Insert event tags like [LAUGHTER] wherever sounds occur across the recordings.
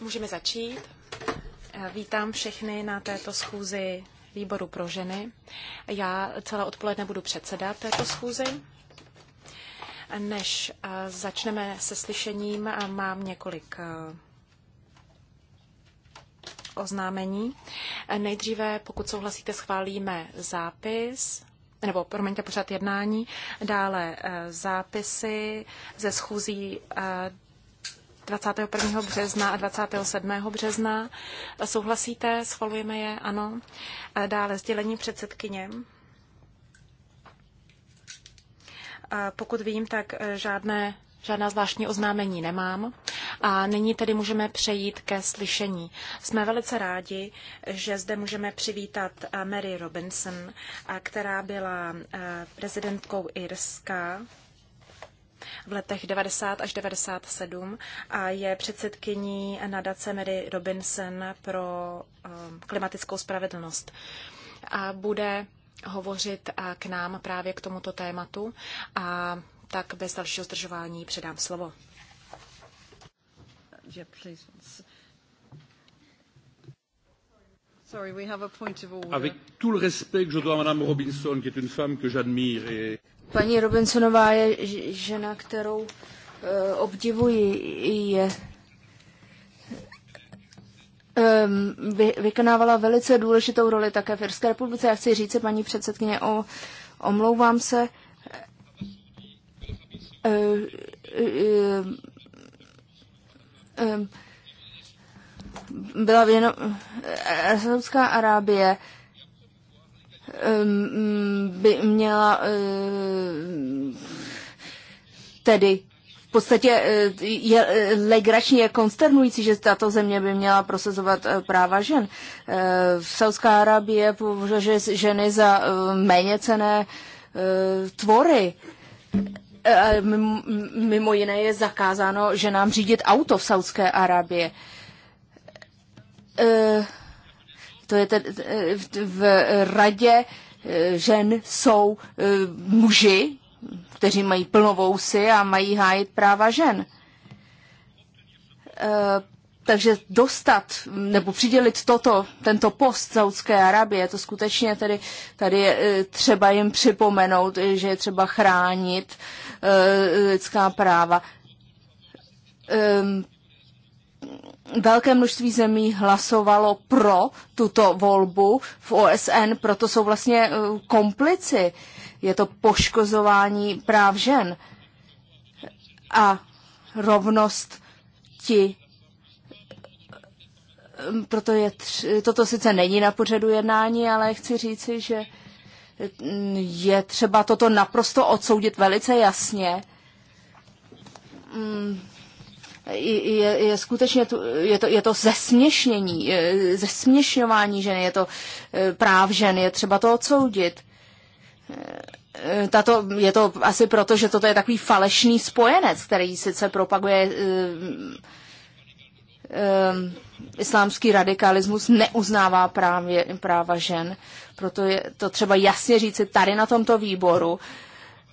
Můžeme začít. Eh, vítám všechny na této schůzi výboru pro ženy. Já celé odpoledne budu předsedat této schůzi. Než eh, začneme se slyšením, eh, mám několik oznámení. Nejdříve, pokud souhlasíte, schválíme zápis nebo promiňte pořád jednání, dále eh, zápisy ze schůzí 21. Eh, března a 27. března. Souhlasíte? Schvalujeme je? Ano. Eh, dále sdělení předsedkyně. Pokud vím, tak žádné, žádná zvláštní oznámení nemám. A nyní tedy můžeme přejít ke slyšení. Jsme velice rádi, že zde můžeme přivítat eh, Mary Robinson, eh, která byla eh, prezidentkou Irska v letech 90 až 97 a je předsedkyní nadace Mary Robinson pro klimatickou spravedlnost. A bude hovořit k nám právě k tomuto tématu a tak bez dalšího zdržování předám slovo yeah, please. Sorry, we have a point of order. Avec tout le respect que je dois à Madame Robinson, qui est une femme que j'admire et... Paní Robinsonová je žena, kterou uh, obdivuji. Je, um, vy, vykonávala velice důležitou roli také v Irské republice. Já chci říct, paní předsedkyně, o, omlouvám se. Uh, uh, Ehm, byla věno, eh, Saudská Arábie ehm, by měla ehm, tedy v podstatě eh, je eh, legrační, je konsternující, že tato země by měla prosazovat práva žen. V Saudská Arábie považuje ženy za méně cené tvory. Eh, eh, mimo jiné je zakázáno že nám řídit auto v Saudské Arábie. Eh, to je tedy v radě žen jsou muži, kteří mají plnovousy a mají hájit práva žen takže dostat nebo přidělit toto, tento post Saudské Arabie, to skutečně tedy tady je e, třeba jim připomenout, že je třeba chránit uh, lidská práva. Um, velké množství zemí hlasovalo pro tuto volbu v OSN, proto jsou vlastně e, komplici. Je to poškozování práv žen a rovnost ti Ehm, proto je tři, toto sice není na pořadu jednání, ale chci říci, že ehm, je třeba toto naprosto odsoudit velice jasně. Ehm, je, je skutečně tu, je to, je to zesměšnění, je, zesměšňování žen, je to e, práv žen, je třeba to odsoudit. E, e, tato, je to asi proto, že toto je takový falešný spojenec, který sice propaguje um, islámský radikalismus neuznává právě, práva žen. Proto je to třeba jasně říci tady na tomto výboru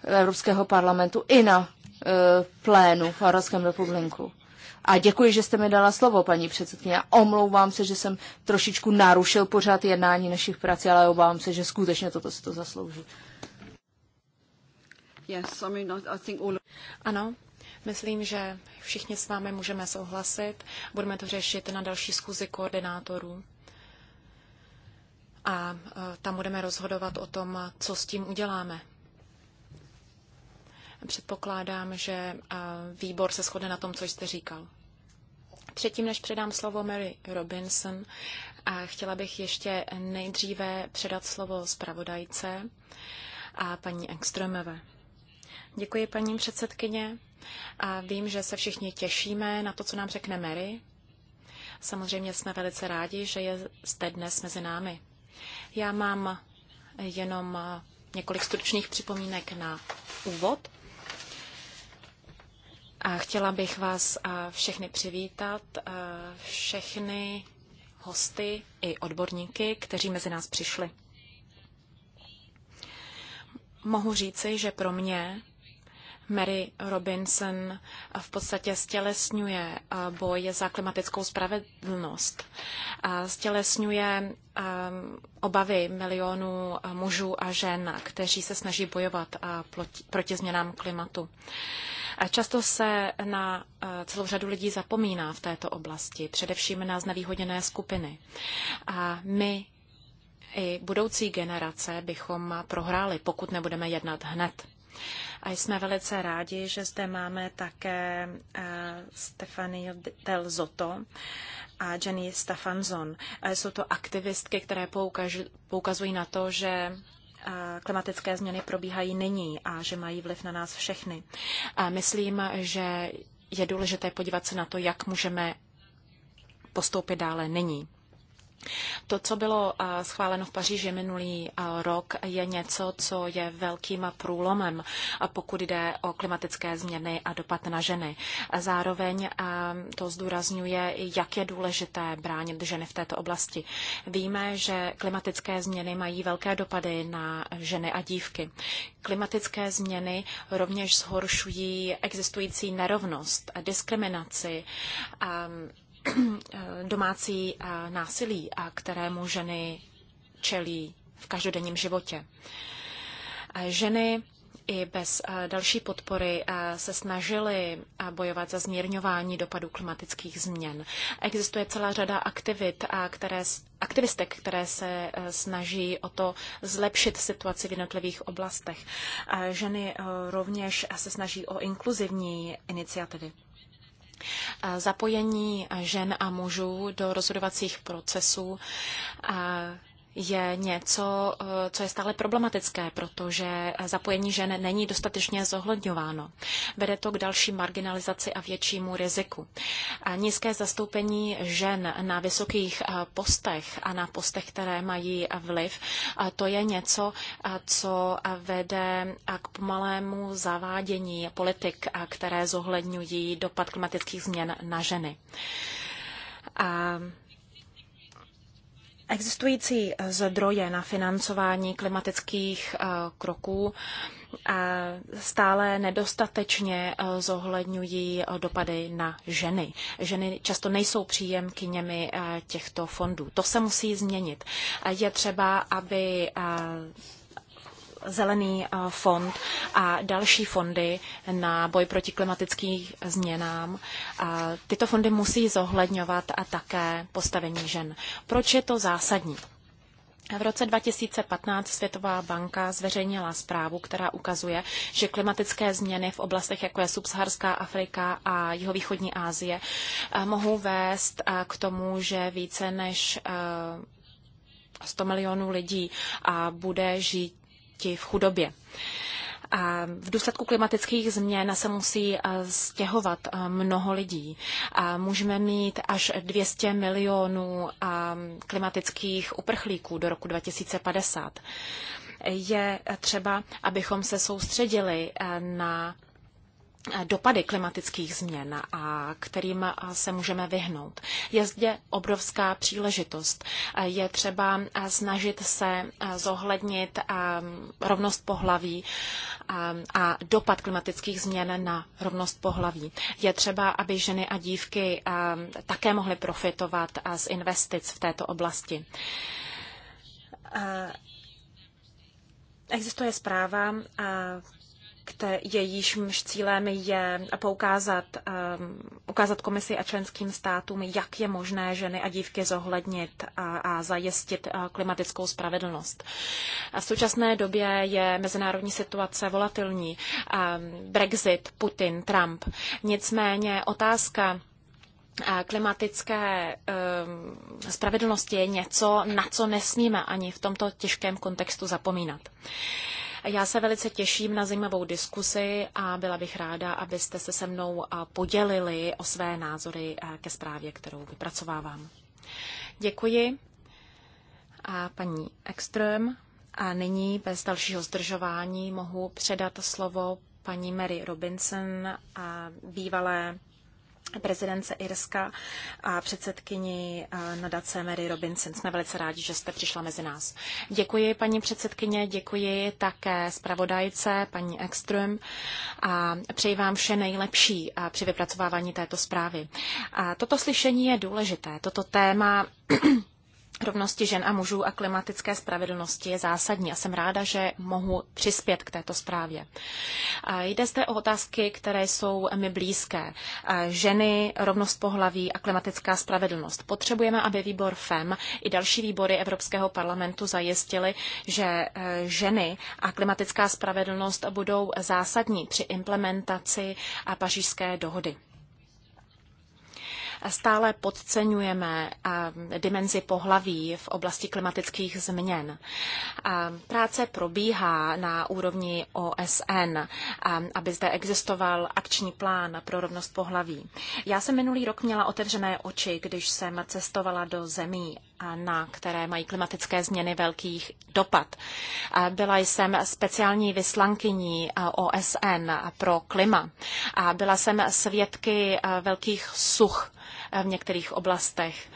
Evropského parlamentu i na uh, plénu v Arabském republiku. A děkuji, že jste mi dala slovo, paní předsedkyně. Já omlouvám se, že jsem trošičku narušil pořád jednání našich prací, ale obávám se, že skutečně toto si to zaslouží. Ano, Myslím, že všichni s vámi můžeme souhlasit. Budeme to řešit na další schůzi koordinátorů. A e, tam budeme rozhodovat o tom, co s tím uděláme. Předpokládám, že e, výbor se shodne na tom, co jste říkal. Předtím, než předám slovo Mary Robinson, a chtěla bych ještě nejdříve předat slovo zpravodajce a paní Engströmové. Děkuji, paní předsedkyně. A vím, že se všichni těšíme na to, co nám řekne Mary. Samozřejmě jsme velice rádi, že je zde dnes mezi námi. Já mám jenom několik stručných připomínek na úvod. A chtěla bych vás všechny přivítat, všechny hosty i odborníky, kteří mezi nás přišli. Mohu říci, že pro mě Mary Robinson v podstatě stělesňuje eh, boj za klimatickou spravedlnost. Stělesňuje eh, obavy milionů eh, mužů a žen, kteří se snaží bojovat proti změnám klimatu. Často se na celou řadu lidí zapomíná v této oblasti, především na znevýhodněné skupiny. A my i budoucí generace bychom prohráli, pokud nebudeme jednat hned. A jsme velice rádi, že zde máme také eh, Stefanie Del Zotto a Jenny Stefanzon. Eh, jsou to aktivistky, které poukazují na to, že eh, klimatické změny probíhají nyní a že mají vliv na nás všechny. A myslím, že je důležité podívat se na to, jak můžeme postoupit dále nyní. To, co bylo schváleno v Paříži minulý rok, je něco, co je velkým průlomem, pokud jde o klimatické změny a dopad na ženy. Zároveň to zdůrazňuje, jak je důležité bránit ženy v této oblasti. Víme, že klimatické změny mají velké dopady na ženy a dívky. Klimatické změny rovněž zhoršují existující nerovnost, diskriminaci, Eh, domácí eh, násilí, a kterému ženy čelí v každodenním životě. Eh, ženy i bez další podpory se snažily bojovat za zmírňování dopadů klimatických změn. Existuje celá řada aktivit, které, aktivistek, které se snaží o to zlepšit situaci v jednotlivých oblastech. Ženy rovněž se snaží o inkluzivní iniciativy. Zapojení žen a mužů do rozhodovacích procesů je něco, eh, co je stále problematické, protože zapojení žen není dostatečně zohledňováno. Vede to k další marginalizaci a většímu riziku. A nízké zastoupení žen na vysokých eh, postech a na postech, které mají vliv, eh, to je něco, co vede k pomalému zavádění politik, které zohledňují dopad klimatických změn na ženy. A Existující eh, zdroje na financování klimatických eh, kroků eh, stále nedostatečně zohledňují dopady na ženy. Ženy často nejsou příjemkyněmi těchto fondů. To se musí změnit. Je třeba, aby zelený eh, fond a další fondy na boj proti klimatickým změnám. Tyto fondy musí zohledňovat a také postavení žen. Proč je to zásadní? V roce 2015 Světová banka zveřejnila zprávu, která ukazuje, že klimatické změny v oblastech, jako je subsaharská Afrika a jihovýchodní Asie, eh, mohou vést eh, k tomu, že více než 100 milionů lidí a bude žít ti v chudobě. A v důsledku klimatických změn se musí eh, stěhovat eh, mnoho lidí. A můžeme mít až 200 milionů eh, klimatických uprchlíků do roku 2050. Je třeba, abychom se soustředili na dopady klimatických změn a kterým se můžeme vyhnout. Je zde obrovská příležitost. Je třeba snažit se zohlednit eh, rovnost pohlaví eh, a dopad klimatických změn na rovnost pohlaví. Je třeba, aby ženy a dívky eh, také mohly profitovat z investic v této oblasti. Existuje zpráva které, jejímž cílem je poukázat, um, ukázat komisi a členským státům, jak je možné ženy a dívky zohlednit a, a zajistit eh, klimatickou spravedlnost. A v současné době je mezinárodní situace volatilní. Um, Brexit, Putin, Trump. Nicméně otázka, eh, klimatické um, spravedlnosti je něco, na co nesmíme ani v tomto těžkém kontextu zapomínat. Uh, já se velice těším na zajímavou diskusi a byla bych ráda, abyste se se mnou podělili o své názory ke zprávě, kterou vypracovávám. Děkuji a paní Ekström. A nyní bez dalšího zdržování mohu předat slovo paní Mary Robinson a bývalé prezidence Irska a předsedkyni eh, nadace Mary Robinson. Jsme velice rádi, že jste přišla mezi nás. Děkuji paní předsedkyně, děkuji také zpravodajce paní Ekström a přeji vám vše nejlepší eh, při vypracovávání této zprávy. A toto slyšení je důležité. Toto téma rovnosti žen a mužů a klimatické spravedlnosti je zásadní a jsem ráda, že mohu přispět k této zprávě. Jde zde o otázky, které jsou mi blízké. Ženy, rovnost pohlaví a klimatická spravedlnost. Potřebujeme, aby výbor FEM i další výbory Evropského parlamentu zajistili, že e, ženy a klimatická spravedlnost budou zásadní při implementaci pařížské dohody stále podceňujeme dimenzi pohlaví v oblasti klimatických změn. Práce probíhá na úrovni OSN, aby zde existoval akční plán pro rovnost pohlaví. Já jsem minulý rok měla otevřené oči, když jsem cestovala do zemí na které mají klimatické změny velký dopad. Byla jsem speciální vyslankyní OSN pro klima a byla jsem svědky velkých such v některých oblastech.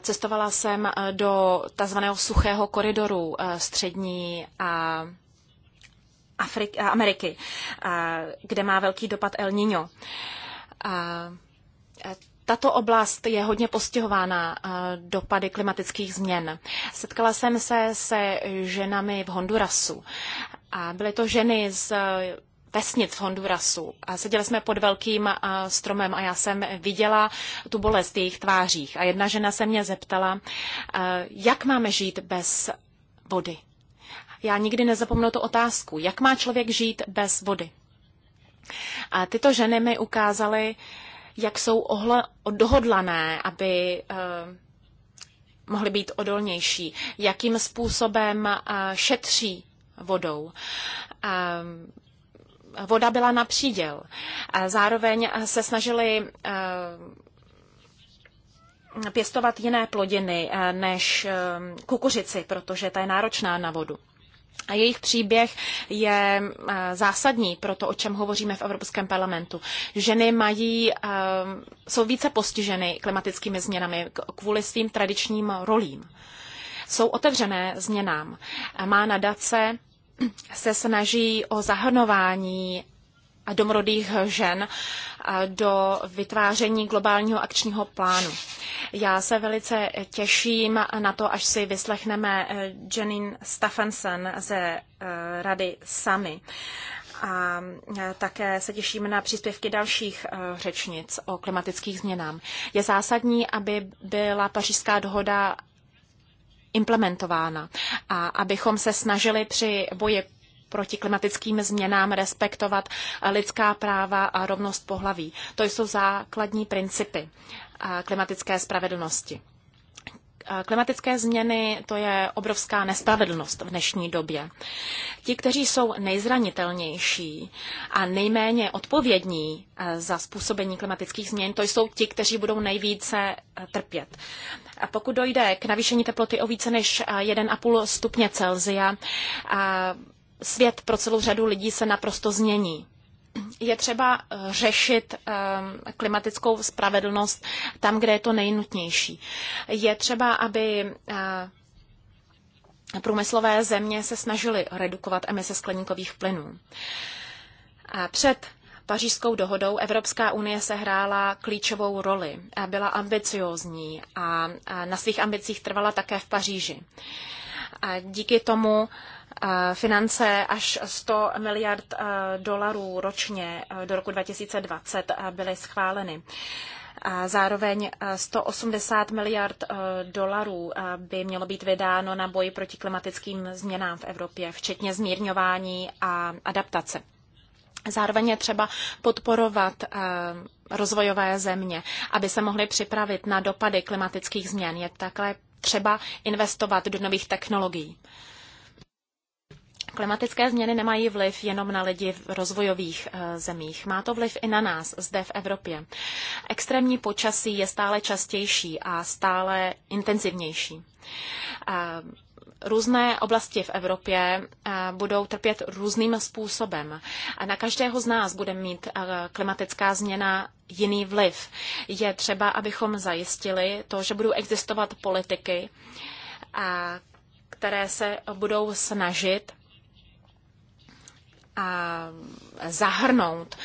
Cestovala jsem do tzv. suchého koridoru střední a Afrik- Ameriky, kde má velký dopad El Niño. Tato oblast je hodně postihována eh, dopady klimatických změn. Setkala jsem se se ženami v Hondurasu. A byly to ženy z eh, vesnic v Hondurasu. A seděli jsme pod velkým eh, stromem a já jsem viděla tu bolest v jejich tvářích. A jedna žena se mě zeptala, jak máme žít bez vody. Já nikdy nezapomnu tu otázku, jak má člověk žít bez vody. A tyto ženy mi ukázaly, jak jsou ohle dohodlané, aby eh, mohly být odolnější, jakým způsobem eh, šetří vodou. Eh, voda byla na příděl. Zároveň se snažili pěstovat jiné plodiny než kukuřici, protože ta je náročná na vodu. A jejich příběh je eh, zásadní pro to, o čem hovoříme v Evropském parlamentu. Ženy mají, eh, jsou více postiženy klimatickými změnami kvůli svým tradičním rolím. Jsou otevřené změnám. Má nadace se snaží o zahrnování domorodých žen do vytváření globálního akčního plánu. Já se velice těším na to, až si vyslechneme eh, Janine Stephenson ze eh, Rady Sami. A eh, také se těším na příspěvky dalších řečnic o klimatických změnám. Je zásadní, aby byla pařížská dohoda implementována a abychom se snažili při boji proti klimatickým změnám, respektovat lidská práva a rovnost pohlaví. To jsou základní principy klimatické spravedlnosti. Klimatické změny to je obrovská nespravedlnost v dnešní době. Ti, kteří jsou nejzranitelnější a nejméně odpovědní e, za způsobení klimatických změn, to jsou ti, kteří budou nejvíce e, trpět. A pokud dojde k navýšení teploty o více než 1,5 e, stupně Celsia, svět pro celou řadu lidí se naprosto změní. Je třeba eh, řešit ehm, klimatickou spravedlnost tam, kde je to nejnutnější. Je třeba, aby eh, průmyslové země se snažily redukovat emise skleníkových plynů. A před pařížskou dohodou Evropská unie sehrála klíčovou roli. Byla ambiciózní a na svých ambicích trvala také v Paříži. A díky tomu finance až 100 miliard eh, dolarů ročně eh, do roku 2020 eh, byly schváleny. A zároveň 180 miliard dolarů by mělo být vydáno na boji proti klimatickým změnám v Evropě, včetně zmírňování a adaptace. Zároveň je třeba podporovat rozvojové země, aby se mohly připravit na dopady klimatických změn. Je také třeba investovat do nových technologií. Klimatické změny nemají vliv jenom na lidi v rozvojových eh, zemích. Má to vliv i na nás zde v Evropě. Extrémní počasí je stále častější a stále intenzivnější. Eh, různé oblasti v Evropě eh, budou trpět různým způsobem. Na každého z nás bude mít klimatická změna jiný vliv. Je třeba, abychom zajistili to, že budou existovat politiky, které se budou snažit a zahrnout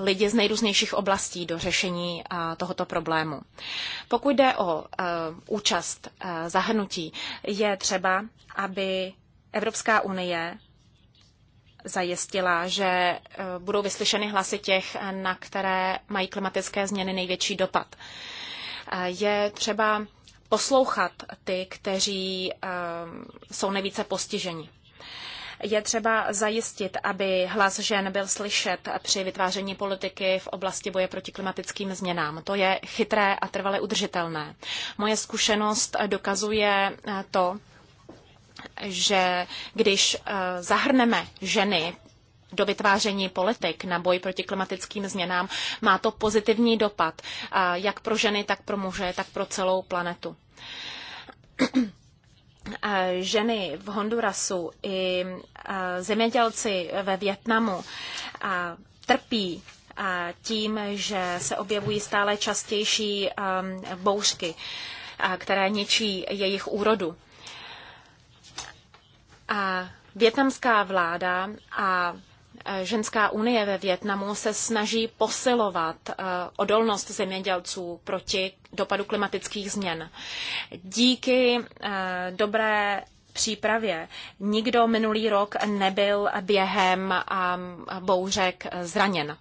lidi z nejrůznějších oblastí do řešení tohoto problému. Pokud jde o účast zahrnutí, je třeba, aby Evropská unie zajistila, že e, budou vyslyšeny hlasy těch, na které mají klimatické změny největší dopad. Je třeba poslouchat ty, kteří e, jsou nejvíce postiženi. Je třeba zajistit, aby hlas žen byl slyšet při vytváření politiky v oblasti boje proti klimatickým změnám. To je chytré a trvale udržitelné. Moje zkušenost dokazuje eh, to, že když eh, zahrneme ženy do vytváření politik na boj proti klimatickým změnám, má to pozitivní dopad eh, jak pro ženy, tak pro muže, tak pro celou planetu. [CLEARS THROAT] ženy v Hondurasu i zemědělci ve Větnamu trpí tím, že se objevují stále častější um, bouřky, které ničí jejich úrodu. A větnamská vláda a Eh, ženská unie ve Větnamu se snaží posilovat eh, odolnost zemědělců proti dopadu klimatických změn. Díky eh, dobré přípravě nikdo minulý rok nebyl během bouřek zraněn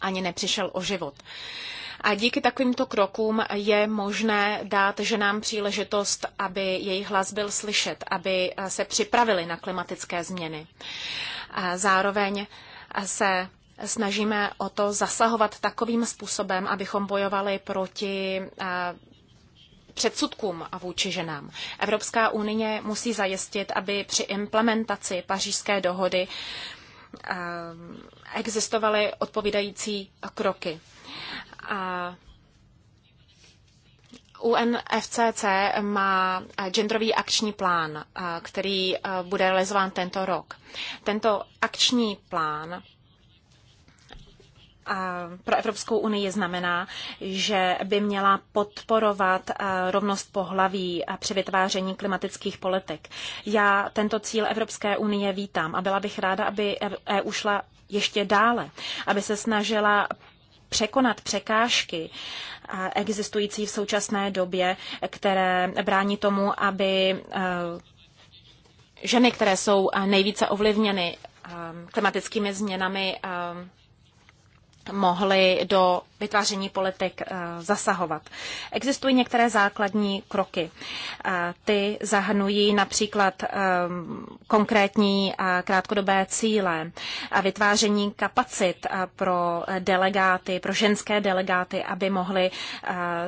ani nepřišel o život. A díky takovýmto krokům je možné dát ženám příležitost, aby jejich hlas byl slyšet, aby se připravili na klimatické změny. Zároveň se snažíme o to zasahovat takovým způsobem, abychom bojovali proti předsudkům a vůči ženám. Evropská unie musí zajistit, aby při implementaci pařížské dohody existovaly odpovídající kroky. A UNFCC má eh, genderový akční plán, eh, který eh, bude realizován tento rok. Tento akční plán pro Evropskou unii znamená, že by měla podporovat rovnost pohlaví při vytváření klimatických politik. Já tento cíl Evropské unie vítám a byla bych ráda, aby EU šla ještě dále, aby se snažila překonat překážky eh, existující v současné době, které brání tomu, aby eh, ženy, které jsou eh, nejvíce ovlivněny klimatickými změnami, mohli do vytváření politik eh, zasahovat. Existují některé základní kroky. Eh, ty zahrnují například eh, konkrétní krátkodobé cíle, vytváření kapacit pro delegáty, pro ženské delegáty, aby mohly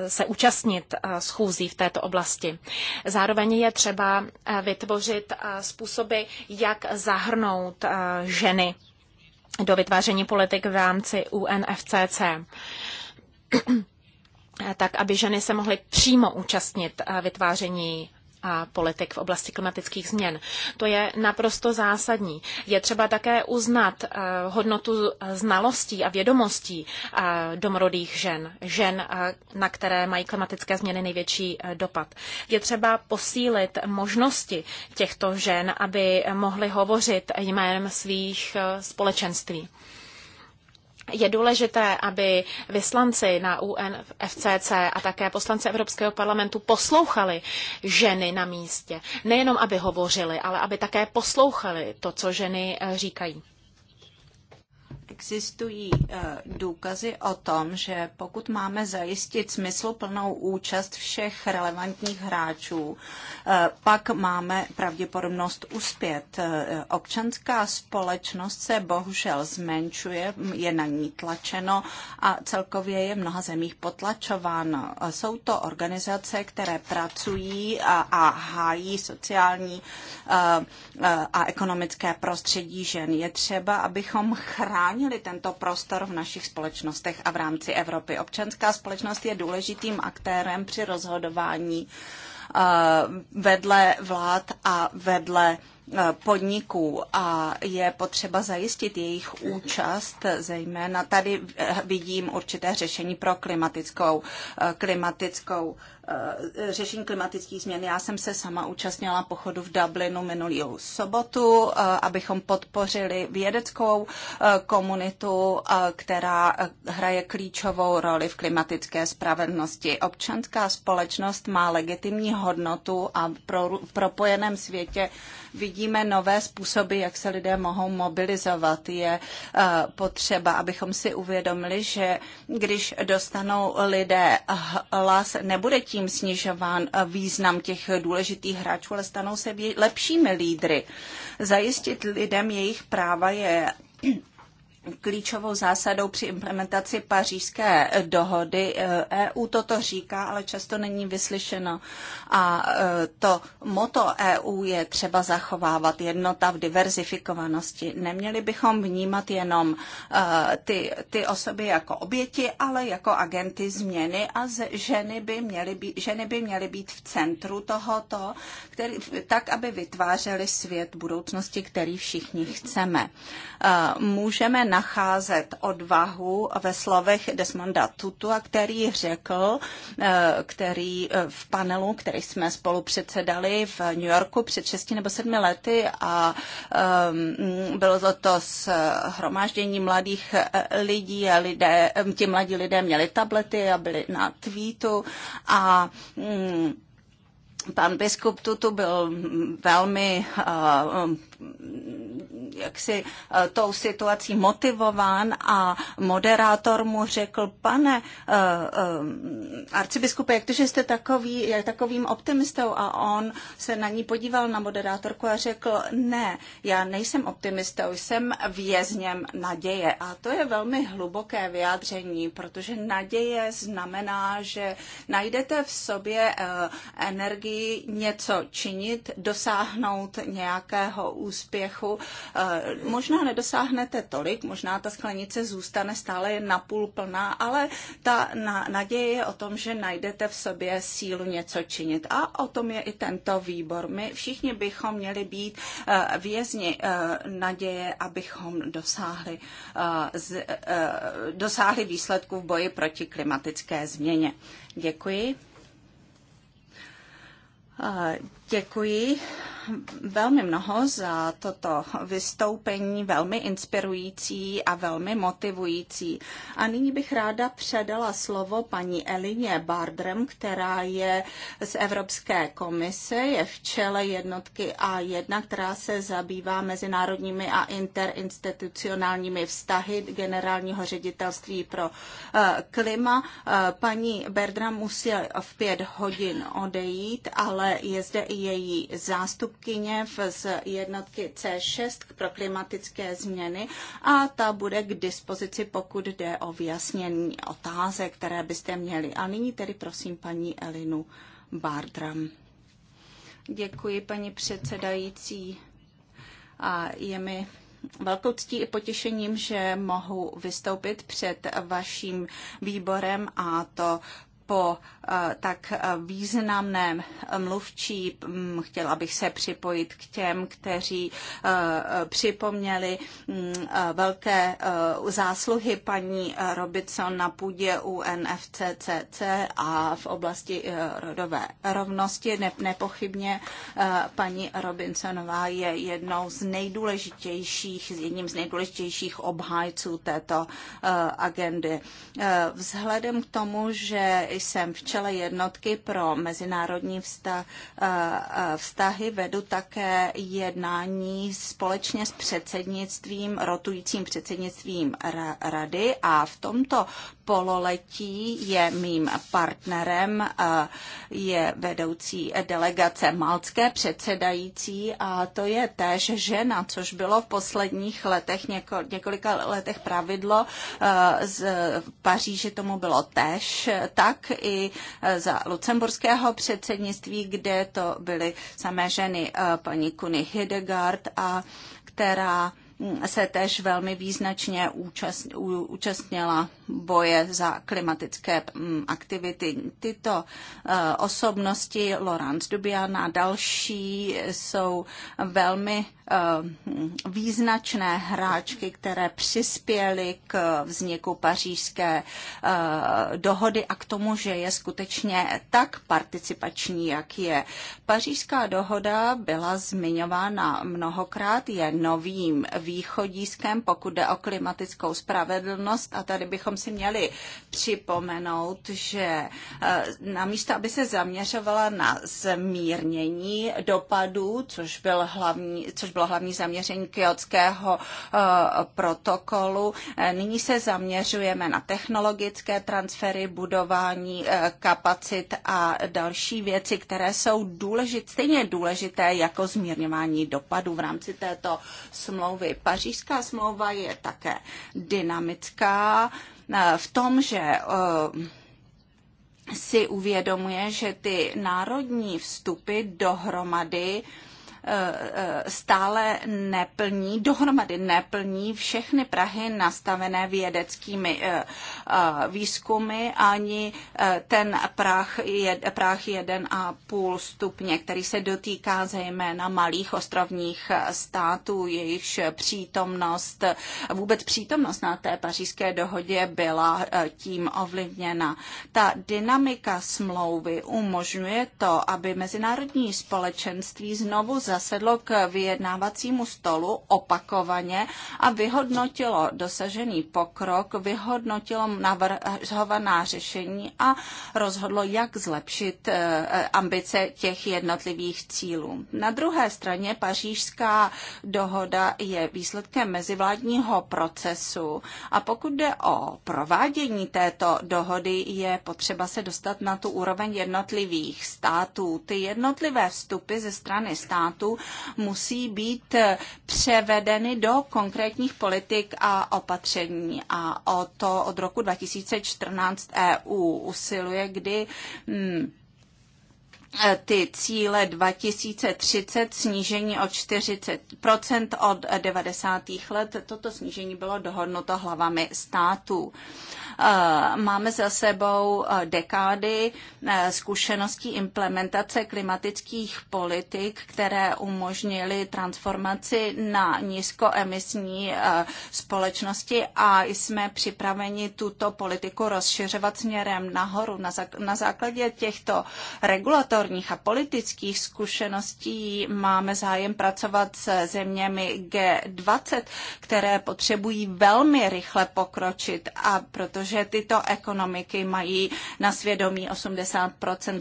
se účastnit schůzí v této oblasti. Zároveň je třeba vytvořit způsoby, jak zahrnout ženy do vytváření politik v rámci UNFCC. [CLEARS THROAT] tak, aby ženy se mohly přímo účastnit eh, vytváření a politik v oblasti klimatických změn. To je naprosto zásadní. Je třeba také uznat eh, hodnotu znalostí a vědomostí eh, domorodých žen, žen, eh, na které mají klimatické změny největší dopad. Je třeba posílit možnosti těchto žen, aby mohly hovořit jménem svých společenství. Je důležité, aby vyslanci na UNFCC a také poslanci Evropského parlamentu poslouchali ženy na místě. Nejenom, aby hovořili, ale aby také poslouchali to, co ženy eh, říkají existují eh, důkazy o tom, že pokud máme zajistit smysluplnou účast všech relevantních hráčů, eh, pak máme pravděpodobnost uspět. Eh, občanská společnost se bohužel zmenšuje, je na ní tlačeno a celkově je v mnoha zemích potlačováno. Jsou to organizace, které pracují a, a hájí sociální a, a ekonomické prostředí žen. Je třeba, abychom chránili uvolnili tento prostor v našich společnostech a v rámci Evropy. Občanská společnost je důležitým aktérem při rozhodování eh, vedle vlád a vedle E, podniků a je potřeba zajistit jejich účast, zejména tady e, vidím určité řešení pro klimatickou, e, klimatickou řešení klimatických změn. Já jsem se sama účastnila pochodu v Dublinu minulý sobotu, abychom podpořili vědeckou komunitu, která hraje klíčovou roli v klimatické spravedlnosti. Občanská společnost má legitimní hodnotu a pro propojeném světě vidíme nové způsoby, jak se lidé mohou mobilizovat. Je eh, potřeba, abychom si uvědomili, že když dostanou lidé hlas, nebude tím snižován eh, význam těch důležitých hráčů, ale stanou se lepšími lídry. Zajistit lidem jejich práva je klíčovou zásadou při implementaci pařížské dohody. EU eh, e toto říká, ale často není vyslyšeno. A eh, to moto EU je třeba zachovávat jednota v diverzifikovanosti. Neměli bychom vnímat jenom eh, ty, ty osoby jako oběti, ale jako agenty změny a ženy, by měly být, ženy by měly být v centru tohoto, který, tak, aby vytvářely svět budoucnosti, který všichni chceme. Můžeme nacházet odvahu ve slovech Desmonda Tutua, který řekl, eh, který eh, v panelu, který jsme spolu předsedali v New Yorku před 6 nebo 7 lety a ehm, bylo to to s eh, hromáždění mladých lidí a lidé, ti mladí lidé měli tablety a byli na tweetu a mm, Pan biskup Tutu byl velmi uh, jaksi eh, tou situací motivován a moderátor mu řekl, pane eh, eh, arcibiskupe, jak to, že jste takový, takovým optimistou a on se na ní podíval na moderátorku a řekl, ne, já nejsem optimistou, jsem vězněm naděje a to je velmi hluboké vyjádření, protože naděje znamená, že najdete v sobě energii něco činit, dosáhnout nějakého úspěchu úspěchu. Eh, možná nedosáhnete tolik, možná ta sklenice zůstane stále jen napůl plná, ale ta naděje je o tom, že najdete v sobě sílu něco činit. A o tom je i tento výbor. My všichni bychom měli být eh, vězni eh, naděje, abychom dosáhli, dosáhli výsledku v boji proti klimatické změně. Děkuji. Děkuji velmi mnoho za toto vystoupení, velmi inspirující a velmi motivující. A nyní bych ráda předala slovo paní Elině Bardrem, která je z Evropské komise, je v čele jednotky A1, která se zabývá mezinárodními a interinstitucionálními vztahy generálního ředitelství pro eh, klima. Eh, paní Bardram musí v pět hodin odejít, ale je zde i její zástup zástupkyně z jednotky C6 pro klimatické změny a ta bude k dispozici, pokud jde o vyjasnění otázek, které byste měli. A nyní tedy prosím paní Elinu Bardram. Děkuji, paní předsedající. A je mi velkou ctí i potěšením, že mohu vystoupit před vaším výborem a to po eh, tak eh, významném mluvčí. Mm, chtěla bych se připojit k těm, kteří eh, připomněli mm, velké zásluhy paní Robinson na půdě UNFCCC a v oblasti rodové rovnosti. Nepochybně paní Robinsonová je jednou z nejdůležitějších, jedním z nejdůležitějších obhájců této agendy. Vzhledem k tomu, že jsem v čele jednotky pro mezinárodní eh, eh, vztahy, vedu také jednání společně s předsednictvím, rotujícím předsednictvím rady a v tomto pololetí je mým partnerem, eh, je vedoucí delegace malcké předsedající a to je též žena, což bylo v posledních letech, něko, několika letech pravidlo. Z Paříže tomu bylo též tak tak i eh, za lucemburského předsednictví, kde to byly samé ženy eh, paní Kuny Hidegard a která se tež velmi význačně účastnila boje za klimatické mm, aktivity. Tyto e, osobnosti, Laurence Dubian a další, jsou velmi e, význačné hráčky, které přispěly k vzniku pařížské e, dohody a k tomu, že je skutečně tak participační, jak je. Pařížská dohoda byla zmiňována mnohokrát, je novým východiskem, pokud jde o klimatickou spravedlnost. A tady bychom si měli připomenout, že eh, namísto, aby se zaměřovala na zmírnění dopadů, což, byl hlavní, což bylo hlavní zaměření kyotského eh, protokolu, eh, nyní se zaměřujeme na technologické transfery, budování kapacit a další věci, které jsou důležit, stejně důležité jako zmírňování dopadů v rámci této smlouvy. Pařížská smlouva je také dynamická eh, v tom, že eh, si uvědomuje, že ty národní vstupy dohromady Eh, eh, stále neplní, dohromady neplní všechny Prahy nastavené vědeckými eh, výzkumy, ani ten prah Prah 1,5 stupně, který se dotýká zejména malých ostrovních států, jejichž přítomnost, vůbec přítomnost na té pařížské dohodě byla tím ovlivněna. Ta dynamika smlouvy umožňuje to, aby mezinárodní společenství znovu zase zasedlo k vyjednávacímu stolu opakovaně a vyhodnotilo dosažený pokrok, vyhodnotilo navrhovaná řešení a rozhodlo, jak zlepšit eh, ambice těch jednotlivých cílů. Na druhé straně pařížská dohoda je výsledkem mezivládního procesu a pokud jde o provádění této dohody, je potřeba se dostat na tu úroveň jednotlivých států. Ty jednotlivé vstupy ze strany států států musí být převedeny do konkrétních politik a opatření. A o to od roku 2014 EU usiluje, kdy hmm, ty cíle 2030, snížení o 40 od 90. let. Toto snížení bylo dohodnuto hlavami států. Eh, máme za sebou eh, dekády eh, zkušeností implementace klimatických politik, které umožnily transformaci na nízkoemisní společnosti a jsme připraveni tuto politiku rozšiřovat směrem nahoru. Na základě těchto regulatorních a politických zkušeností máme zájem pracovat s zeměmi G20, které potřebují velmi rychle pokročit a protože protože tyto ekonomiky mají na svědomí 80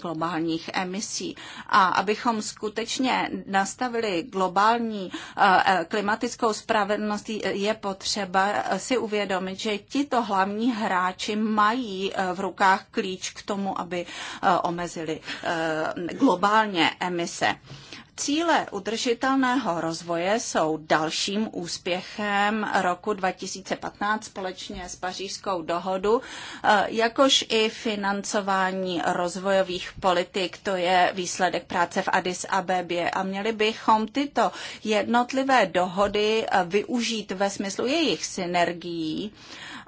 globálních emisí. A abychom skutečně nastavili globální eh, eh, klimatickou spravedlnost, je potřeba si uvědomit, že tito hlavní hráči mají eh, v rukách klíč k tomu, aby omezili globálně emise. Cíle udržitelného rozvoje jsou dalším úspěchem roku 2015 společně s pařížskou dohodu, eh, jakož i financování rozvojových politik, to je výsledek práce v Addis Abebě. A měli bychom tyto jednotlivé dohody eh, využít ve smyslu jejich synergií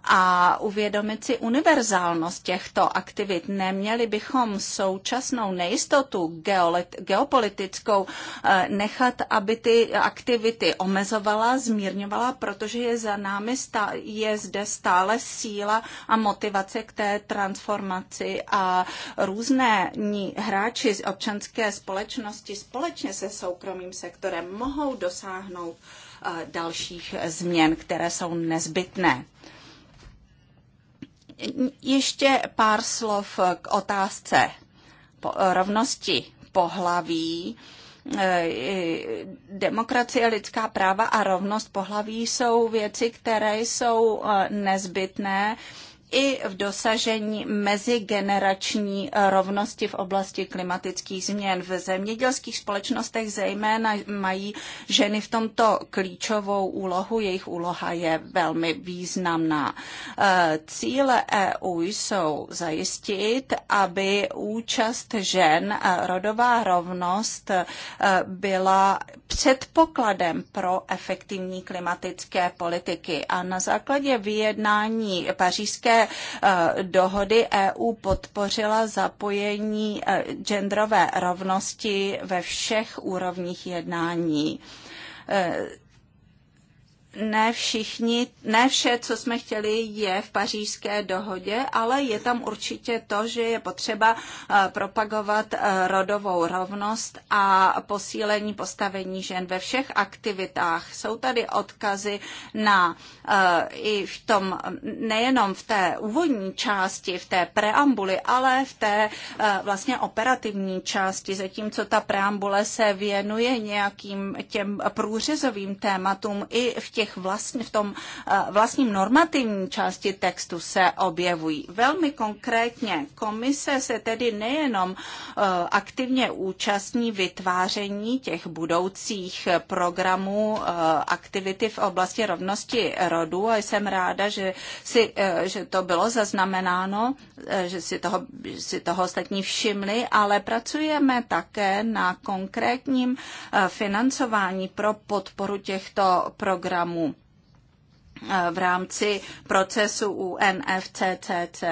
a uvědomit si univerzálnost těchto aktivit. Neměli bychom současnou nejistotu geopolitickou eh, nechat, aby ty aktivity omezovala, zmírňovala, protože je za námi stá, je zde stále síla a motivace k té transformaci a různé hráči z občanské společnosti společně se soukromým sektorem mohou dosáhnout eh, dalších změn, které jsou nezbytné. Ještě pár slov k otázce po, rovnosti pohlaví e, e, demokracie, lidská práva a rovnost pohlaví jsou věci, které jsou e, nezbytné i v dosažení mezigenerační rovnosti v oblasti klimatických změn. V zemědělských společnostech zejména mají ženy v tomto klíčovou úlohu, jejich úloha je velmi významná. Eh, cíle EU jsou zajistit, aby účast žen, eh, rodová rovnost eh, byla předpokladem pro efektivní klimatické politiky. A na základě vyjednání pařížské Eh, dohody EU podpořila zapojení eh, genderové rovnosti ve všech úrovních jednání eh, ne všichni, ne vše, co jsme chtěli, je v pařížské dohodě, ale je tam určitě to, že je potřeba eh, propagovat eh, rodovou rovnost a posílení postavení žen ve všech aktivitách. Jsou tady odkazy na eh, i v tom, nejenom v té úvodní části, v té preambuli, ale v té vlastně operativní části, zatímco ta preambule se věnuje nějakým těm průřezovým tématům i v těch těch vlastn, v tom eh, vlastním normativní části textu se objevují. Velmi konkrétně komise se tedy nejenom eh, aktivně účastní vytváření těch budoucích programů eh, aktivity v oblasti rovnosti rodu a jsem ráda, že, si, že to bylo zaznamenáno, že si toho, si toho ostatní všimli, ale pracujeme také na konkrétním financování pro podporu těchto programů programů v rámci procesu UNFCCC.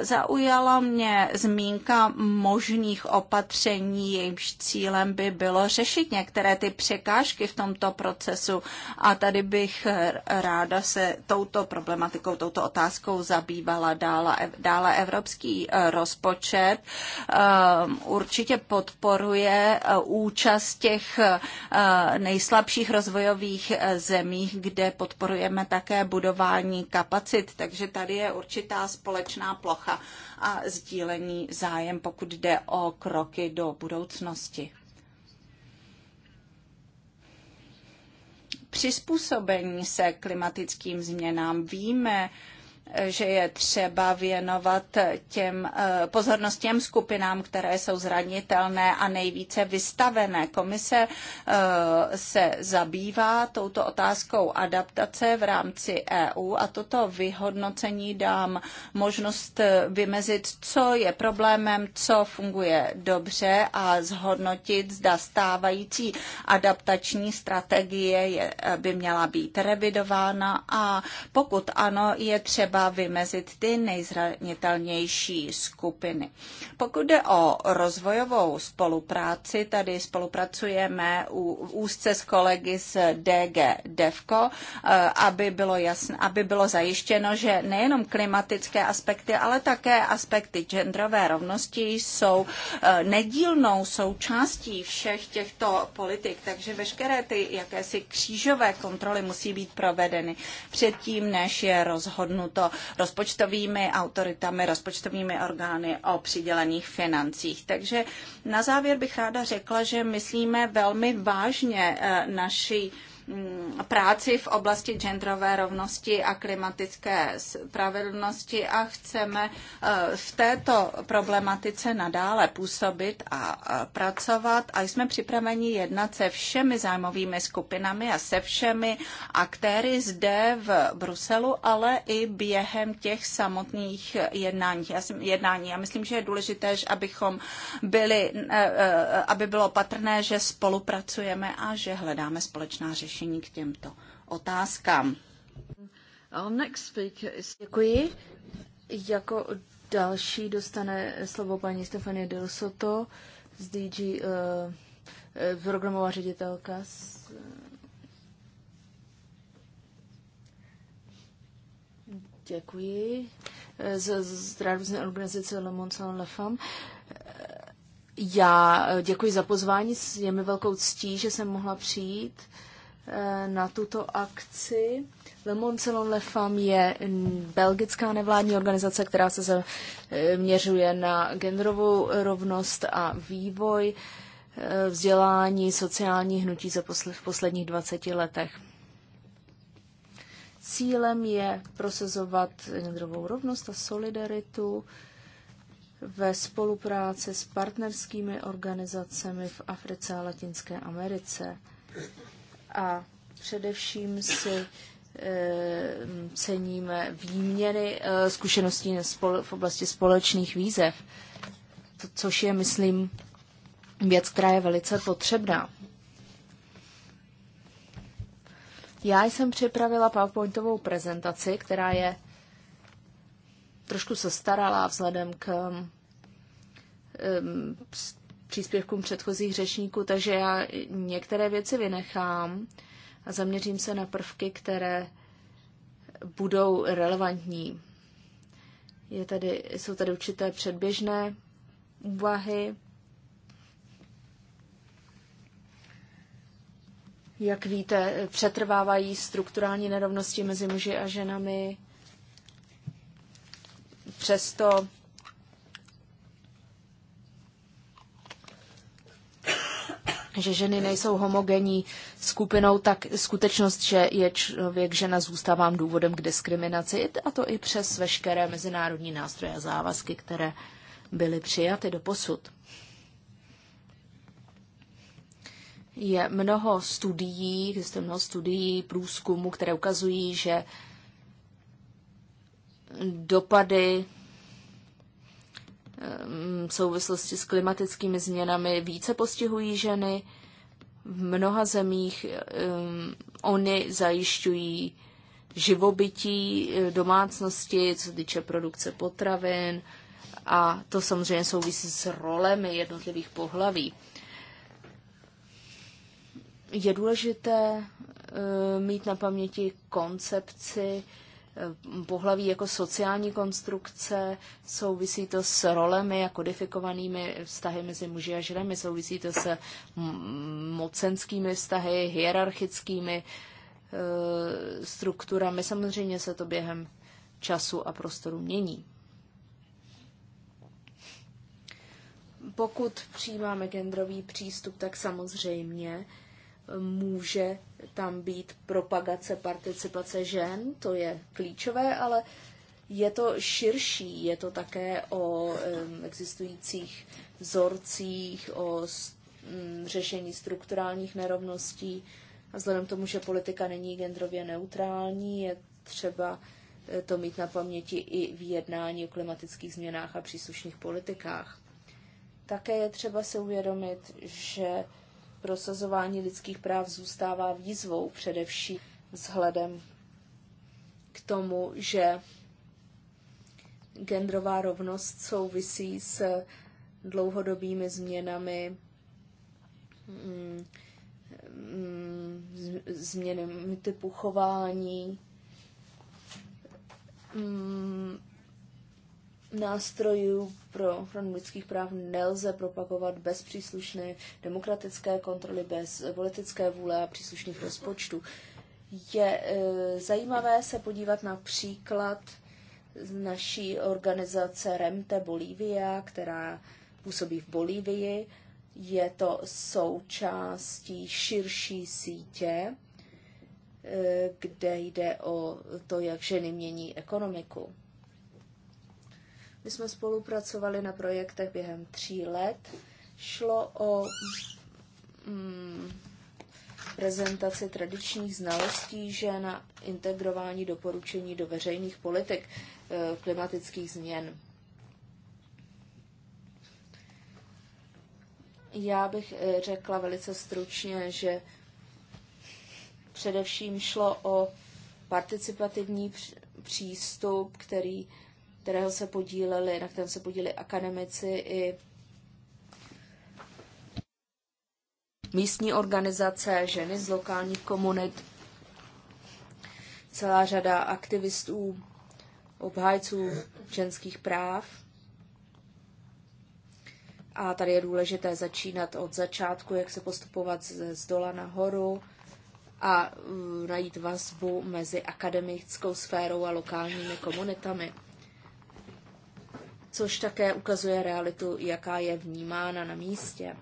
Zaujala mě zmínka možných opatření, jejímž cílem by bylo řešit některé ty překážky v tomto procesu a tady bych ráda se touto problematikou, touto otázkou zabývala dále. Dále evropský eh, rozpočet eh, určitě podporuje eh, účast těch nejslabších rozvojových zemí, kde podporujeme řešíme také budování kapacit, takže tady je určitá společná plocha a sdílení zájem, pokud jde o kroky do budoucnosti. Přizpůsobení se klimatickým změnám víme, že je třeba věnovat těm eh, pozornost těm skupinám, které jsou zranitelné a nejvíce vystavené. Komise eh, se zabývá touto otázkou adaptace v rámci EU a toto vyhodnocení dám možnost eh, vymezit, co je problémem, co funguje dobře a zhodnotit, zda stávající adaptační strategie je, by měla být revidována a pokud ano, je třeba třeba vymezit ty nejzranitelnější skupiny. Pokud jde o rozvojovou spolupráci, tady spolupracujeme u, úzce s kolegy z DG DEVCO, eh, aby bylo, jasn, aby bylo zajištěno, že nejenom klimatické aspekty, ale také aspekty genderové rovnosti jsou eh, nedílnou součástí všech těchto politik, takže veškeré ty jakési křížové kontroly musí být provedeny předtím, než je rozhodnuto rozpočtovými autoritami, rozpočtovými orgány o přidělených financích. Takže na závěr bych ráda řekla, že myslíme velmi vážně eh, naši Mm, práci v oblasti genderové rovnosti a klimatické spravedlnosti a chceme eh, v této problematice nadále působit a pracovat a jsme připraveni jednat se všemi zájmovými skupinami a se všemi aktéry zde v Bruselu, ale i během těch samotných jednání. Já, jsem, jednání. Já myslím, že je důležité, že abychom byli, eh, eh, aby bylo patrné, že spolupracujeme a že hledáme společná řešení řešení k těmto otázkám. Děkuji. Jako další dostane slovo paní Stefanie Del Soto z DG, uh, eh, eh, programová ředitelka z, eh, Děkuji. Z, z z Rádůzné organizace Le Monson La Femme. Já děkuji za pozvání, je mi velkou ctí, že jsem mohla přijít. Uh, Eh, na tuto akci. Le Moncelon Le Femme je belgická nevládní organizace, která se zaměřuje eh, na genderovou rovnost a vývoj eh, vzdělání sociální hnutí za posle, v posledních 20 letech. Cílem je prosazovat genderovou rovnost a solidaritu ve spolupráci s partnerskými organizacemi v Africe a Latinské Americe a především si eh, ceníme výměny eh, zkušeností v oblasti společných výzev, což je, myslím, věc, která je velice potřebná. Já jsem připravila PowerPointovou prezentaci, která je trošku se starala vzhledem k eh, příspěvkům předchozích řečníků, takže já některé věci vynechám a zaměřím se na prvky, které budou relevantní. Je tady, jsou tady určité předběžné úvahy, Jak víte, přetrvávají strukturální nerovnosti mezi muži a ženami. Přesto že ženy nejsou homogenní skupinou, tak skutečnost, že je člověk žena, zůstávám důvodem k diskriminaci, a to i přes veškeré mezinárodní nástroje a závazky, které byly přijaty do posud. Je mnoho studií, existuje mnoho studií, průzkumu, které ukazují, že dopady v souvislosti s klimatickými změnami více postihují ženy. V mnoha zemích um, oni zajišťují živobytí eh, domácnosti, co týče produkce potravin a to samozřejmě souvisí s rolemi jednotlivých pohlaví. Je důležité eh, mít na paměti koncepci pohlaví jako sociální konstrukce, souvisí to s rolemi a kodifikovanými vztahy mezi muži a ženami, souvisí to s mocenskými vztahy, hierarchickými e, strukturami. Samozřejmě se to během času a prostoru mění. Pokud přijímáme genderový přístup, tak samozřejmě může tam být propagace participace žen, to je klíčové, ale je to širší, je to také o existujících vzorcích, o mm, řešení strukturálních nerovností. A vzhledem k tomu, že politika není genderově neutrální, je třeba e, to mít na paměti i v jednání o klimatických změnách a příslušných politikách. Také je třeba se uvědomit, že prosazování lidských práv zůstává výzvou především vzhledem k tomu, že genderová rovnost souvisí s dlouhodobými změnami mm, mm, změnami typu chování mm, nástrojů pro ochranu lidských práv nelze propagovat bez příslušné demokratické kontroly, bez politické vůle a příslušných rozpočtů. Je e, zajímavé se podívat na příklad naší organizace Remte Bolívia, která působí v Bolívii. Je to součástí širší sítě, e, kde jde o to, jak ženy mění ekonomiku. My jsme spolupracovali na projektech během tří let. Šlo o mm, prezentaci tradičních znalostí žen a integrování doporučení do veřejných politik eh, klimatických změn. Já bych eh, řekla velice stručně, že především šlo o participativní přístup, který kterého se podíleli, na kterém se podíleli akademici i místní organizace, ženy z lokálních komunit, celá řada aktivistů, obhájců ženských práv. A tady je důležité začínat od začátku, jak se postupovat z, z dola nahoru a uh, najít vazbu mezi akademickou sférou a lokálními komunitami což také ukazuje realitu, jaká je vnímána na místě.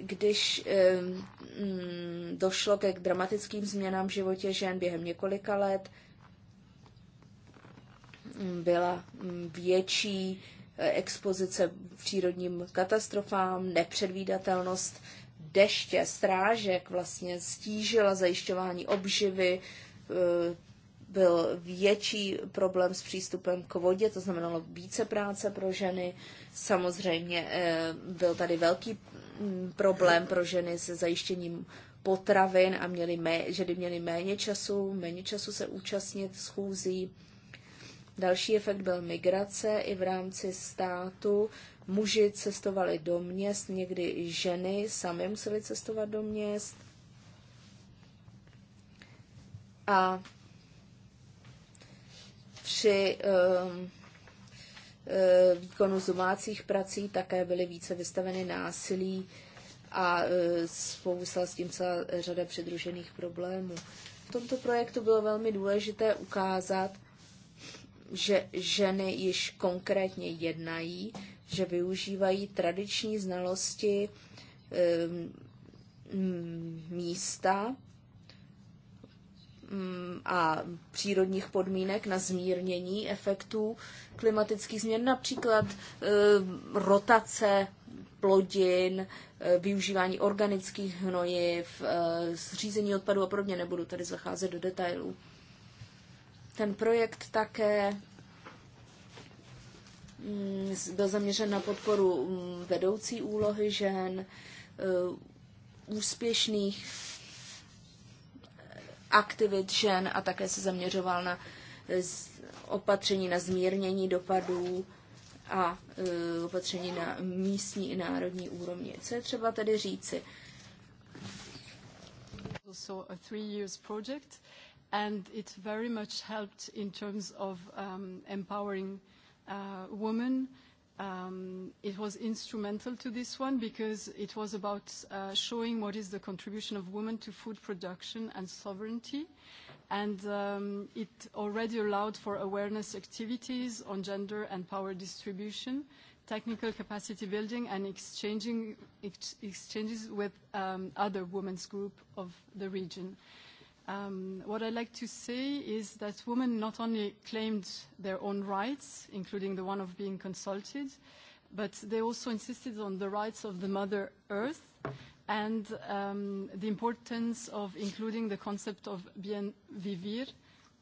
Když mm, došlo ke dramatickým změnám v životě žen během několika let, byla mm, větší eh, expozice přírodním katastrofám, nepředvídatelnost deště, strážek vlastně stížila zajišťování obživy, eh, byl větší problém s přístupem k vodě, to znamenalo více práce pro ženy. Samozřejmě eh, byl tady velký mm, problém pro ženy se zajištěním potravin a měli mé, ženy měly méně času, méně času se účastnit schůzí. Další efekt byl migrace i v rámci státu. Muži cestovali do měst, někdy i ženy sami museli cestovat do měst. A při ehm, eh, výkonu zumácích prací také byly více vystaveny násilí a eh, spousta s tím celá řada předružených problémů. V tomto projektu bylo velmi důležité ukázat, že ženy již konkrétně jednají, že využívají tradiční znalosti ehm, místa Mm, a přírodních podmínek na zmírnění efektů klimatických změn, například eh, rotace plodin, eh, využívání organických hnojiv, eh, zřízení odpadu a podobně. Nebudu tady zacházet do detailů. Ten projekt také mm, byl zaměřen na podporu mm, vedoucí úlohy žen, úspěšných aktivit žen a také se zaměřoval na eh, opatření na zmírnění dopadů a eh, opatření na místní i národní úrovni. Co je třeba tedy říci? Also a three years project and it very much helped in terms of um, empowering uh, women Um, it was instrumental to this one because it was about uh, showing what is the contribution of women to food production and sovereignty. And um, it already allowed for awareness activities on gender and power distribution, technical capacity building, and exchanging, ex exchanges with um, other women's group of the region. Uh, Um, what I'd like to say is that women not only claimed their own rights, including the one of being consulted, but they also insisted on the rights of the Mother Earth and um, the importance of including the concept of bien vivir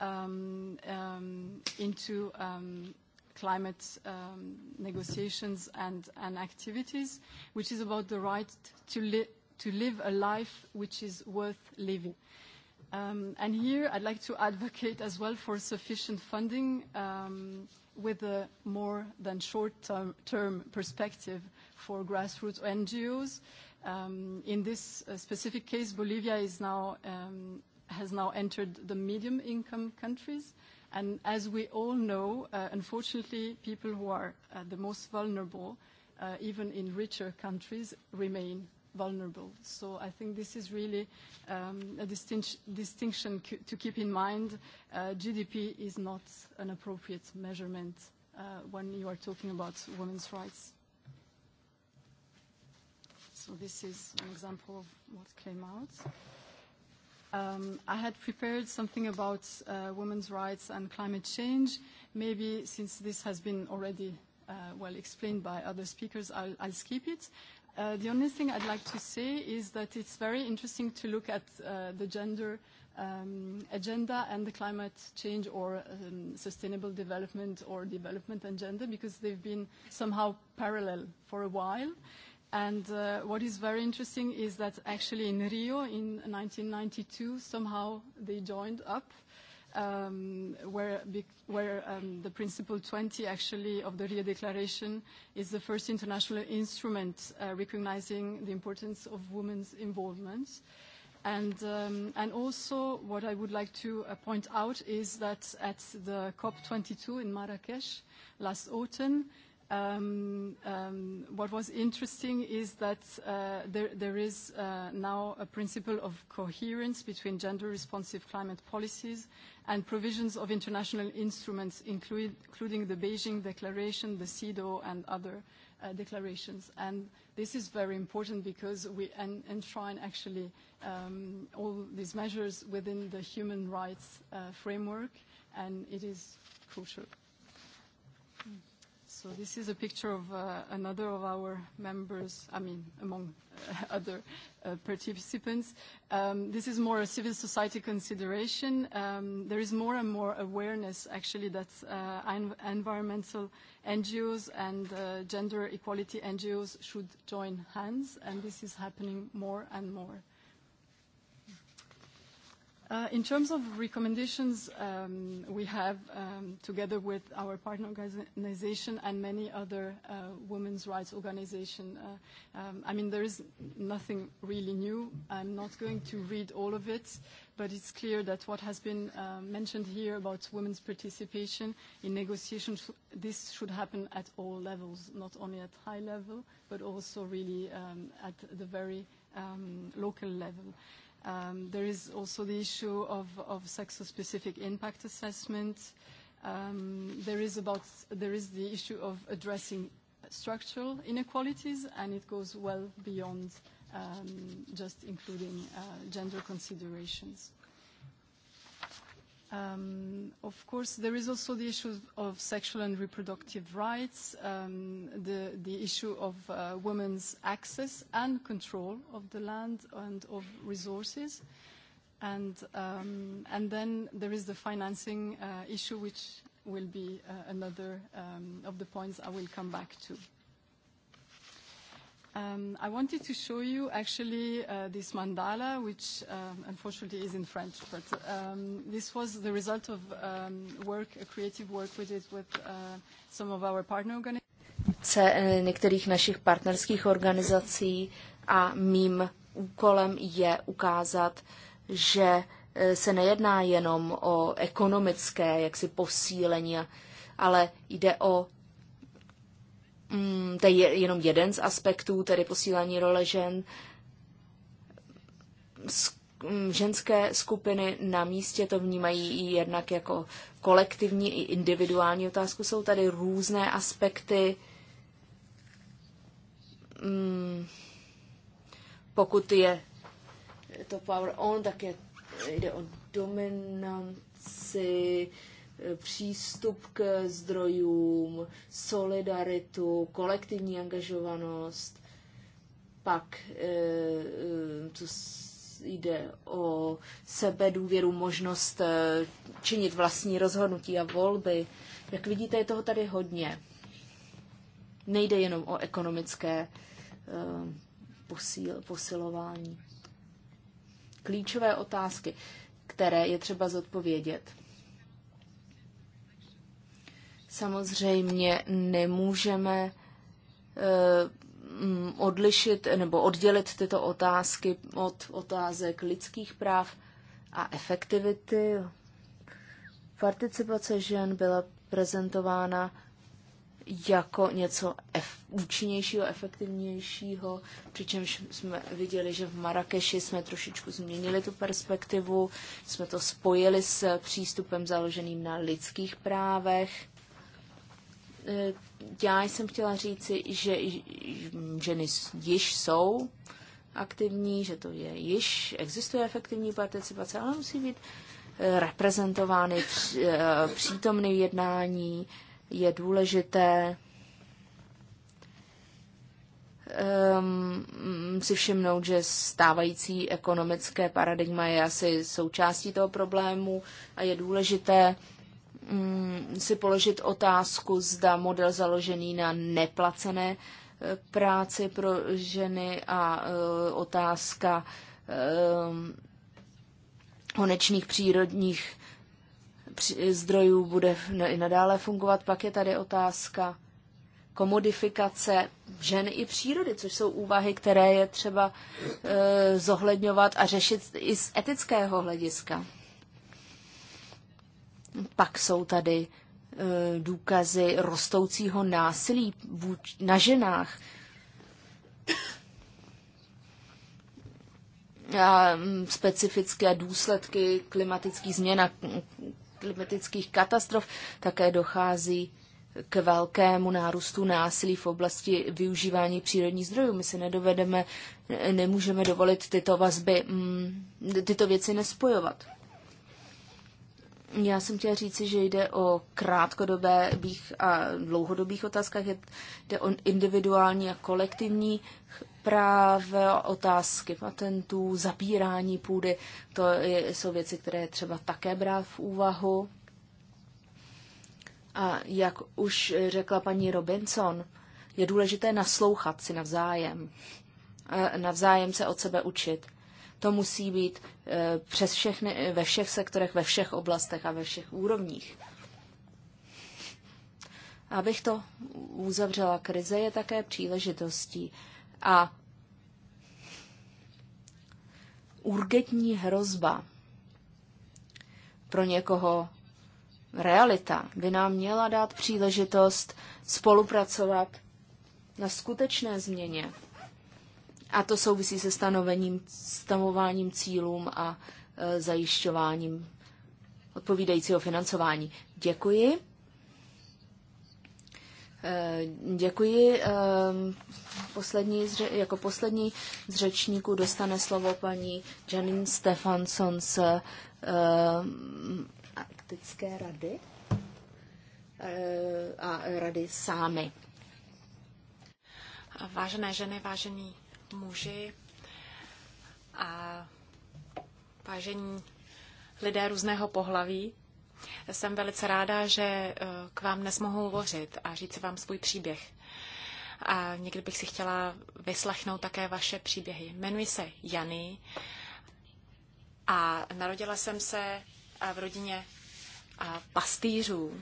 um, um, into um, climate um, negotiations and, and activities, which is about the right to, li to live a life which is worth living. Uh, Um, and here I'd like to advocate as well for sufficient funding um, with a more than short-term term perspective for grassroots NGOs. Um, in this uh, specific case, Bolivia is now, um, has now entered the medium-income countries. And as we all know, uh, unfortunately, people who are uh, the most vulnerable, uh, even in richer countries, remain vulnerable. So I think this is really um, a distinct, distinction to keep in mind. Uh, GDP is not an appropriate measurement uh, when you are talking about women's rights. So this is an example of what came out. Um, I had prepared something about uh, women's rights and climate change. Maybe since this has been already uh, well explained by other speakers, I'll, I'll skip it. Uh, the only thing I'd like to say is that it's very interesting to look at uh, the gender um, agenda and the climate change or um, sustainable development or development agenda because they've been somehow parallel for a while. And uh, what is very interesting is that actually in Rio in 1992, somehow they joined up. Um, where, um, the Principle 20 actually of the Rio Declaration is the first international instrument uh, recognizing the importance of women's involvement. And, um, and also what I would like to uh, point out is that at the COP22 in Marrakesh last autumn, Um, um, what was interesting is that uh, there, there is uh, now a principle of coherence between gender-responsive climate policies and provisions of international instruments, include, including the Beijing Declaration, the CEDAW, and other uh, declarations. And this is very important because we en enshrine actually um, all these measures within the human rights uh, framework, and it is crucial. Mm. So this is a picture of uh, another of our members, I mean, among uh, other uh, participants. Um, this is more a civil society consideration. Um, there is more and more awareness, actually, that uh, en environmental NGOs and uh, gender equality NGOs should join hands, and this is happening more and more. Uh, in terms of recommendations, um, we have, um, together with our partner organization and many other uh, women's rights organization, uh, um, I mean, there is nothing really new. I'm not going to read all of it, but it's clear that what has been mentioned here about women's participation in negotiations, this should happen at all levels, not only at high level, but also really at the very local level. Um, there is also the issue of, of sector-specific impact assessment. Um, there, is about, there is the issue of addressing structural inequalities, and it goes well beyond um, just including uh, gender considerations. Um, of course, there is also the issue of sexual and reproductive rights, um, the, the issue of uh, women's access and control of the land and of resources. And, um, and then there is the financing uh, issue, which will be uh, another um, of the points I will come back to. Um, I wanted to show you actually uh, this mandala, which uh, unfortunately is in French, but um, this was the result of um, work, a creative work we did with uh, some of our partner organizations. Eh, některých našich partnerských organizací a mým úkolem je ukázat, že eh, se nejedná jenom o ekonomické jaksi posílení, ale jde o Mm, to je jenom jeden z aspektů, tedy posílení role žen, mm, ženské skupiny na místě to vnímají i jednak jako kolektivní i individuální otázku. Jsou tady různé aspekty. Mm, pokud je to power on, tak je, jde o dominanci, přístup k zdrojům, solidaritu, kolektivní angažovanost. Pak tu eh, eh, jde o sebedůvěru, možnost eh, činit vlastní rozhodnutí a volby. Jak vidíte, je toho tady hodně. Nejde jenom o ekonomické posíl, posilování. Klíčové otázky, které je třeba zodpovědět Samozřejmě nemůžeme eh, mm, odlišit nebo oddělit tyto otázky od otázek lidských práv a efektivity. Participace žen byla prezentována jako něco ef- účinnějšího, efektivnějšího, přičemž jsme viděli, že v Marrakeši jsme trošičku změnili tu perspektivu, jsme to spojili s přístupem založeným na lidských právech Eh, já jsem chtěla říci, že ženy již jsou aktivní, že to je již, existuje efektivní participace, ale musí být eh, reprezentovány eh, přítomný jednání, je důležité um, si všimnout, že stávající ekonomické paradigma je asi součástí toho problému a je důležité Mm, si položit otázku, zda model založený na neplacené e, práci pro ženy a e, otázka e, konečných přírodních zdrojů bude i nadále fungovat. Pak je tady otázka komodifikace žen i přírody, což jsou úvahy, které je třeba zohledňovat a řešit i z etického hlediska. Pak jsou tady e, důkazy rostoucího násilí na ženách. A mm, specifické důsledky klimatických změn a klimatických katastrof také dochází k velkému nárůstu násilí v oblasti využívání přírodních zdrojů. My si nedovedeme, nemůžeme dovolit tyto vazby, mm, tyto věci nespojovat. Já jsem chtěla říci, že jde o krátkodobých a dlouhodobých otázkách, jde o individuální a kolektivní právě otázky patentů, zabírání půdy, to je, jsou věci, které je třeba také brát v úvahu. A jak už řekla paní Robinson, je důležité naslouchat si navzájem, navzájem se od sebe učit. To musí být eh, přes všechny, eh, ve všech sektorech, ve všech oblastech a ve všech úrovních. Abych to uzavřela, krize je také příležitostí a urgentní hrozba pro někoho realita by nám měla dát příležitost spolupracovat na skutečné změně a to souvisí se stanovením, stanováním cílům a e, zajišťováním odpovídajícího financování. Děkuji. E, děkuji. E, poslední, jako poslední z řečníků dostane slovo paní Janine Stefanson z e, Arktické rady e, a rady sámy. Vážené ženy, vážení muži a vážení lidé různého pohlaví. Jsem velice ráda, že eh, k vám dnes mohu hovořit a říct vám svůj příběh. A někdy bych si chtěla vyslechnout také vaše příběhy. Jmenuji se Jany a narodila jsem se eh, v rodině eh, pastýřů.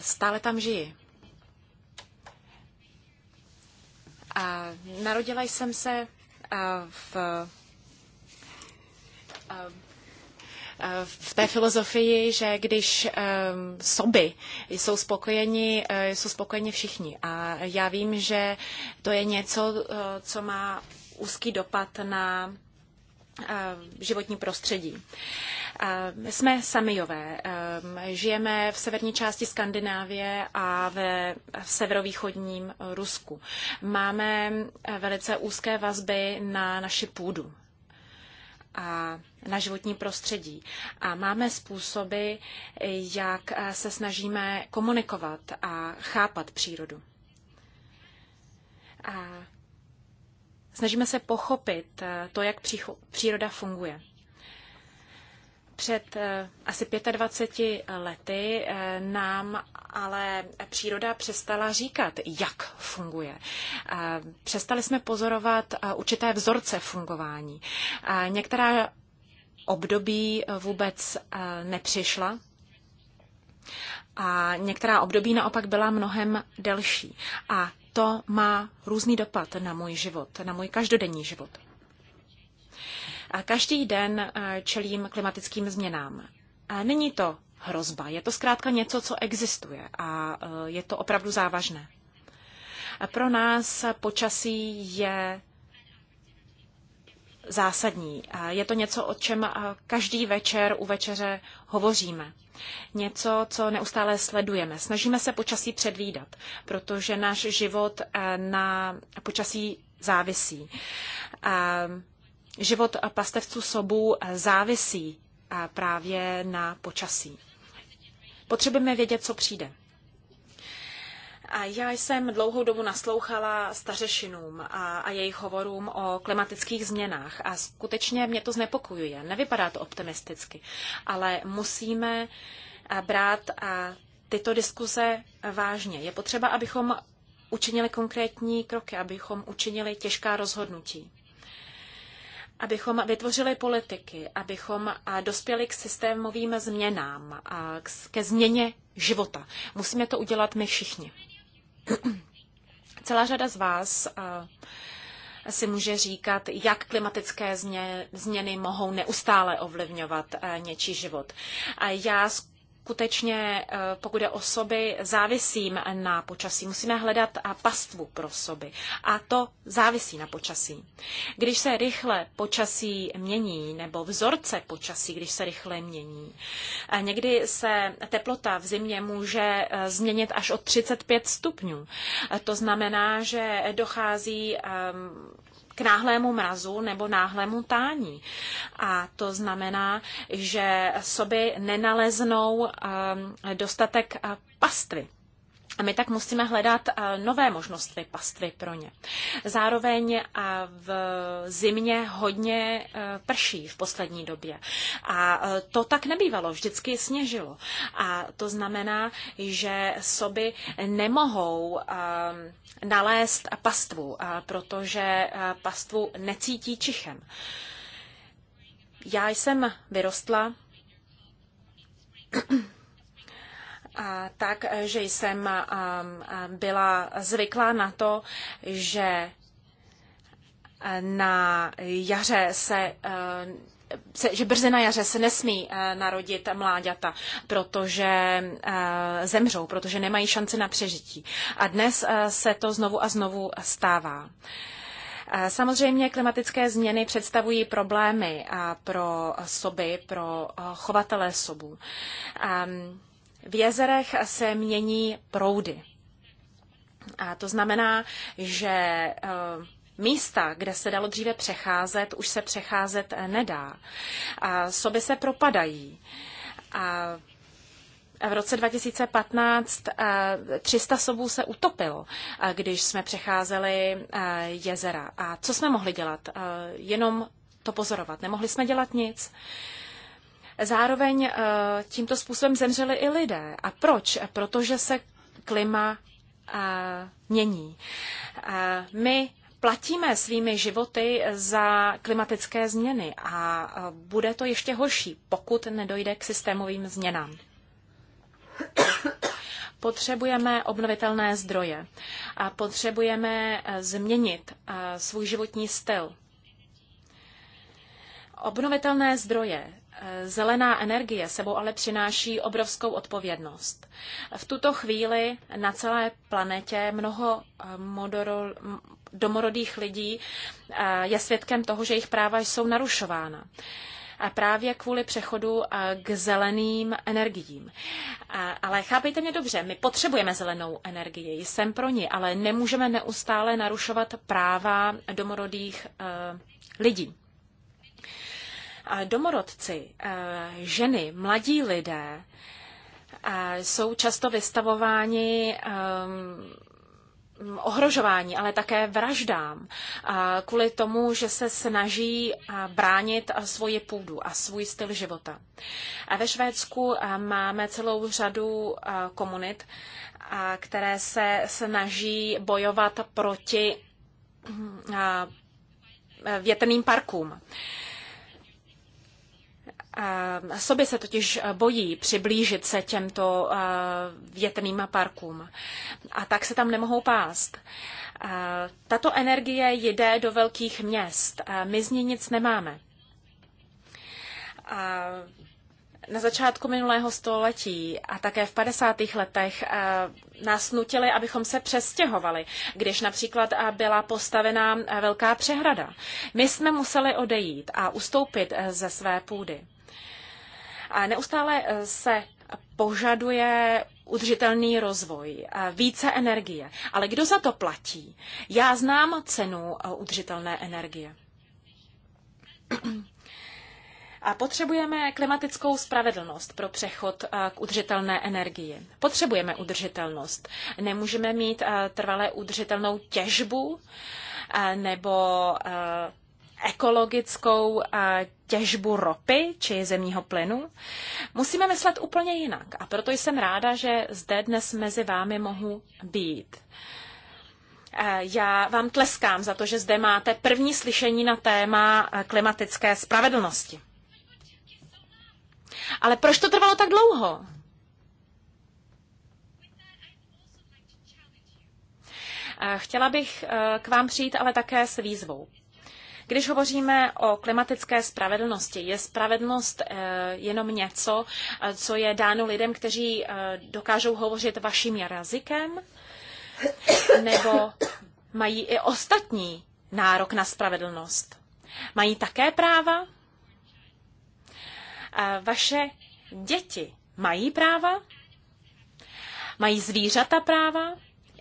Stále tam žijí. Narodila jsem se v, v té filozofii, že když um, soby jsou spokojeni, e, jsou spokojeni všichni. A já vím, že to je něco, e, co má úzký dopad na e, životní prostředí. Eh, jsme samijové. Eh, žijeme v severní části Skandinávie a ve v severovýchodním Rusku. Máme eh, velice úzké vazby na naši půdu a na životní prostředí. A máme způsoby, jak se snažíme komunikovat a chápat přírodu. A snažíme se pochopit to, jak příroda funguje. Před eh, asi 25 eh, lety eh, nám ale příroda přestala říkat, jak funguje. Přestali jsme pozorovat určité vzorce fungování. Některá období vůbec nepřišla a některá období naopak byla mnohem delší. A to má různý dopad na můj život, na můj každodenní život. A každý den eh, čelím klimatickým změnám. A není to hrozba, je to zkrátka něco, co existuje a eh, je to opravdu závažné. A pro nás počasí je zásadní. Je to něco, o čem eh, každý večer u večeře hovoříme. Něco, co neustále sledujeme. Snažíme se počasí předvídat, protože náš život na počasí závisí život pastevců sobů závisí eh, právě na počasí. Potřebujeme vědět, co přijde. A já jsem dlouhou dobu naslouchala stařešinům a, a jejich hovorům o klimatických změnách a skutečně mě to znepokojuje. Nevypadá to optimisticky, ale musíme eh, brát eh, tyto diskuze vážně. Je potřeba, abychom učinili konkrétní kroky, abychom učinili těžká rozhodnutí abychom vytvořili politiky, abychom dospěli k systémovým změnám, a ke změně života. Musíme to udělat my všichni. [CLEARS THROAT] Celá řada z vás si může říkat, jak klimatické změny mohou neustále ovlivňovat něčí život. A Já skutečně, eh, pokud je osoby, závisím na počasí. Musíme hledat a pastvu pro soby. A to závisí na počasí. Když se rychle počasí mění, nebo vzorce počasí, když se rychle mění, eh, někdy se teplota v zimě může eh, změnit až o 35 stupňů. To znamená, že dochází ehm, k náhlému mrazu nebo náhlému tání. A to znamená, že soby nenaleznou ehm, dostatek eh, pastvy a my tak musíme hledat eh, nové možnosti pastvy pro ně. Zároveň a eh, v zimě hodně eh, prší v poslední době. A to tak nebývalo, vždycky sněžilo. A to znamená, že soby nemohou nalézt pastvu, protože pastvu necítí čichem. Já jsem vyrostla tak, že jsem um, byla zvyklá na to, že na jaře se uh, se, že brzy na jaře se nesmí uh, narodit mláďata, protože uh, zemřou, protože nemají šanci na přežití. A dnes se to znovu a znovu stává. Samozřejmě klimatické změny představují problémy pro soby, pro chovatele sobů. Um, v jezerech se mění proudy. A to znamená, že eh, místa, kde se dalo dříve přecházet, už se přecházet nedá. A soby se propadají. A v roce 2015 300 eh, sobů se utopilo, eh, když jsme přecházeli jezera. A co jsme mohli dělat? Jenom to pozorovat. Nemohli jsme dělat nic. Zároveň eh, tímto způsobem zemřeli i lidé. A proč? Protože se klima eh, mění. Eh, my platíme svými životy za klimatické změny a bude to ještě horší, pokud nedojde k systémovým změnám. Potřebujeme obnovitelné zdroje a potřebujeme změnit svůj životní styl. Obnovitelné zdroje zelená energie sebou ale přináší obrovskou odpovědnost. V tuto chvíli na celé planetě mnoho eh, modoro, domorodých lidí eh, je svědkem toho, že jejich práva jsou narušována. A právě kvůli přechodu eh, k zeleným energiím. Ale chápejte mě dobře, my potřebujeme zelenou energii, jsem pro ní, ale nemůžeme neustále narušovat práva domorodých lidí. Domorodci, eh, ženy, mladí lidé eh, jsou často vystavováni ehm, ohrožování, ale také vraždám kvůli tomu, že se snaží eh, bránit svoji půdu a svůj styl života. A ve Švédsku máme celou řadu komunit, které se snaží bojovat proti hm, větrným parkům. Sobě se totiž bojí přiblížit se těmto větrným parkům a tak se tam nemohou pást. Tato energie jde do velkých měst. My z ní nic nemáme. Na začátku minulého století a také v 50. letech nás nutili, abychom se přestěhovali, když například byla postavená velká přehrada. My jsme museli odejít a ustoupit e, ze své půdy. Neustále eh, se požaduje udržitelný rozvoj, eh, více energie. Ale kdo za to platí? Já znám cenu eh, udržitelné energie. [CLEARS THROAT] A potřebujeme klimatickou spravedlnost pro přechod k udržitelné energii. Potřebujeme udržitelnost. Nemůžeme mít trvalé udržitelnou těžbu nebo ekologickou těžbu ropy či zemního plynu, musíme myslet úplně jinak. A proto jsem ráda, že zde dnes mezi vámi mohu být. Eh, já vám tleskám za to, že zde máte první slyšení na téma eh, klimatické spravedlnosti. Ale proč to trvalo tak dlouho? Eh, chtěla bych k vám přijít ale také s výzvou. Když hovoříme o klimatické spravedlnosti, je spravedlnost eh, jenom něco, eh, co je dáno lidem, kteří eh, dokážou hovořit vaším jazykem? Nebo mají i ostatní nárok na spravedlnost? Mají také práva? Vaše děti mají práva? Mají zvířata práva?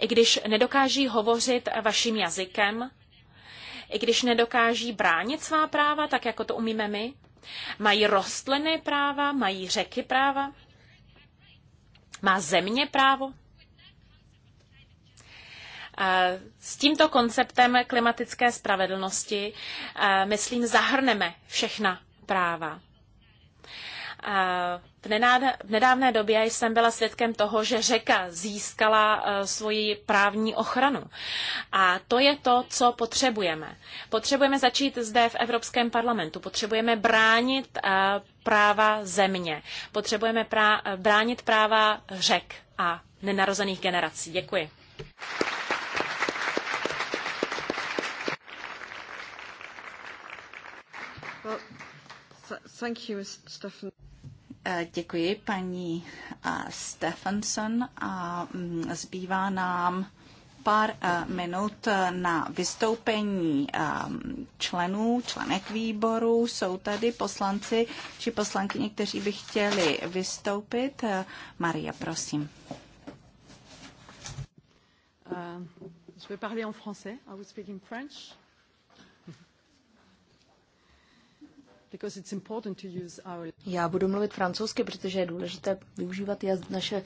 I když nedokáží hovořit vaším jazykem, i když nedokáží bránit svá práva, tak jako to umíme my. Mají rostliny práva, mají řeky práva, má země právo. S tímto konceptem klimatické spravedlnosti, myslím, zahrneme všechna práva v nedávné době jsem byla svědkem toho, že řeka získala eh, svoji právní ochranu. A to je to, co potřebujeme. Potřebujeme začít zde v Evropském parlamentu. Potřebujeme bránit eh, práva země. Potřebujeme prá- bránit práva řek a nenarozených generací. Děkuji. Well, thank you, Mr. Eh, děkuji paní eh, Stefanson a mm, zbývá nám pár eh, minut na vystoupení ehm, členů, členek výboru. Jsou tady poslanci či poslankyně, kteří by chtěli vystoupit. Maria, prosím. Uh, je vais parler en français. I will speak in French. Já budu mluvit francouzsky, protože je důležité využívat jaz- naše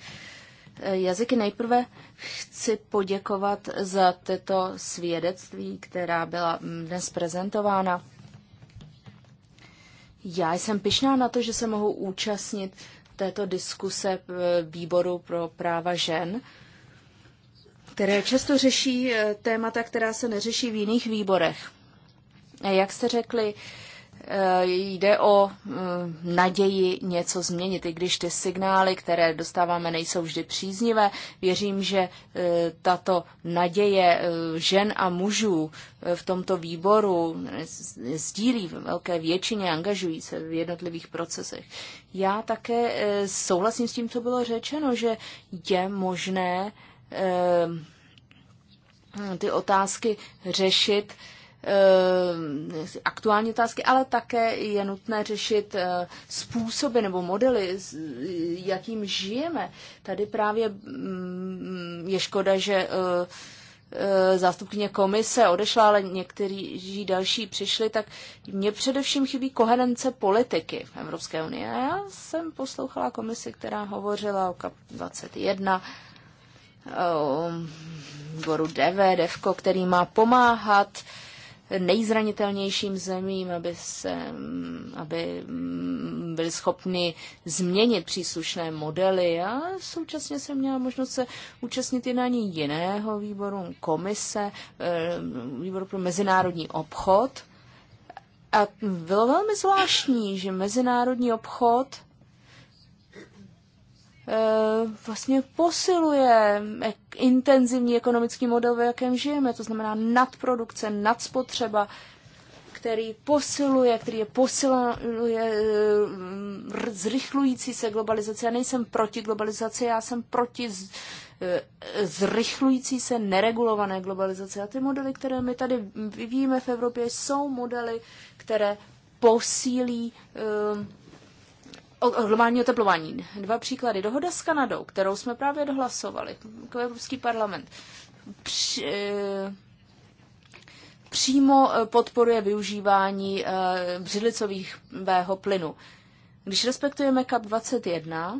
eh, jazyky. Nejprve chci poděkovat za tyto svědectví, která byla mm, dnes prezentována. Já jsem pyšná na to, že se mohu účastnit této diskuse eh, výboru pro práva žen, které často řeší eh, témata, která se neřeší v jiných výborech. Jak jste řekli, Eh, jde o eh, naději něco změnit, i když ty signály, které dostáváme, nejsou vždy příznivé. Věřím, že eh, tato naděje žen a mužů v tomto výboru sdílí v velké většině, angažují se v jednotlivých procesech. Já také souhlasím s tím, co bylo řečeno, že je možné ty otázky řešit Eh, aktuální otázky, ale také je nutné řešit eh, způsoby nebo modely, jakým žijeme. Tady právě mm, je škoda, že eh, zástupkyně komise odešla, ale někteří další přišli, tak mně především chybí koherence politiky v Evropské unii. A já jsem poslouchala komisi, která hovořila o KAP 21, o výboru DV, DEVKO, který má pomáhat nejzranitelnějším zemím, aby, se, mm, aby mm, byli schopni změnit příslušné modely a současně jsem měla možnost se účastnit jednání jiného výboru, komise, eh, výboru pro mezinárodní obchod. A bylo velmi zvláštní, že mezinárodní obchod Eh, vlastně posiluje intenzivní ekonomický model, ve jakém žijeme, to znamená nadprodukce, nadspotřeba, který posiluje, který je posiluje eh, zrychlující se globalizace. Já nejsem proti globalizaci, já jsem proti eh, zrychlující se neregulované globalizace. A ty modely, které my tady vyvíjíme v Evropě, jsou modely, které posílí uh, o globální oteplování. Dva příklady. Dohoda s Kanadou, kterou jsme právě dohlasovali, jako Evropský parlament, při, eh, přímo eh, podporuje využívání eh, břidlicového plynu. Když respektujeme CAP 21,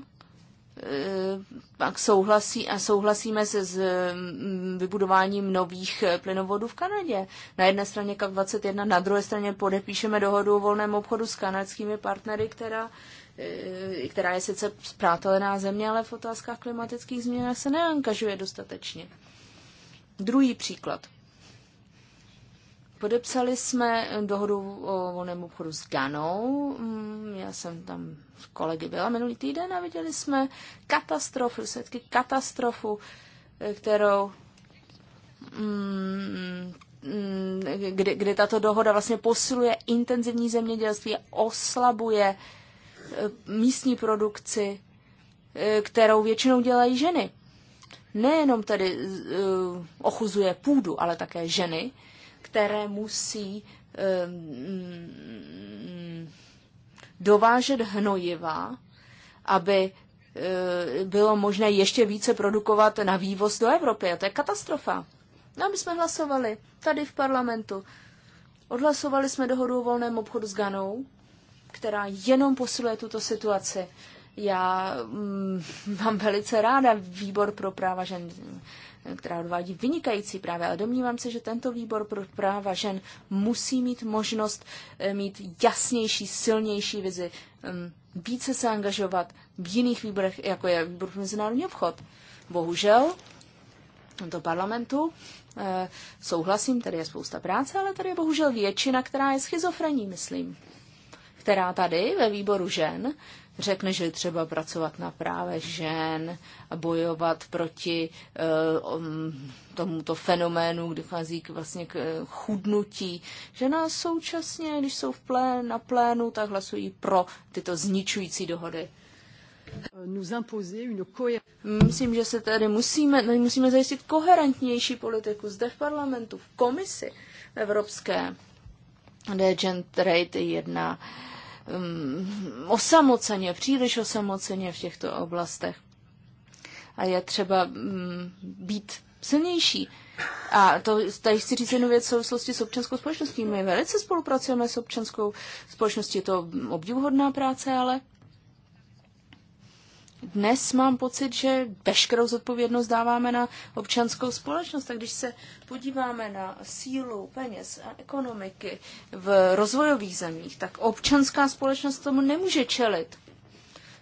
pak souhlasí a souhlasíme se s mm, vybudováním nových plynovodů v Kanadě. Na jedné straně CAP 21, na druhé straně podepíšeme dohodu o volném obchodu s kanadskými partnery, která E, která je sice zprátelená země, ale v otázkách klimatických změn se neangažuje dostatečně. Druhý příklad. Podepsali jsme dohodu o volném obchodu s Ganou. Mm, já jsem tam s kolegy byla minulý týden a viděli jsme katastrofu, důsledky katastrofu, e, kterou mm, mm, kdy, kdy tato dohoda vlastně posiluje intenzivní zemědělství a oslabuje Eh, místní produkci, eh, kterou většinou dělají ženy. Nejenom tedy eh, ochuzuje půdu, ale také ženy, které musí mm, dovážet hnojiva, aby bylo možné ještě více produkovat na vývoz do Evropy. A to je katastrofa. No my jsme hlasovali tady v parlamentu. Odhlasovali jsme dohodu o volném obchodu s Ganou která jenom posiluje tuto situaci. Já mm, [LAUGHS] mám velice ráda výbor pro práva žen, která odvádí vynikající právě, ale domnívám se, že tento výbor pro práva žen musí mít možnost eh, mít jasnější, silnější vizi, mm, více se angažovat v jiných výborech, jako je výbor pro mezinárodní obchod. Bohužel, do parlamentu. Eh, souhlasím, tady je spousta práce, ale tady je bohužel většina, která je schizofrení, myslím která tady ve výboru žen řekne, že třeba pracovat na právě žen a bojovat proti eh, um, tomuto fenoménu, kdy chází k, vlastně k eh, chudnutí. Žena současně, když jsou v plén, na plénu, tak hlasují pro tyto zničující dohody. Myslím, že se tady musíme, tady musíme zajistit koherentnější politiku zde v parlamentu, v komisi evropské. Kde Trade je jedna um, osamoceně, příliš osamoceně v těchto oblastech. A je třeba um, být silnější. A to tady chci říct jednu věc v souvislosti s občanskou společností. My velice spolupracujeme s občanskou společností, je to obdivuhodná práce, ale dnes mám pocit, že veškerou zodpovědnost dáváme na občanskou společnost. Tak když se podíváme na sílu peněz a ekonomiky v rozvojových zemích, tak občanská společnost tomu nemůže čelit.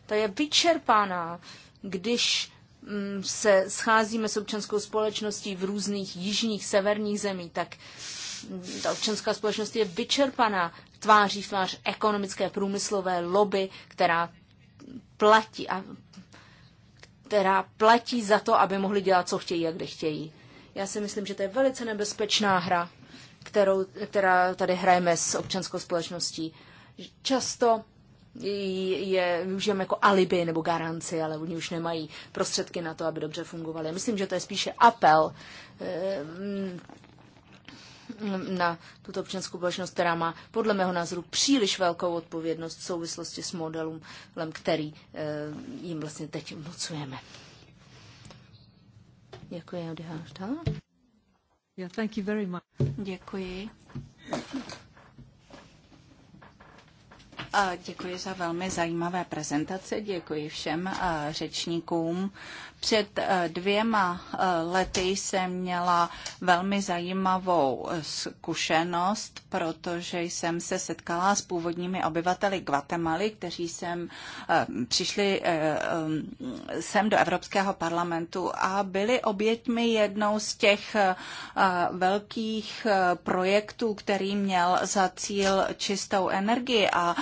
Ta je vyčerpaná, když mm, se scházíme s občanskou společností v různých jižních, severních zemích, tak mm, ta občanská společnost je vyčerpaná tváří v tvář ekonomické průmyslové lobby, která platí, a, která platí za to, aby mohli dělat, co chtějí a kde chtějí. Já si myslím, že to je velice nebezpečná hra, kterou, která tady hrajeme s občanskou společností. Často je využijeme jako alibi nebo garanci, ale oni už nemají prostředky na to, aby dobře fungovali. Myslím, že to je spíše apel eh, na tuto občanskou společnost, která má podle mého názoru příliš velkou odpovědnost v souvislosti s modelem, který eh, jim vlastně teď mocujeme. Děkuji, Odehášta. Yeah, thank you very much. Děkuji. A děkuji za velmi zajímavé prezentace, děkuji všem eh, řečníkům. Před eh, dvěma eh, lety jsem měla velmi zajímavou eh, zkušenost, protože jsem se setkala s původními obyvateli Guatemaly, kteří sem přišli sem do Evropského parlamentu a byli oběťmi jednou z těch velkých projektů, který měl za cíl čistou energii a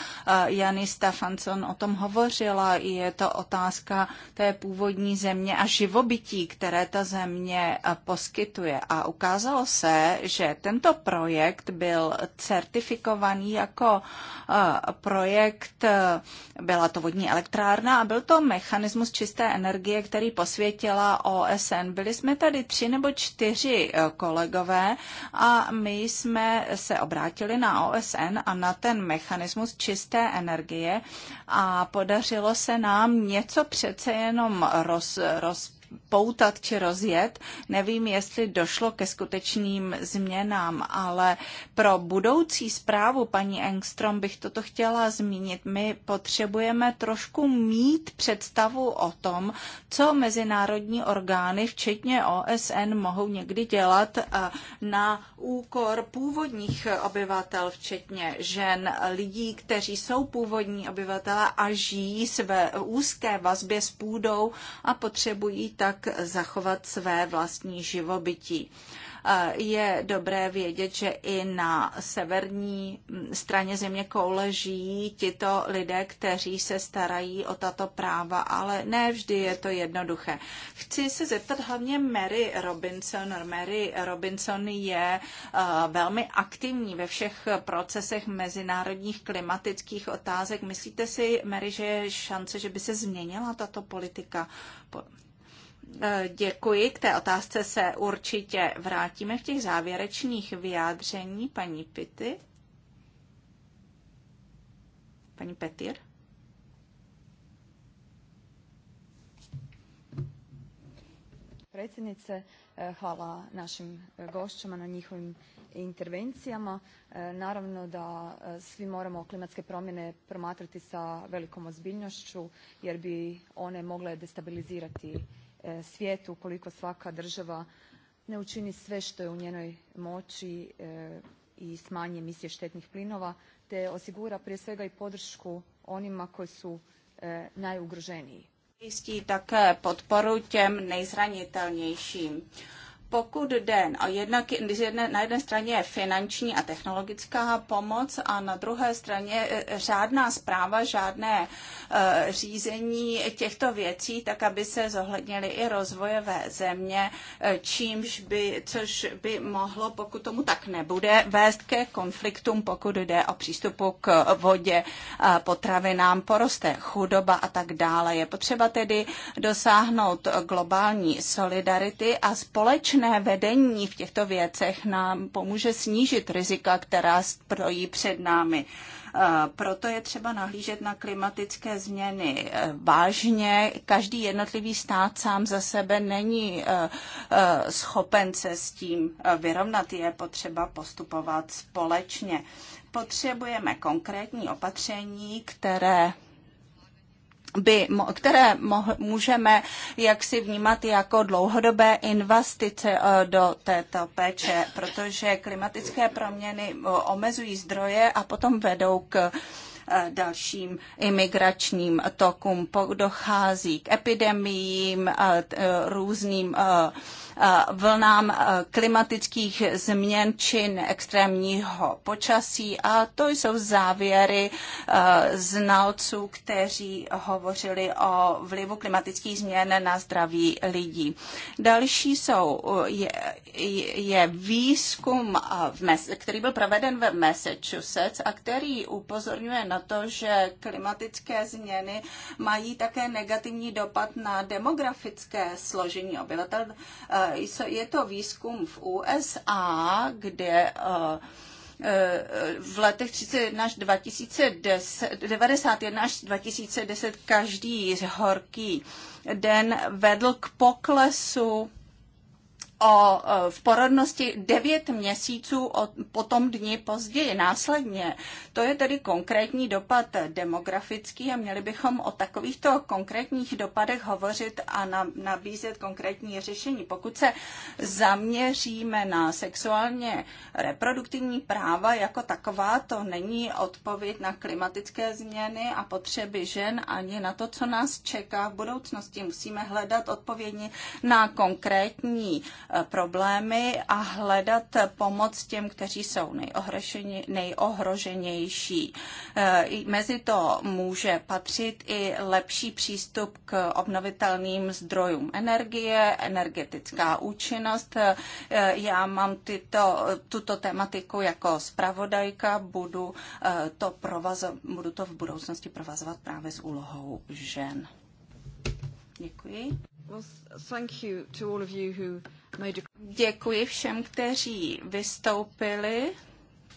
Janista Stefanson o tom hovořila. Je to otázka té původní země, země a živobytí, které ta země eh, poskytuje. A ukázalo se, že tento projekt byl certifikovaný jako eh, projekt, eh, byla to vodní elektrárna a byl to mechanismus čisté energie, který posvětila OSN. Byli jsme tady tři nebo čtyři kolegové a my jsme se obrátili na OSN a na ten mechanismus čisté energie a podařilo se nám něco přece jenom roz, rozpočet poutat či rozjet. Nevím, jestli došlo ke skutečným změnám, ale pro budoucí zprávu paní Engstrom bych toto chtěla zmínit. My potřebujeme trošku mít představu o tom, co mezinárodní orgány, včetně OSN, mohou někdy dělat eh, na úkor původních obyvatel, včetně žen, lidí, kteří jsou původní obyvatele a žijí své úzké vazbě s půdou a potřebují tak zachovat své vlastní živobytí je dobré vědět, že i na severní mm, straně země koule žijí tito lidé, kteří se starají o tato práva, ale ne vždy je to jednoduché. Chci se zeptat hlavně Mary Robinson. Mary Robinson je velmi aktivní ve všech procesech mezinárodních klimatických otázek. Myslíte si, Mary, že je šance, že by se změnila tato politika? Eh, děkuji. K té otázce se určitě vrátíme v těch závěrečných vyjádření paní Pity. Paní Petir. Predsjednice, eh, hvala našim eh, gošćama na njihovim intervencijama. Naravno da svi moramo klimatske promjene promatrati sa velikom ozbiljnošću jer bi one mogle destabilizirati E, svijetu ukoliko svaka država ne učini sve što je u njenoj moći e, i smanji emisije štetnih plinova te osigura prije svega i podršku onima koji su e, najugroženiji. Jistí také podporu těm nejzranitelnějším pokud jde o jednak, na jedné straně je finanční a technologická pomoc a na druhé straně žádná e, e, zpráva, žádné e, řízení těchto věcí, tak aby se zohlednily i rozvojové země, čímž by, což by mohlo, pokud tomu tak nebude, vést ke konfliktům, pokud jde o přístupu k vodě, potravinám, poroste chudoba a tak dále. Je potřeba tedy dosáhnout globální solidarity a společnosti společné vedení v těchto věcech nám pomůže snížit rizika, která stojí před námi. Eh, proto je třeba nahlížet na klimatické změny eh, vážně. Každý jednotlivý stát sám za sebe není eh, schopen se s tím vyrovnat. Je potřeba postupovat společně. Potřebujeme konkrétní opatření, které by, které můžeme jaksi vnímat jako dlouhodobé investice eh, do této péče, protože klimatické proměny eh, omezují zdroje a potom vedou k eh, dalším imigračním tokům. Dochází k epidemiím, různým Eh, vlnám eh, klimatických změn čin extrémního počasí a to jsou závěry eh, znalců, kteří hovořili o vlivu klimatických změn na zdraví lidí. Další jsou, je, je výzkum, který byl proveden ve Massachusetts a který upozorňuje na to, že klimatické změny mají také negativní dopad na demografické složení obyvatel. Je to výzkum v USA, kde eh, eh, v letech 31 až 2010, 91 až 2010 každý horký den vedl k poklesu o, v porodnosti 9 měsíců od, po tom dni později, následně. To je tedy konkrétní dopad demografický a měli bychom o takovýchto konkrétních dopadech hovořit a na, nabízet konkrétní řešení. Pokud se zaměříme na sexuálně reproduktivní práva jako taková, to není odpověď na klimatické změny a potřeby žen ani na to, co nás čeká v budoucnosti. Musíme hledat odpovědi na konkrétní problémy a hledat pomoc těm, kteří jsou nejohroženější. E, mezi to může patřit i lepší přístup k obnovitelným zdrojům energie, energetická účinnost. E, já mám tyto, tuto tematiku jako zpravodajka, budu e, to, provazo, budu to v budoucnosti provazovat právě s úlohou žen. Děkuji. Well, thank you to all of you who Děkuji všem, kteří vystoupili.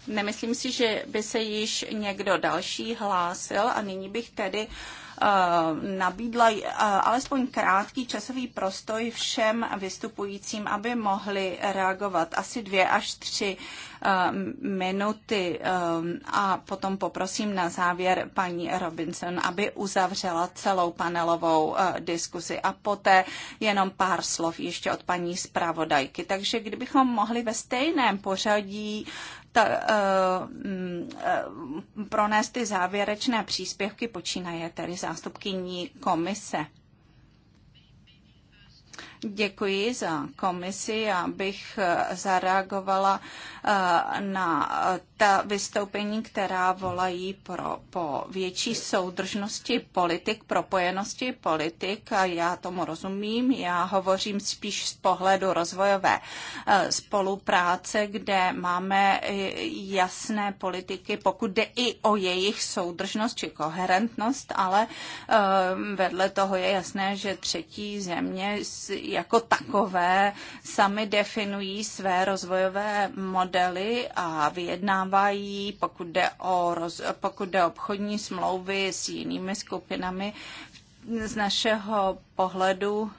Nemyslím si, že by se již někdo další hlásil a nyní bych tedy Eh, nabídla eh, alespoň krátký časový prostoj všem vystupujícím, aby mohli reagovat asi dvě až tři eh, minuty a potom poprosím na závěr paní Robinson, aby uzavřela celou panelovou diskusi a poté jenom pár slov ještě od paní zpravodajky. Takže kdybychom mohli ve stejném pořadí ta, eh, mm, eh, pronést ty závěrečné příspěvky počínaje tedy zástupkyní komise. Děkuji za komisi. Já bych eh, zareagovala eh, na eh, ta vystoupení, která volají pro, po větší soudržnosti politik, propojenosti politik a já tomu rozumím. Já hovořím spíš z pohledu rozvojové spolupráce, kde máme jasné politiky, pokud jde i o jejich soudržnost či koherentnost, ale vedle toho je jasné, že třetí země jako takové sami definují své rozvojové modely a vyjednávají, pokud jde o, roz, pokud jde o obchodní smlouvy s jinými skupinami. Z našeho pohledu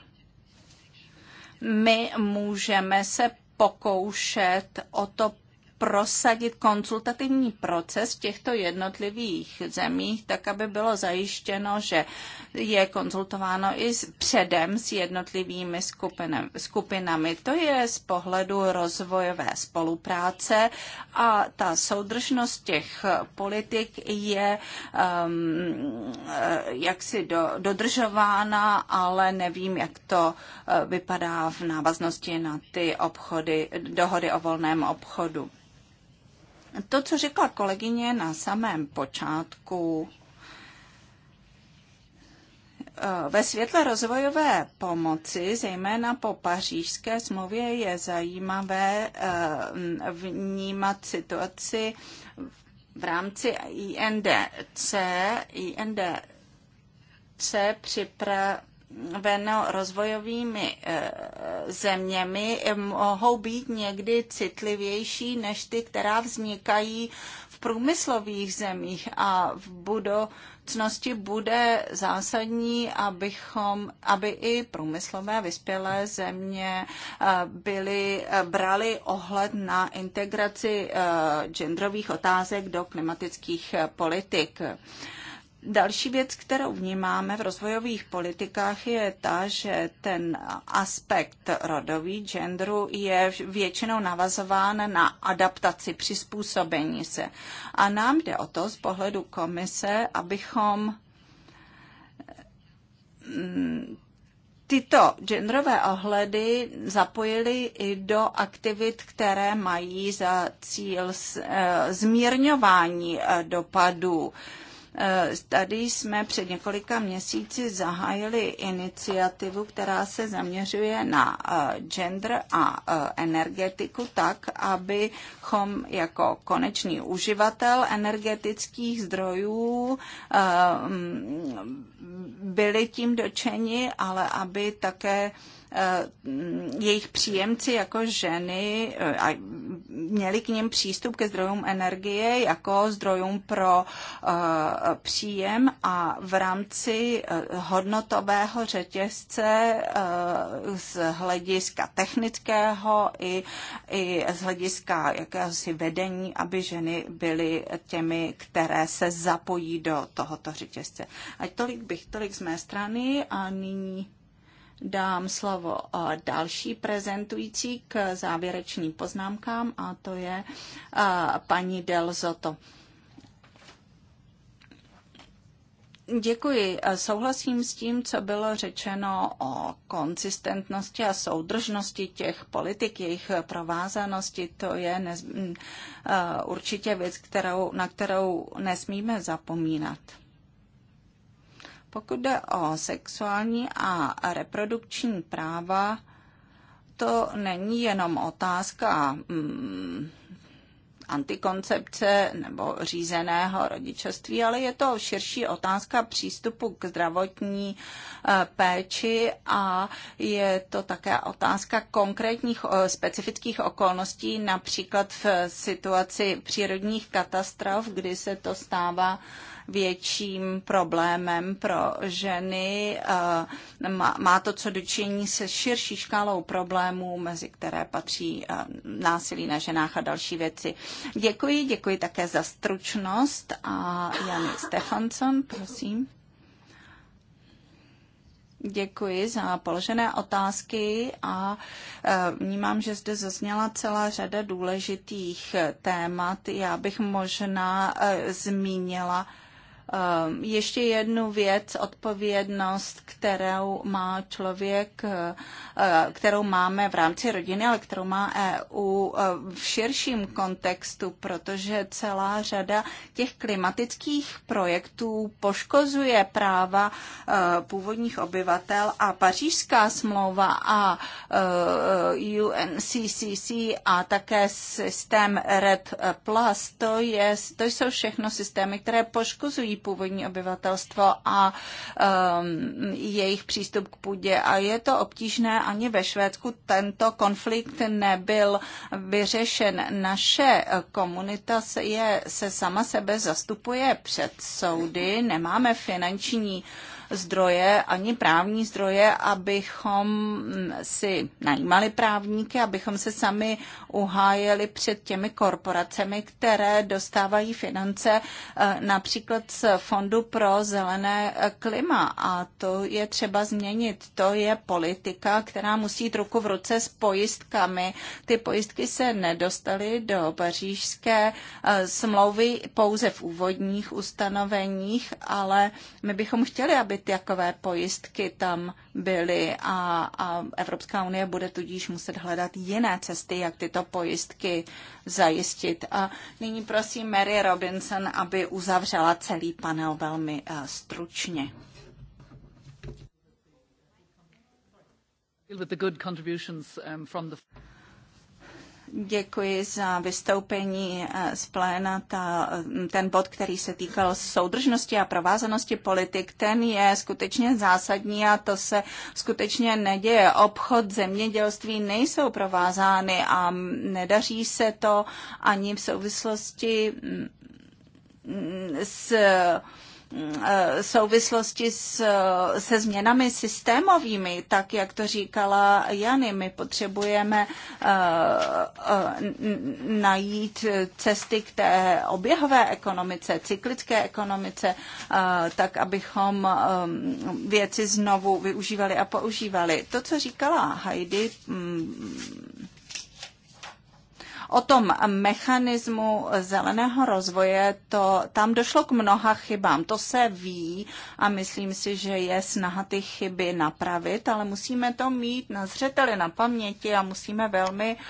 my můžeme se pokoušet o to prosadit konzultativní proces v těchto jednotlivých zemích, tak aby bylo zajištěno, že je konzultováno i předem s jednotlivými skupinami. To je z pohledu rozvojové spolupráce a ta soudržnost těch politik je um, eh, jaksi do, dodržována, ale nevím, jak to eh, vypadá v návaznosti na ty obchody, dohody o volném obchodu. To, co řekla kolegyně na samém počátku, e, ve světle rozvojové pomoci, zejména po pařížské smlouvě, je zajímavé e, vnímat situaci v rámci INDC. INDC připravuje veno rozvojovými eh, zeměmi eh, mohou být někdy citlivější než ty, která vznikají v průmyslových zemích a v budoucnosti bude zásadní, abychom, aby i průmyslové vyspělé země eh, byly, brali ohled na integraci genderových otázek do klimatických politik. Další věc, kterou vnímáme v rozvojových politikách, je ta, že ten aspekt rodový genderu je většinou navazován na adaptaci, přizpůsobení se. A nám jde o to z pohledu komise, abychom mm, tyto genderové ohledy zapojili i do aktivit, které mají za cíl eh, zmírňování eh, dopadů Eh, tady jsme před několika měsíci zahájili iniciativu, která se zaměřuje na eh, gender a eh, energetiku tak, abychom jako konečný uživatel energetických zdrojů byli tím dočeni, ale aby také Eh, jejich příjemci jako ženy eh, a měli k ním přístup ke zdrojům energie jako zdrojům pro eh, příjem a v rámci hodnotového řetězce z hlediska technického i, i z hlediska jakéhosi vedení, aby ženy byly těmi, které se zapojí do tohoto řetězce. Ať tolik bych, tolik z mé strany a nyní dám slovo eh, další prezentující k závěrečným poznámkám a to je eh, paní Delzoto. Děkuji. Eh, souhlasím s tím, co bylo řečeno o konsistentnosti a soudržnosti těch politik, jejich provázanosti. To je nez, mm, určitě věc, kterou, na kterou nesmíme zapomínat. Pokud jde o sexuální a reprodukční práva, to není jenom otázka mm, antikoncepce nebo řízeného rodičovství, ale je to širší otázka přístupu k zdravotní e, péči a je to také otázka konkrétních specifických okolností, například v situaci přírodních katastrof, kdy se to stává větším problémem pro ženy. Eh, má to co dočení se širší škálou problémů, mezi které patří eh, násilí na ženách a další věci. Děkuji, děkuji také za stručnost a Jany Stefanson, prosím. Děkuji za položené otázky a eh, vnímám, že zde zazněla celá řada důležitých témat. Já bych možná zmínila Ehm, ještě jednu věc, odpovědnost, kterou má člověk, eh, kterou máme v rámci rodiny, ale kterou má EU eh, v širším kontextu, protože celá řada těch klimatických projektů poškozuje práva eh, původních obyvatel a pařížská smlouva a UNCCC a také systém Red Plus, to, je, to jsou všechno systémy, které poškozují původní obyvatelstvo a um, jejich přístup k půdě. A je to obtížné ani ve Švédsku. Tento konflikt nebyl vyřešen. Naše komunita se, je, se sama sebe zastupuje před soudy, nemáme finanční uh, zdroje, ani právní zdroje, abychom si najímali právníky, abychom se sami uhájili před těmi korporacemi, které dostávají finance eh, například z Fondu pro zelené eh, klima. A to je třeba změnit. To je politika, která musí jít ruku v ruce s pojistkami. Ty pojistky se nedostaly do pařížské eh, smlouvy pouze v úvodních ustanoveních, ale my bychom chtěli, aby být, jakové pojistky tam byly a, a Evropská unie bude tudíž muset hledat jiné cesty, jak tyto pojistky zajistit. A nyní prosím Mary Robinson, aby uzavřela celý panel velmi eh, stručně. Děkuji Děkuji za vystoupení eh, z pléna. Ta, mm, ten bod, který se týkal soudržnosti a provázanosti politik, ten je skutečně zásadní a to se skutečně neděje. Obchod, zemědělství nejsou provázány a nedaří se to ani v souvislosti mm, s Eh, souvislosti s, eh, se změnami systémovými, tak jak to říkala Jany, my potřebujeme eh, najít cesty k té oběhové ekonomice, cyklické ekonomice, tak abychom věci znovu využívali a používali. To, co říkala Heidi, mm, O tom mechanismu zeleného rozvoje, to, tam došlo k mnoha chybám. To se ví a myslím si, že je snaha ty chyby napravit, ale musíme to mít na zřeteli, na paměti a musíme velmi uh,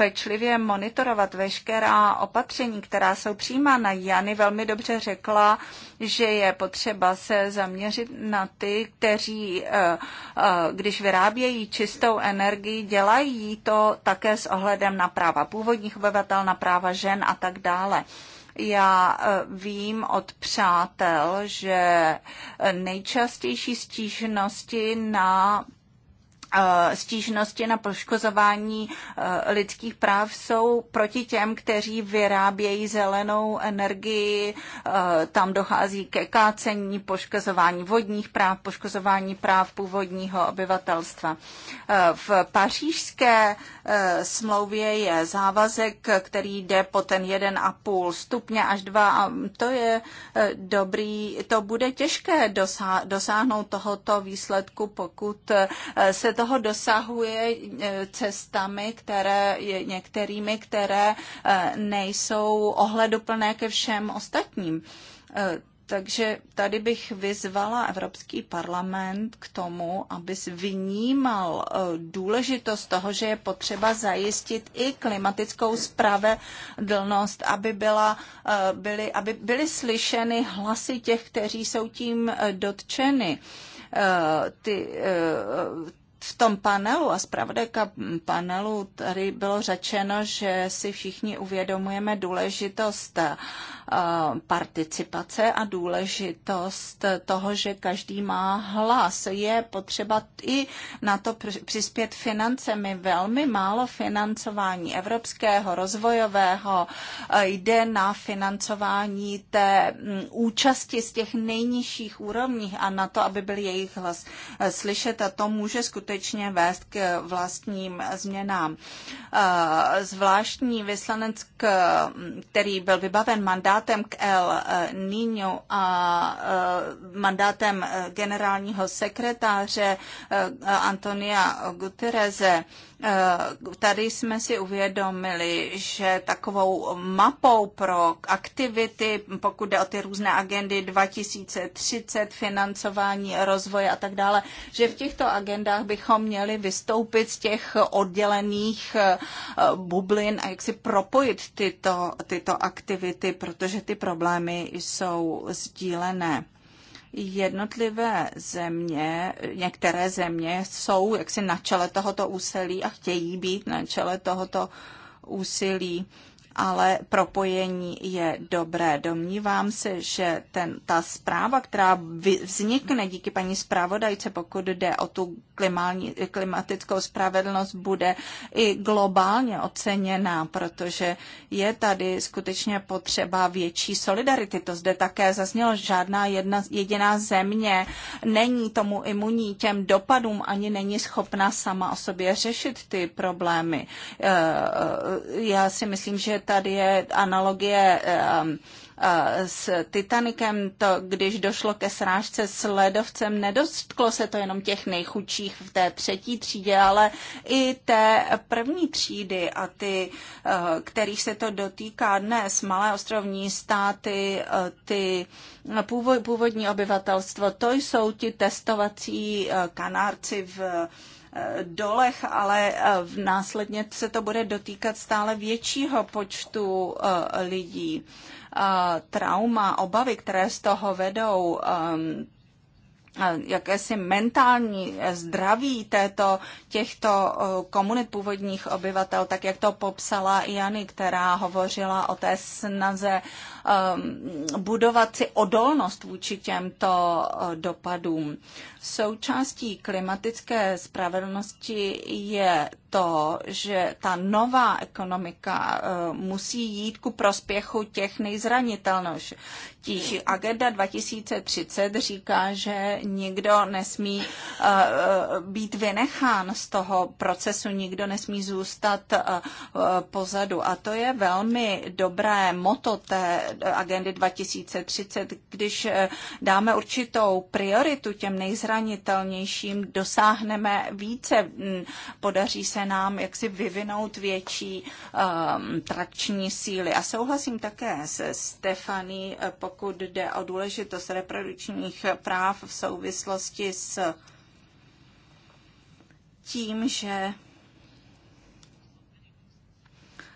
pečlivě monitorovat veškerá opatření, která jsou přijímána. Jany velmi dobře řekla, že je potřeba se zaměřit na ty, kteří, eh, eh, když vyrábějí čistou energii, dělají to také s ohledem na práva původních obyvatel, na práva žen a tak dále. Já eh, vím od přátel, že nejčastější stížnosti na Eh, stížnosti na poškozování eh, lidských práv jsou proti těm, kteří vyrábějí zelenou energii. Eh, tam dochází ke kácení, poškozování vodních práv, poškozování práv původního obyvatelstva. V pařížské Eh, smlouvě je závazek, který jde po ten 1,5 stupně až 2. To je eh, dobrý, to bude těžké dosáhnout tohoto výsledku, pokud eh, se toho dosahuje cestami, které, některými, které nejsou ohleduplné ke všem ostatním takže tady bych vyzvala Evropský parlament k tomu, aby vnímal eh, důležitost toho, že je potřeba zajistit i klimatickou spravedlnost, aby, byla, eh, byly, aby byly slyšeny hlasy těch, kteří jsou tím eh, dotčeny. Ty, v tom panelu a zpravodajka panelu tady bylo řečeno, že si všichni uvědomujeme důležitost Eh, participace a důležitost toho, že každý má hlas. Je potřeba i na to přispět financemi. Velmi málo financování evropského, rozvojového eh, jde na financování té mm, účasti z těch nejnižších úrovních a na to, aby byl jejich hlas eh, slyšet a to může skutečně vést k vlastním změnám. Zvláštní vyslanec, mm, který byl vybaven mandát, mandátem k El eh, Niño a eh, mandátem eh, generálního sekretáře Antonia Gutereze Eh, tady jsme si uvědomili, že takovou mapou pro aktivity, pokud jde o ty různé agendy 2030, financování, rozvoje a tak dále, že v těchto agendách bychom měli vystoupit z těch oddělených eh, bublin a jak si propojit tyto, tyto aktivity, protože ty problémy jsou sdílené jednotlivé země, některé země jsou jaksi na čele tohoto úsilí a chtějí být na čele tohoto úsilí ale propojení je dobré. Domnívám se, že ten, ta zpráva, která vznikne díky paní zpravodajce, pokud jde o tu klimální, klimatickou spravedlnost, bude i globálně oceněná, protože je tady skutečně potřeba větší solidarity. To zde také zaznělo, žádná jedna, jediná země není tomu imunní těm dopadům, ani není schopna sama o sobě řešit ty problémy. Eh, eh, já si myslím, že tady je analogie s Titanikem, to, když došlo ke srážce s ledovcem, nedostklo se to jenom těch nejchudších v té třetí třídě, ale i té první třídy a ty, eh, kterých se to dotýká dnes, malé ostrovní státy, eh, ty původní obyvatelstvo, to jsou ti testovací eh, kanárci v dolech, ale eh, v následně se to bude dotýkat stále většího počtu eh, lidí. Eh, trauma, obavy, které z toho vedou, ehm, jakési mentální zdraví této, těchto komunit původních obyvatel, tak jak to popsala Jany, která hovořila o té snaze um, budovat si odolnost vůči těmto dopadům. Součástí klimatické spravedlnosti je to, že ta nová ekonomika eh, musí jít ku prospěchu těch nejzranitelnějších. Agenda 2030 říká, že nikdo nesmí eh, eh, být vynechán z toho procesu, nikdo nesmí zůstat pozadu. A to je velmi dobré moto té agendy 2030, když dáme určitou prioritu těm nejzranitelnějším, dosáhneme více, hm, podaří se se nám jaksi vyvinout větší um, trakční síly. A souhlasím také se Stefany, pokud jde o důležitost reprodukčních práv v souvislosti s tím, že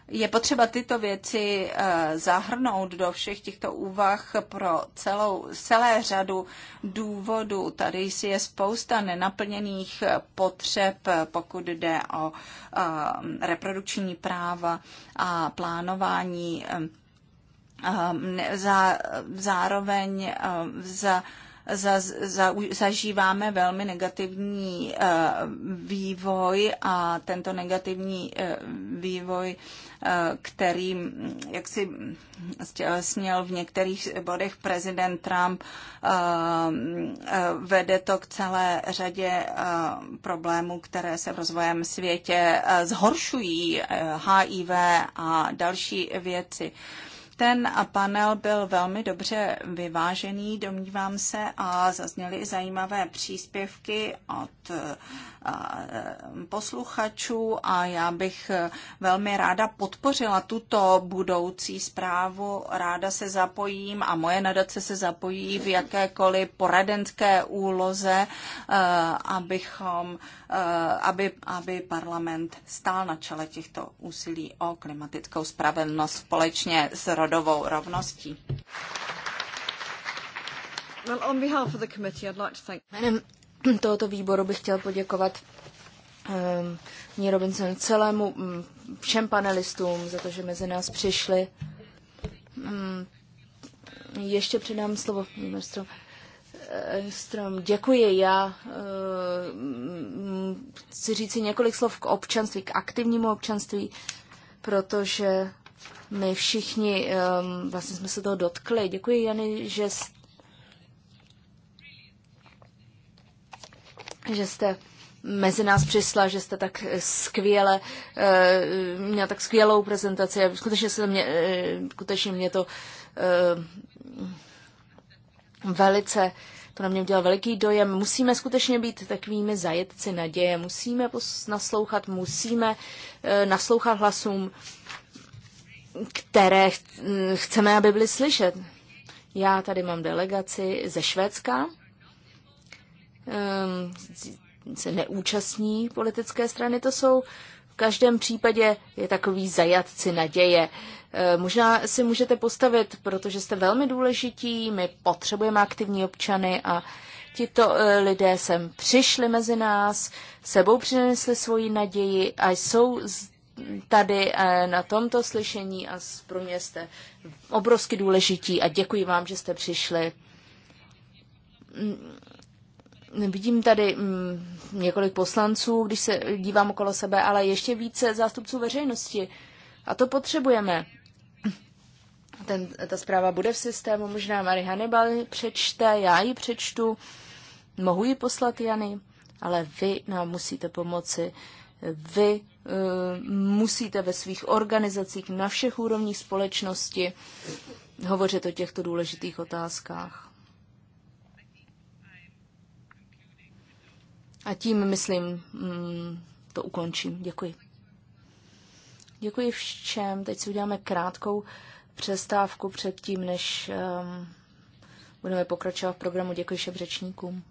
je potřeba tyto věci eh, zahrnout do všech těchto úvah pro celou, celé řadu důvodů. Tady si je spousta nenaplněných potřeb, pokud jde o eh, reprodukční práva a plánování. Eh, zároveň za zažíváme velmi negativní eh, vývoj a tento negativní eh, vývoj, eh, který mm, jak si mm, stělesnil v některých bodech prezident Trump, mm, vede to k celé řadě problémů, které se v rozvojem světě zhoršují, HIV a další věci. Ten panel byl velmi dobře vyvážený, domnívám se, a zazněly i zajímavé příspěvky od Eh, posluchačů a já bych eh, velmi ráda podpořila tuto budoucí zprávu. Ráda se zapojím a moje nadace se zapojí v jakékoliv poradenské úloze, eh, abychom, aby, aby parlament stál na čele těchto úsilí o klimatickou spravedlnost společně s rodovou rovností. Well, on behalf of the committee, I'd like to thank... Madam tohoto výboru bych chtěl poděkovat ehm, Ní Robinson celému, mm, všem panelistům za to, že mezi nás přišli. Mm, ještě předám slovo ministru. Eh, strom, děkuji. Já ehm, chci říct si několik slov k občanství, k aktivnímu občanství, protože my všichni ehm, vlastně jsme se toho dotkli. Děkuji, Jany, že jsi že jste mezi nás přišla, že jste tak skvěle, eh, měla tak skvělou prezentaci. Skutečně, se mě, eh, skutečně mě to eh, velice, to na mě udělal veliký dojem. Musíme skutečně být takovými zajetci naděje, musíme naslouchat, musíme naslouchat hlasům, které chceme, aby byly slyšet. Já tady mám delegaci ze Švédska, Ehm, se neúčastní politické strany. To jsou v každém případě je takový zajatci naděje. Ehm, možná si můžete postavit, protože jste velmi důležití, my potřebujeme aktivní občany a tito eh, lidé sem přišli mezi nás, sebou přinesli svoji naději a jsou tady eh, na tomto slyšení a pro mě jste obrovsky důležití a děkuji vám, že jste přišli. Mm, Vidím tady mm, několik poslanců, když se dívám okolo sebe, ale ještě více zástupců veřejnosti. A to potřebujeme. Ten, ta zpráva bude v systému, možná Mary Hannibal přečte, já ji přečtu, mohu ji poslat Jany, ale vy nám musíte pomoci. Vy uh, musíte ve svých organizacích na všech úrovních společnosti hovořit o těchto důležitých otázkách. A tím, myslím, mm, to ukončím. Děkuji. Děkuji všem. Teď si uděláme krátkou přestávku před tím, než um, budeme pokračovat v programu. Děkuji všem řečníkům.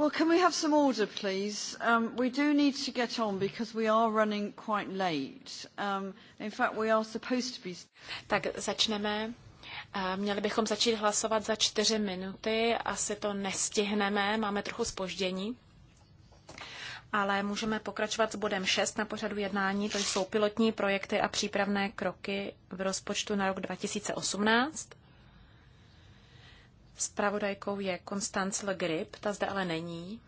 Well, can we have some order, please? Um, we do need to get on because we are running quite late. Um, in fact, we are supposed to be... Tak začneme. Eh, měli bychom začít hlasovat za čtyři minuty, asi to nestihneme, máme trochu spoždění. Ale můžeme pokračovat s bodem 6 na pořadu jednání, to jsou pilotní projekty a přípravné kroky v rozpočtu na rok 2018. Spravodajkou je Constance Le Grip, ta zde ale není.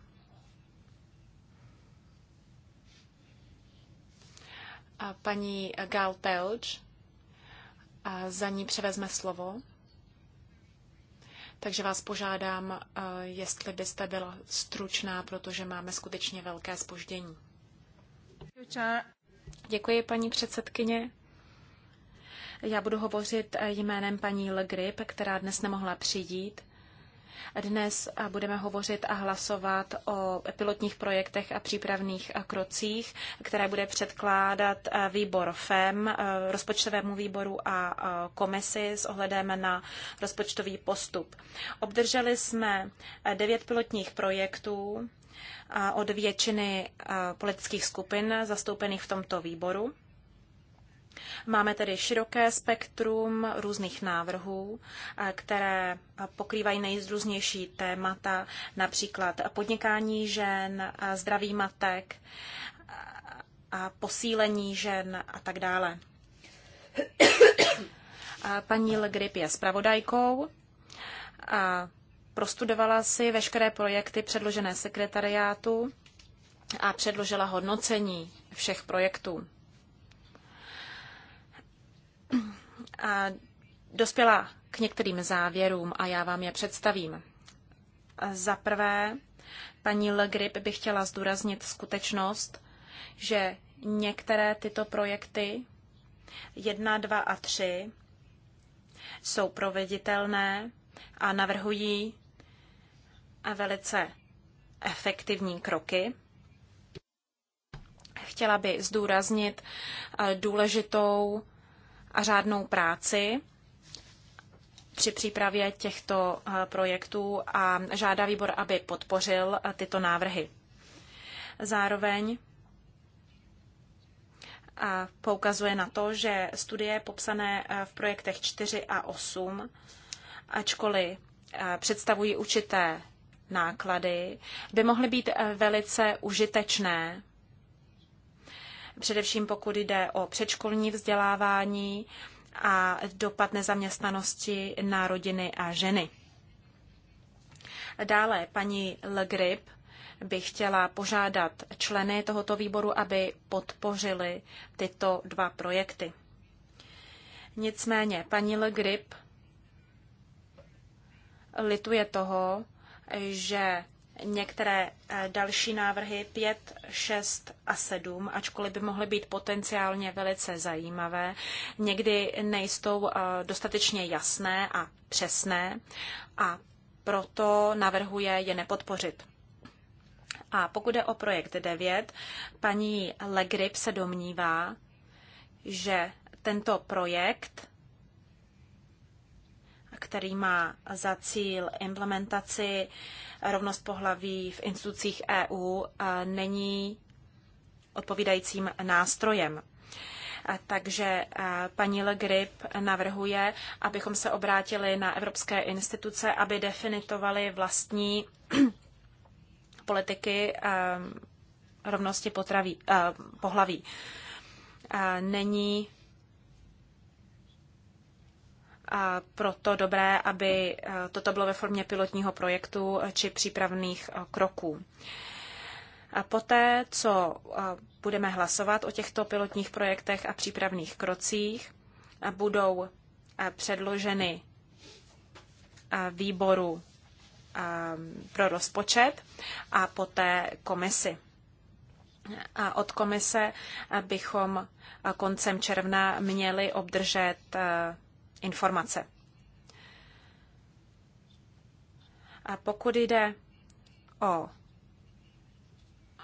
A paní Gal Pelč, a za ní převezme slovo. Takže vás požádám, eh, jestli byste byla stručná, protože máme skutečně velké spoždění. Děkuji, paní předsedkyně. Já budu hovořit jménem paní Legrip, která dnes nemohla přijít. Dnes budeme hovořit a hlasovat o pilotních projektech a přípravných krocích, které bude předkládat výbor FEM, rozpočtovému výboru a komisi s ohledem na rozpočtový postup. Obdrželi jsme devět pilotních projektů od většiny politických skupin zastoupených v tomto výboru. Máme tedy široké spektrum různých návrhů, eh, které pokrývají nejrůznější témata, například podnikání žen, eh, zdraví matek, eh, a posílení žen a tak dále. Paní Legrip je zpravodajkou a prostudovala si veškeré projekty předložené sekretariátu a předložila hodnocení všech projektů. dospěla k některým závěrům a já vám je představím. Za prvé, paní Le Grip by chtěla zdůraznit skutečnost, že některé tyto projekty 1, 2 a 3 jsou proveditelné a navrhují velice efektivní kroky. Chtěla by zdůraznit důležitou a řádnou práci při přípravě těchto eh, projektů a žádá výbor, aby podpořil eh, tyto návrhy. Zároveň eh, poukazuje na to, že studie popsané v projektech 4 a 8, ačkoliv představují určité náklady, by mohly být velice užitečné především pokud jde o předškolní vzdělávání a dopad nezaměstnanosti na rodiny a ženy. Dále paní Le Grip bych chtěla požádat členy tohoto výboru, aby podpořili tyto dva projekty. Nicméně paní Le Grip lituje toho, že některé eh, další návrhy 5, 6 a 7, ačkoliv by mohly být potenciálně velice zajímavé, někdy nejsou eh, dostatečně jasné a přesné a proto navrhuje je nepodpořit. A pokud je o projekt 9, paní Legrip se domnívá, že tento projekt který má za cíl implementaci rovnost pohlaví v institucích EU není odpovídajícím nástrojem. Takže paní Le Grip navrhuje, abychom se obrátili na evropské instituce, aby definitovali vlastní [CLEARS THROAT] politiky rovnosti potraví, pohlaví. Není a proto dobré, aby eh, toto bylo ve formě pilotního projektu eh, či přípravných eh, kroků. A poté, co budeme hlasovat o těchto pilotních projektech a přípravných krocích, budou předloženy výboru pro rozpočet a poté komisi. A od komise bychom koncem června měli obdržet informace. A pokud jde o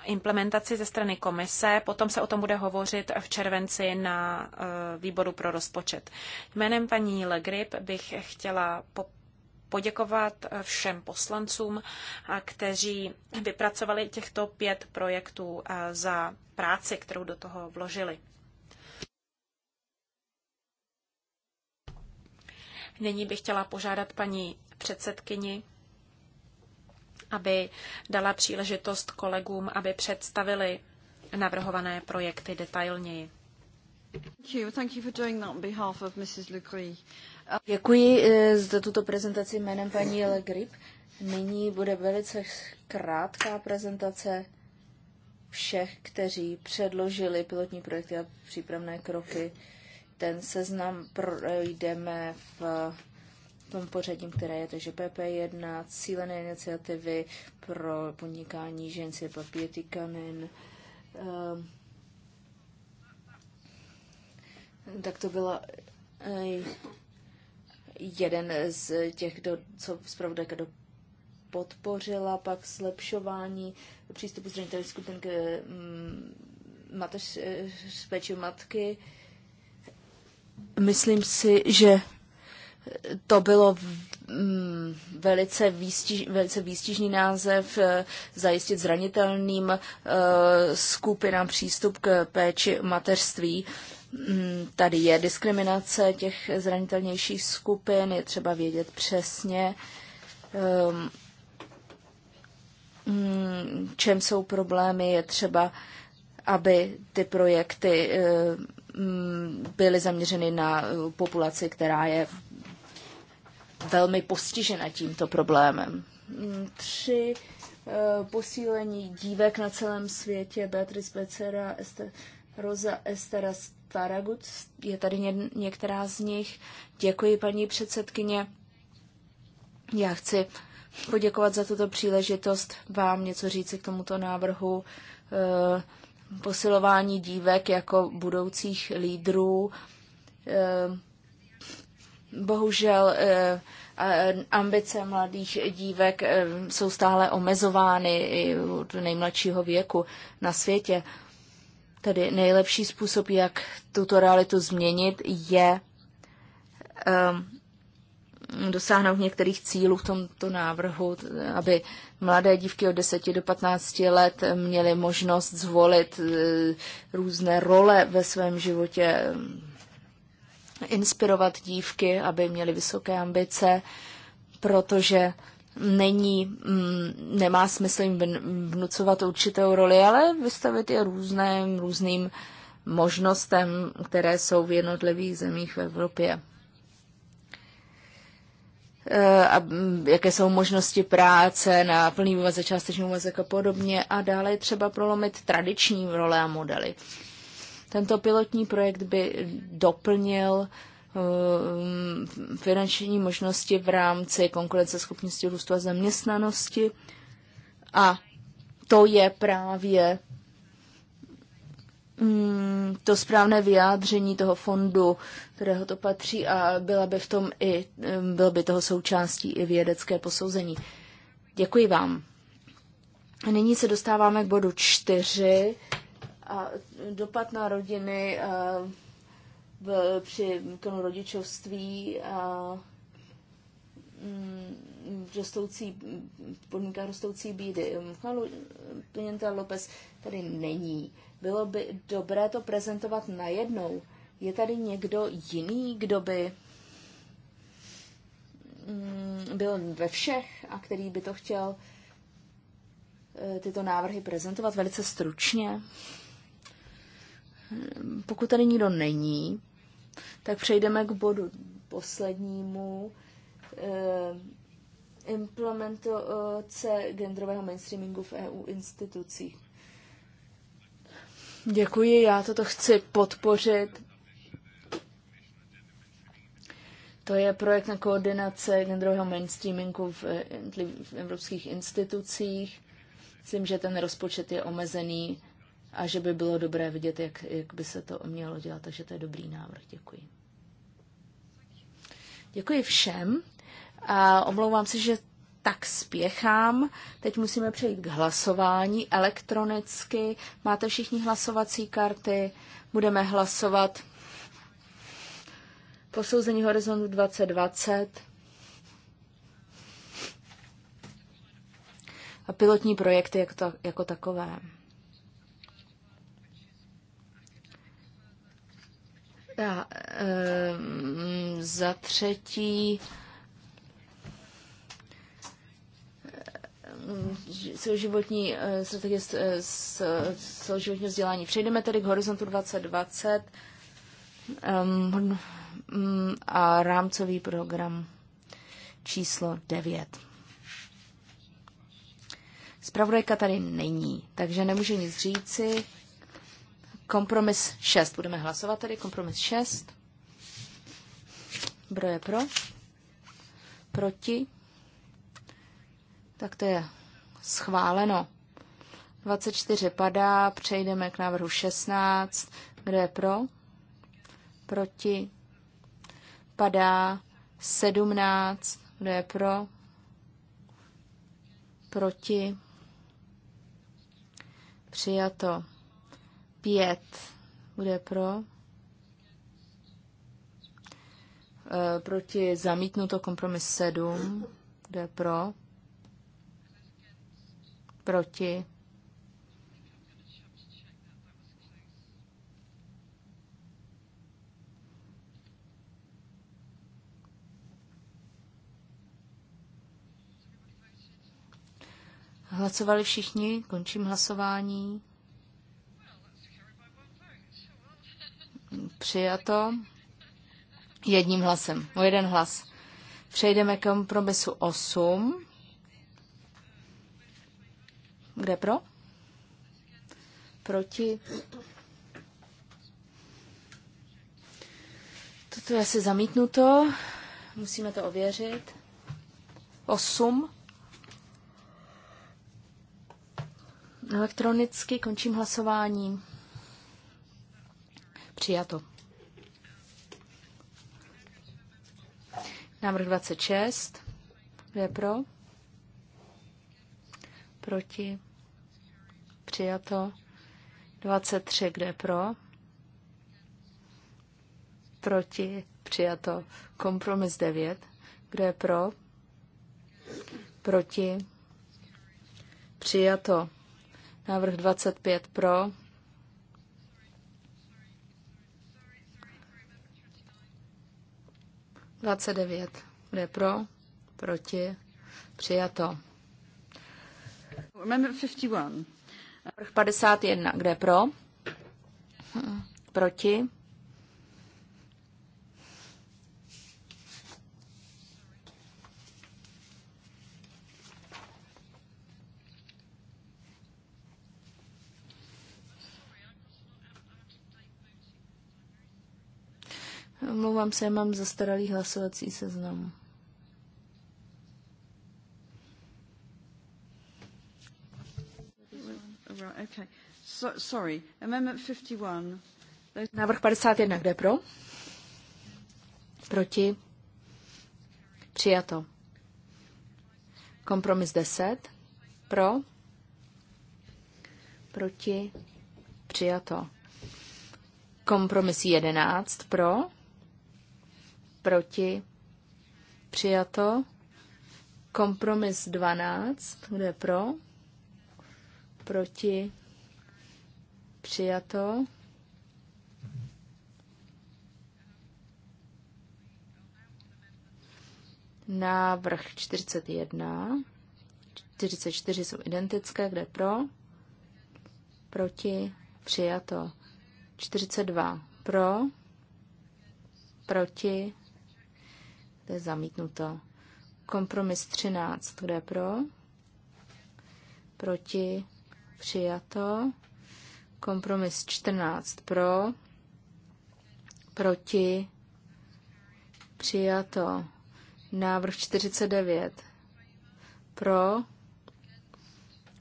implementaci ze strany komise, potom se o tom bude hovořit v červenci na eh, výboru pro rozpočet. Jménem paní Legrip bych chtěla poděkovat eh, všem poslancům, eh, kteří vypracovali těchto pět projektů za práci, kterou do toho vložili. Nyní bych chtěla požádat paní předsedkyni, aby dala příležitost kolegům, aby představili navrhované projekty detailněji. Děkuji eh, za tuto prezentaci jménem paní Le Grip. Nyní bude velice krátká prezentace všech, kteří předložili pilotní projekty a přípravné kroky ten seznam projdeme v tom pořadí, které je, takže PP1, cílené iniciativy pro podnikání žen si kanin. Ehm, tak to byla jeden z těch, kdo, co zpravodajka do podpořila, pak zlepšování přístupu zranitelných skupin k mm, mateř, eh, péči matky, Myslím si, že to bylo mm, velice, výstiž, velice výstižný název eh, zajistit zranitelným eh, skupinám přístup k péči mateřství. Mm, tady je diskriminace těch zranitelnějších skupin, je třeba vědět přesně, ehm, mm, čem jsou problémy, je třeba, aby ty projekty eh, Mm, byly zaměřeny na eh, populaci, která je velmi postižena tímto problémem. Mm, tři eh, posílení dívek na celém světě, Beatrice Becera, Ester, Rosa Estera Staragut, je tady ně, některá z nich. Děkuji, paní předsedkyně. Já chci poděkovat za tuto příležitost vám něco říci k tomuto návrhu. Eh, posilování dívek jako budoucích lídrů. Eh, bohužel eh, eh, ambice mladých dívek jsou stále omezovány i od nejmladšího věku na světě. Tedy nejlepší způsob, jak tuto realitu změnit, je dosáhnout některých cílů v tomto návrhu, aby mladé dívky od 10 do 15 let měly možnost zvolit eh, různé role ve svém životě, eh, inspirovat dívky, aby měly vysoké ambice, protože není, mm, nemá smysl jim vnucovat určitou roli, ale vystavit je různým, různým možnostem, které jsou v jednotlivých zemích v Evropě. Eh, a mm, jaké jsou možnosti práce na plný úvazek, částečný úvazek a podobně. A dále je třeba prolomit tradiční role a modely. Tento pilotní projekt by doplnil eh, finanční možnosti v rámci konkurenceschopnosti růstu a zaměstnanosti. A to je právě Mm, to správné vyjádření toho fondu, kterého to patří a byla by v tom i, mm, byl by toho součástí i vědecké posouzení. Děkuji vám. Nyní se dostáváme k bodu čtyři. A dopad na rodiny v, při konu rodičovství a mm, rostoucí, podmínka rostoucí bídy. Pěněnta López tady není. Bylo by dobré to prezentovat najednou. Je tady někdo jiný, kdo by mm, byl ve všech a který by to chtěl eh, tyto návrhy prezentovat velice stručně. Pokud tady nikdo není, tak přejdeme k bodu poslednímu. Eh, implementace genderového mainstreamingu v EU institucích. Děkuji, já toto chci podpořit. To je projekt na koordinace genderového mainstreamingu v, v evropských institucích. Myslím, že ten rozpočet je omezený a že by bylo dobré vidět, jak, jak by se to mělo dělat, takže to je dobrý návrh. Děkuji. Děkuji všem a omlouvám se, že tak spěchám. Teď musíme přejít k hlasování elektronicky. Máte všichni hlasovací karty. Budeme hlasovat posouzení horizontu 2020 a pilotní projekty jako, ta, jako takové. Já, e, za třetí, e, Eh, celoživotní eh, strategie z eh, celoživotního vzdělání. Přejdeme tedy k horizontu 2020 um, ehm, hm, hm, a rámcový program číslo 9. Spravodajka tady není, takže nemůže nic říci. Kompromis 6. Budeme hlasovat tady. Kompromis 6. Kdo je pro? Proti? tak to je schváleno. 24 padá, přejdeme k návrhu 16. Kdo je pro? Proti? Padá 17. Kdo je pro? Proti? Přijato 5. Kdo je pro? Eh, proti zamítnuto kompromis 7, je pro, proti, Hlasovali všichni, končím hlasování. Přijato jedním hlasem, o jeden hlas. Přejdeme k kompromisu 8. Kde pro? Proti. Toto je asi zamítnuto. Musíme to ověřit. 8. Elektronicky končím hlasování. Přijato. Návrh 26. Kdo je pro? Proti? přijato. 23, kde pro? Proti přijato. Kompromis 9, kde pro? Proti přijato. Návrh 25 pro. Dvacet devět. Kde pro? Proti. Přijato. Amendment 51. Návrh 51. Kde pro? Proti? Omlouvám se, já mám zastaralý hlasovací seznam. sorry. Amendment 51. Návrh 51, kde pro? Proti? Přijato. Kompromis 10. Pro? Proti? Přijato. Kompromis 11. Pro? Proti? Přijato. Kompromis 12. Kde pro? proti, přijato. Návrh 41, 44 jsou identické, kde pro, proti, přijato. 42 pro, proti, to je zamítnuto. Kompromis 13, kde pro, proti, přijato. Kompromis 14 pro, proti, přijato. Návrh 49 pro,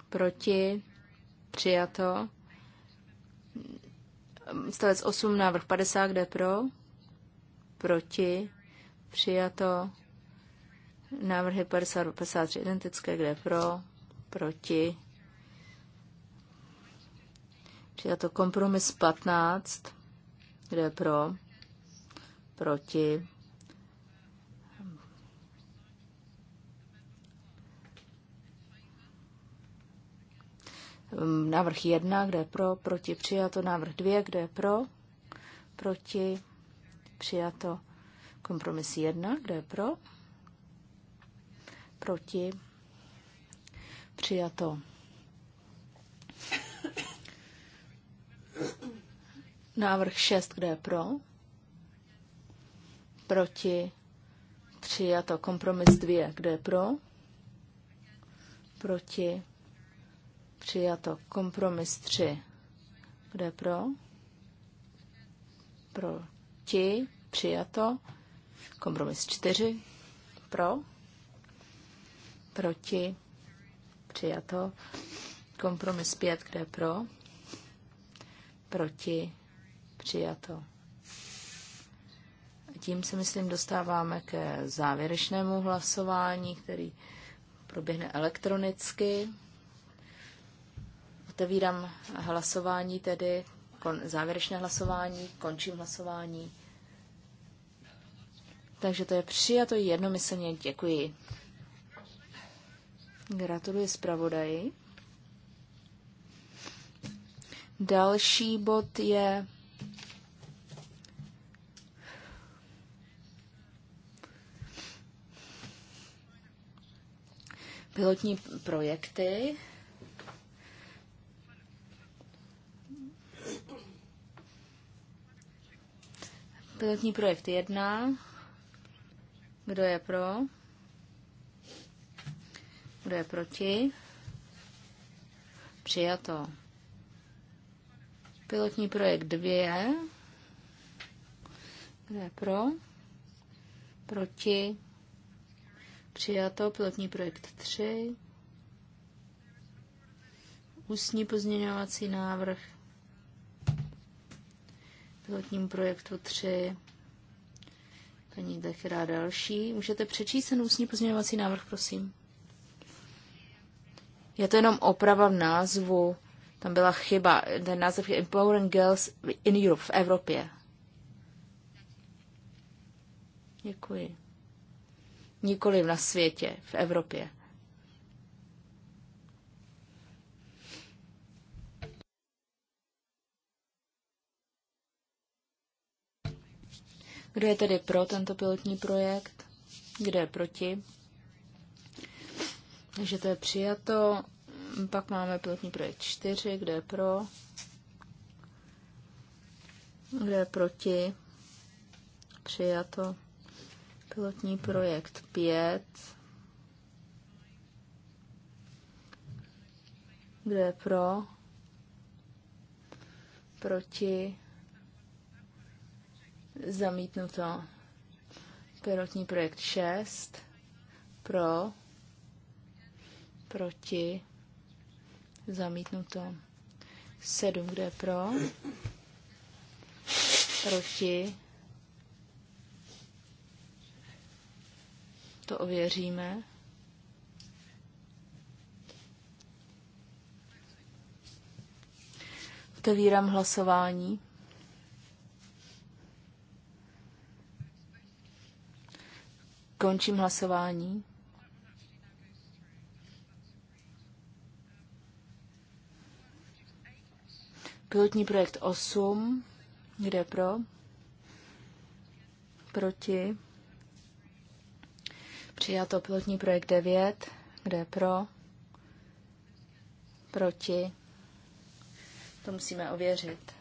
proti, přijato. Stavec 8, návrh 50, kde pro, proti, přijato. Návrhy 52, 53 identické, kde pro, proti, je to kompromis 15, kde je pro, proti, ehm, Návrh 1, kde je pro, proti, přijato. Návrh 2, kde je pro, proti, přijato. Kompromis 1, kde je pro, proti, přijato. Návrh 6, kde je pro? Proti? Přijato. Kompromis 2, kde je pro? Proti? Přijato. Kompromis 3, kde je pro? Proti? Přijato. Kompromis 4, pro? Proti? Přijato. Kompromis 5, kde je pro? Proti? Přijato. Tím se, myslím, dostáváme ke závěrečnému hlasování, který proběhne elektronicky. Otevírám hlasování tedy, kon, závěrečné hlasování, končím hlasování. Takže to je přijato jednomyslně. Děkuji. Gratuluji zpravodaji. Další bod je pilotní projekty. Pilotní projekt jedna. Kdo je pro? Kdo je proti? Přijato. Pilotní projekt dvě. Kdo je pro? Proti? Přijato pilotní projekt 3. Ústní pozměňovací návrh pilotním projektu 3. Paní Dechera další. Můžete přečíst ten ústní pozměňovací návrh, prosím. Je to jenom oprava v názvu. Tam byla chyba. Ten název je Empowering Girls in Europe, v Evropě. Děkuji nikoli na světě, v Evropě. Kdo je tedy pro tento pilotní projekt? Kdo je proti? Takže to je přijato. Pak máme pilotní projekt 4, kde je pro, kde je proti, přijato. Pilotní projekt 5, kde je pro, proti, zamítnuto. Pilotní projekt 6, pro, proti, zamítnuto. 7, kde je pro, proti, To ověříme. Otevírám hlasování. Končím hlasování. Pilotní projekt 8. Kde pro? Proti. Přijato pilotní projekt 9. Kde je pro? Proti? To musíme ověřit.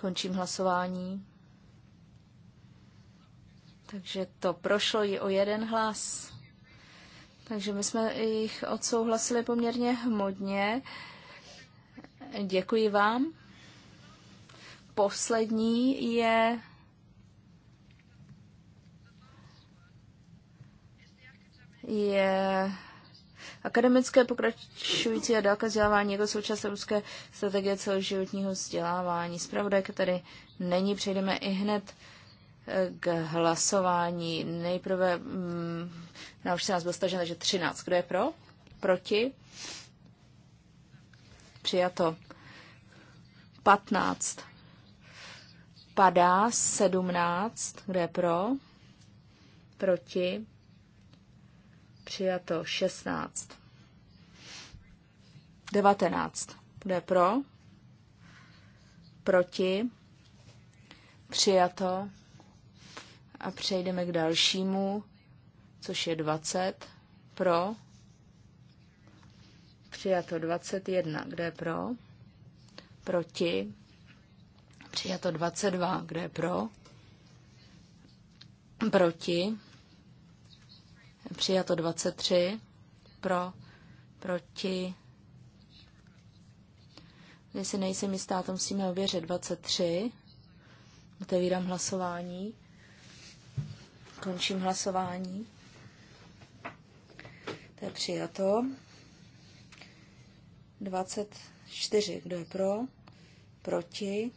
Končím hlasování. Takže to prošlo i o jeden hlas. Takže my jsme jich odsouhlasili poměrně hmodně. Děkuji vám. Poslední je je akademické pokračující a délka vzdělávání jako součást ruské strategie celoživotního vzdělávání. Zpravodajka tady není, přejdeme i hned eh, k hlasování. Nejprve mm, na už se nás byl stažen, takže 13. Kdo je pro? Proti? Přijato. 15. Padá 17. Kdo je pro? Proti? Přijato 16. 19. Bude pro. Proti. Přijato. A přejdeme k dalšímu, což je 20. Pro. Přijato 21. Kde je pro? Proti. Přijato 22. Kde je pro? Proti Přijato 23 pro, proti. si nejsem jistá, to musíme ověřit. 23. Otevírám hlasování. Končím hlasování. To je přijato. 24. Kdo je pro? Proti?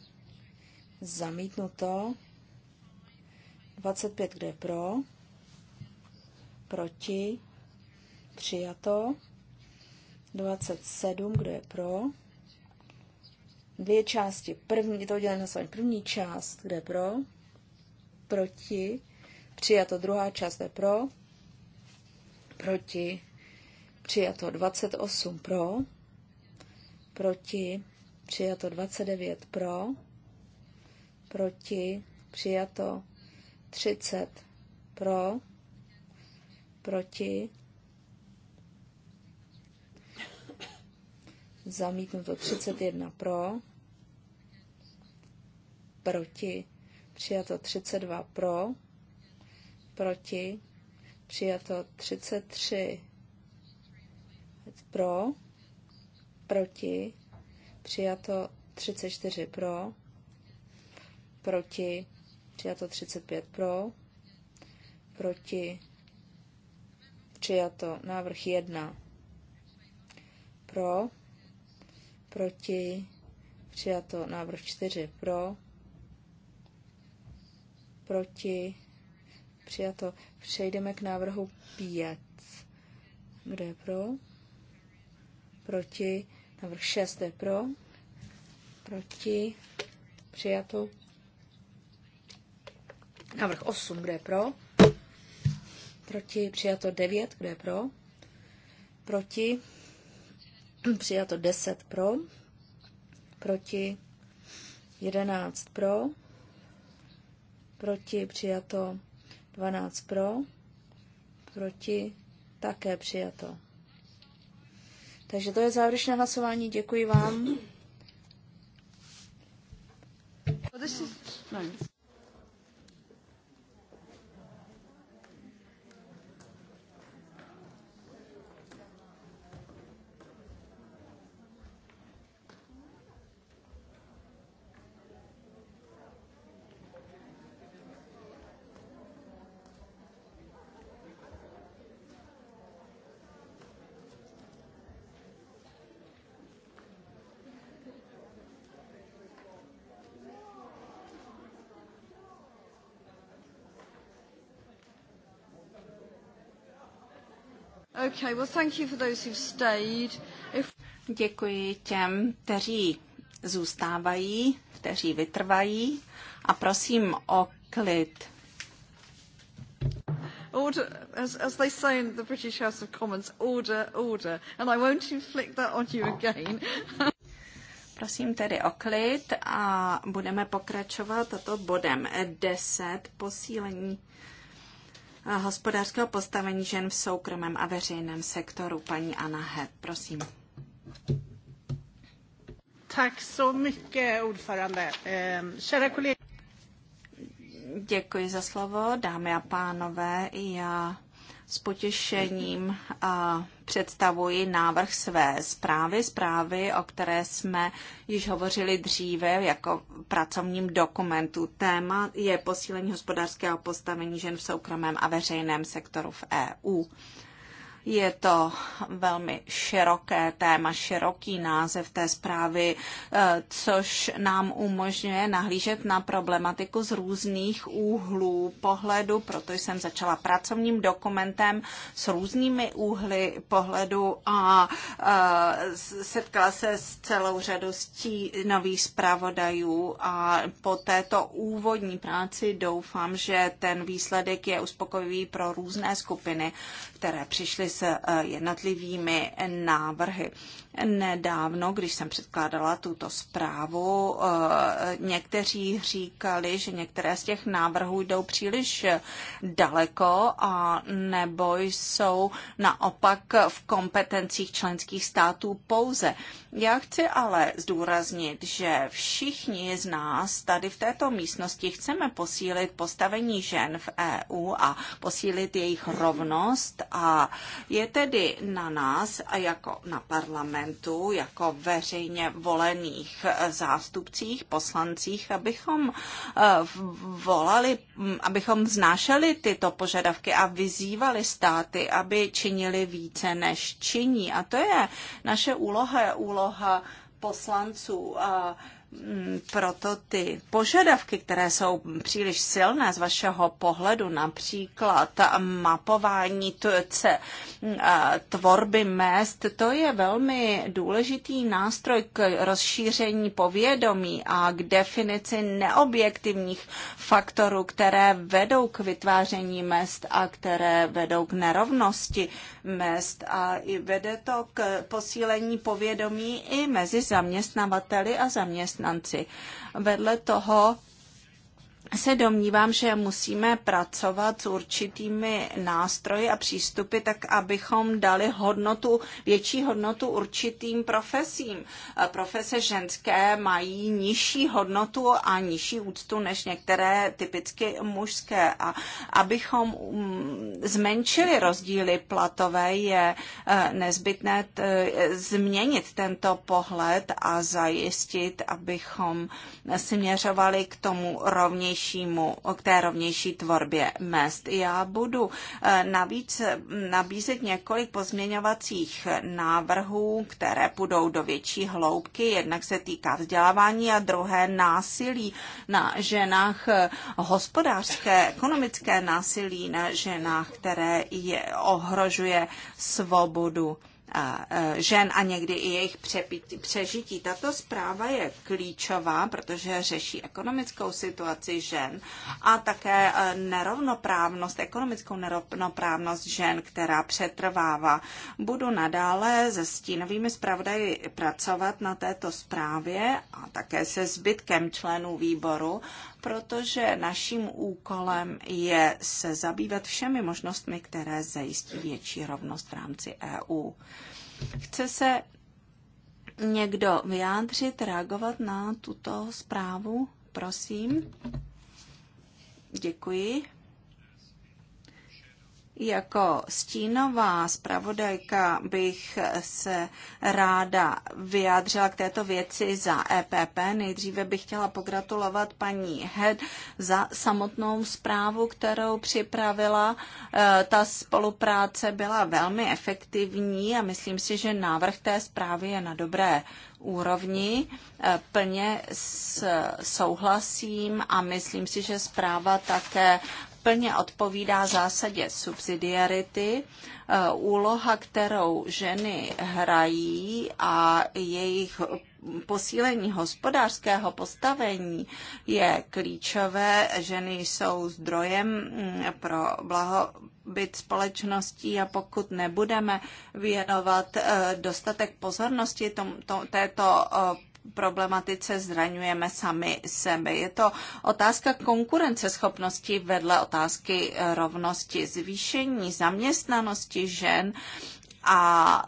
Zamítnuto. 25. Kdo je pro? proti, přijato. 27, kdo je pro. Dvě části. První, to udělám hlasování. První část, kde je pro, proti, přijato. Druhá část, kde je pro, proti, přijato. 28 pro, proti, přijato. 29 pro, proti, přijato. 30 pro, proti, zamítnuto 31 pro, proti, přijato 32 pro, proti, přijato 33 pro, proti, přijato 34 pro, proti, přijato 35 pro, proti, přijato. Návrh 1 pro, proti, přijato. Návrh 4 pro, proti, přijato. Přejdeme k návrhu 5. Kdo je pro? Proti. Návrh 6 je pro. Proti. Přijato. Návrh 8, kde je pro? proti, přijato 9, kdo je pro, proti, přijato 10 pro, proti 11 pro, proti přijato 12 pro, proti také přijato. Takže to je závěrečné hlasování. Děkuji vám. No, no. Okay, well thank you for those who've stayed. If... Děkuji těm, kteří zůstávají, kteří vytrvají a prosím o klid. Order, as, as they say in the British House of Commons, order, order. And I won't inflict that on you again. [LAUGHS] Prosím tedy o klid a budeme pokračovat toto bodem 10, posílení hospodářského postavení žen v soukromém a veřejném sektoru. Paní Anna He, prosím. Tak so mycket, ordförande. Ehm, kära kollegor. Děkuji za slovo, dámy a pánové. Já s potěšením představuji návrh své zprávy, zprávy, o které jsme již hovořili dříve jako pracovním dokumentu. Téma je posílení hospodářského postavení žen v soukromém a veřejném sektoru v EU. Je to velmi široké téma, široký název té zprávy, eh, což nám umožňuje nahlížet na problematiku z různých úhlů pohledu, proto jsem začala pracovním dokumentem s různými úhly pohledu a eh, setkala se s celou řadou nových zpravodajů a po této úvodní práci doufám, že ten výsledek je uspokojivý pro různé skupiny, které přišly s eh, jednotlivými návrhy. Nedávno, když jsem předkládala tuto zprávu, eh, někteří říkali, že některé z těch návrhů jdou příliš daleko a nebo jsou naopak v kompetencích členských států pouze. Já chci ale zdůraznit, že všichni z nás tady v této místnosti chceme posílit postavení žen v EU a posílit jejich rovnost a je tedy na nás a jako na parlament, parlamentu jako veřejně volených zástupcích, poslancích, abychom eh, volali, hm, abychom vznášeli tyto požadavky a vyzývali státy, aby činili více než činí. A to je naše úloha, úloha poslanců. Mm, proto ty požadavky, které jsou příliš silné z vašeho pohledu, například mapování mm, tvorby mest, to je velmi důležitý nástroj k rozšíření povědomí a k definici neobjektivních faktorů, které vedou k vytváření mest a které vedou k nerovnosti mest a i vede to k posílení povědomí i mezi zaměstnavateli a zaměstnavateli zaměstnanci. Vedle toho se domnívám, že musíme pracovat s určitými nástroji a přístupy, tak abychom dali hodnotu, větší hodnotu určitým profesím. Eh, profese ženské mají nižší hodnotu a nižší úctu než některé typicky mužské. A abychom mm, zmenšili rozdíly platové, je eh, nezbytné eh, změnit tento pohled a zajistit, abychom směřovali k tomu rovnější rovnějšímu, k té rovnější tvorbě mest. Já budu eh, navíc eh, nabízet několik pozměňovacích návrhů, které půjdou do větší hloubky. Jednak se týká vzdělávání a druhé násilí na ženách, eh, hospodářské, ekonomické násilí na ženách, které je ohrožuje svobodu E, žen a někdy i jejich přežití. Tato zpráva je klíčová, protože řeší ekonomickou situaci žen a také e, nerovnoprávnost, ekonomickou nerovnoprávnost žen, která přetrvává. Budu nadále se stínovými zpravodaji pracovat na této zprávě a také se zbytkem členů výboru protože naším úkolem je se zabývat všemi možnostmi, které zajistí větší rovnost v rámci EU. Chce se někdo vyjádřit, reagovat na tuto zprávu? Prosím. Děkuji. Jako stínová zpravodajka bych se ráda vyjádřila k této věci za EPP. Nejdříve bych chtěla pogratulovat paní Head za samotnou zprávu, kterou připravila. E, ta spolupráce byla velmi efektivní a myslím si, že návrh té zprávy je na dobré úrovni. E, plně s souhlasím a myslím si, že zpráva také plně odpovídá zásadě subsidiarity. Eh, úloha, kterou ženy hrají a jejich posílení hospodářského postavení je klíčové. Ženy jsou zdrojem mm, pro blaho byt společností a pokud nebudeme věnovat eh, dostatek pozornosti tom, to, této eh, problematice zraňujeme sami sebe. Je to otázka konkurenceschopnosti vedle otázky rovnosti, zvýšení zaměstnanosti žen a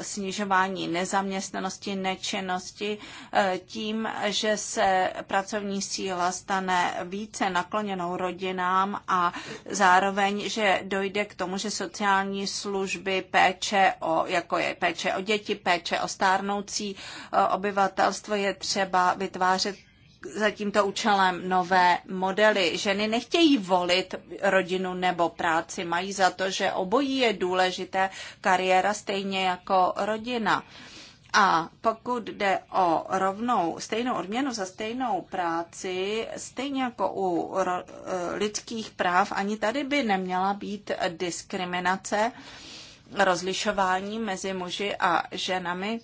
e, snižování nezaměstnanosti, nečinnosti e, tím, že se pracovní síla stane více nakloněnou rodinám a zároveň, že dojde k tomu, že sociální služby péče o, jako je péče o děti, péče o stárnoucí e, obyvatelstvo je třeba vytvářet za tímto účelem nové modely. Ženy nechtějí volit rodinu nebo práci, mají za to, že obojí je důležité, kariéra stejně jako rodina. A pokud jde o rovnou stejnou odměnu za stejnou práci, stejně jako u ro, e, lidských práv, ani tady by neměla být diskriminace, rozlišování mezi muži a ženami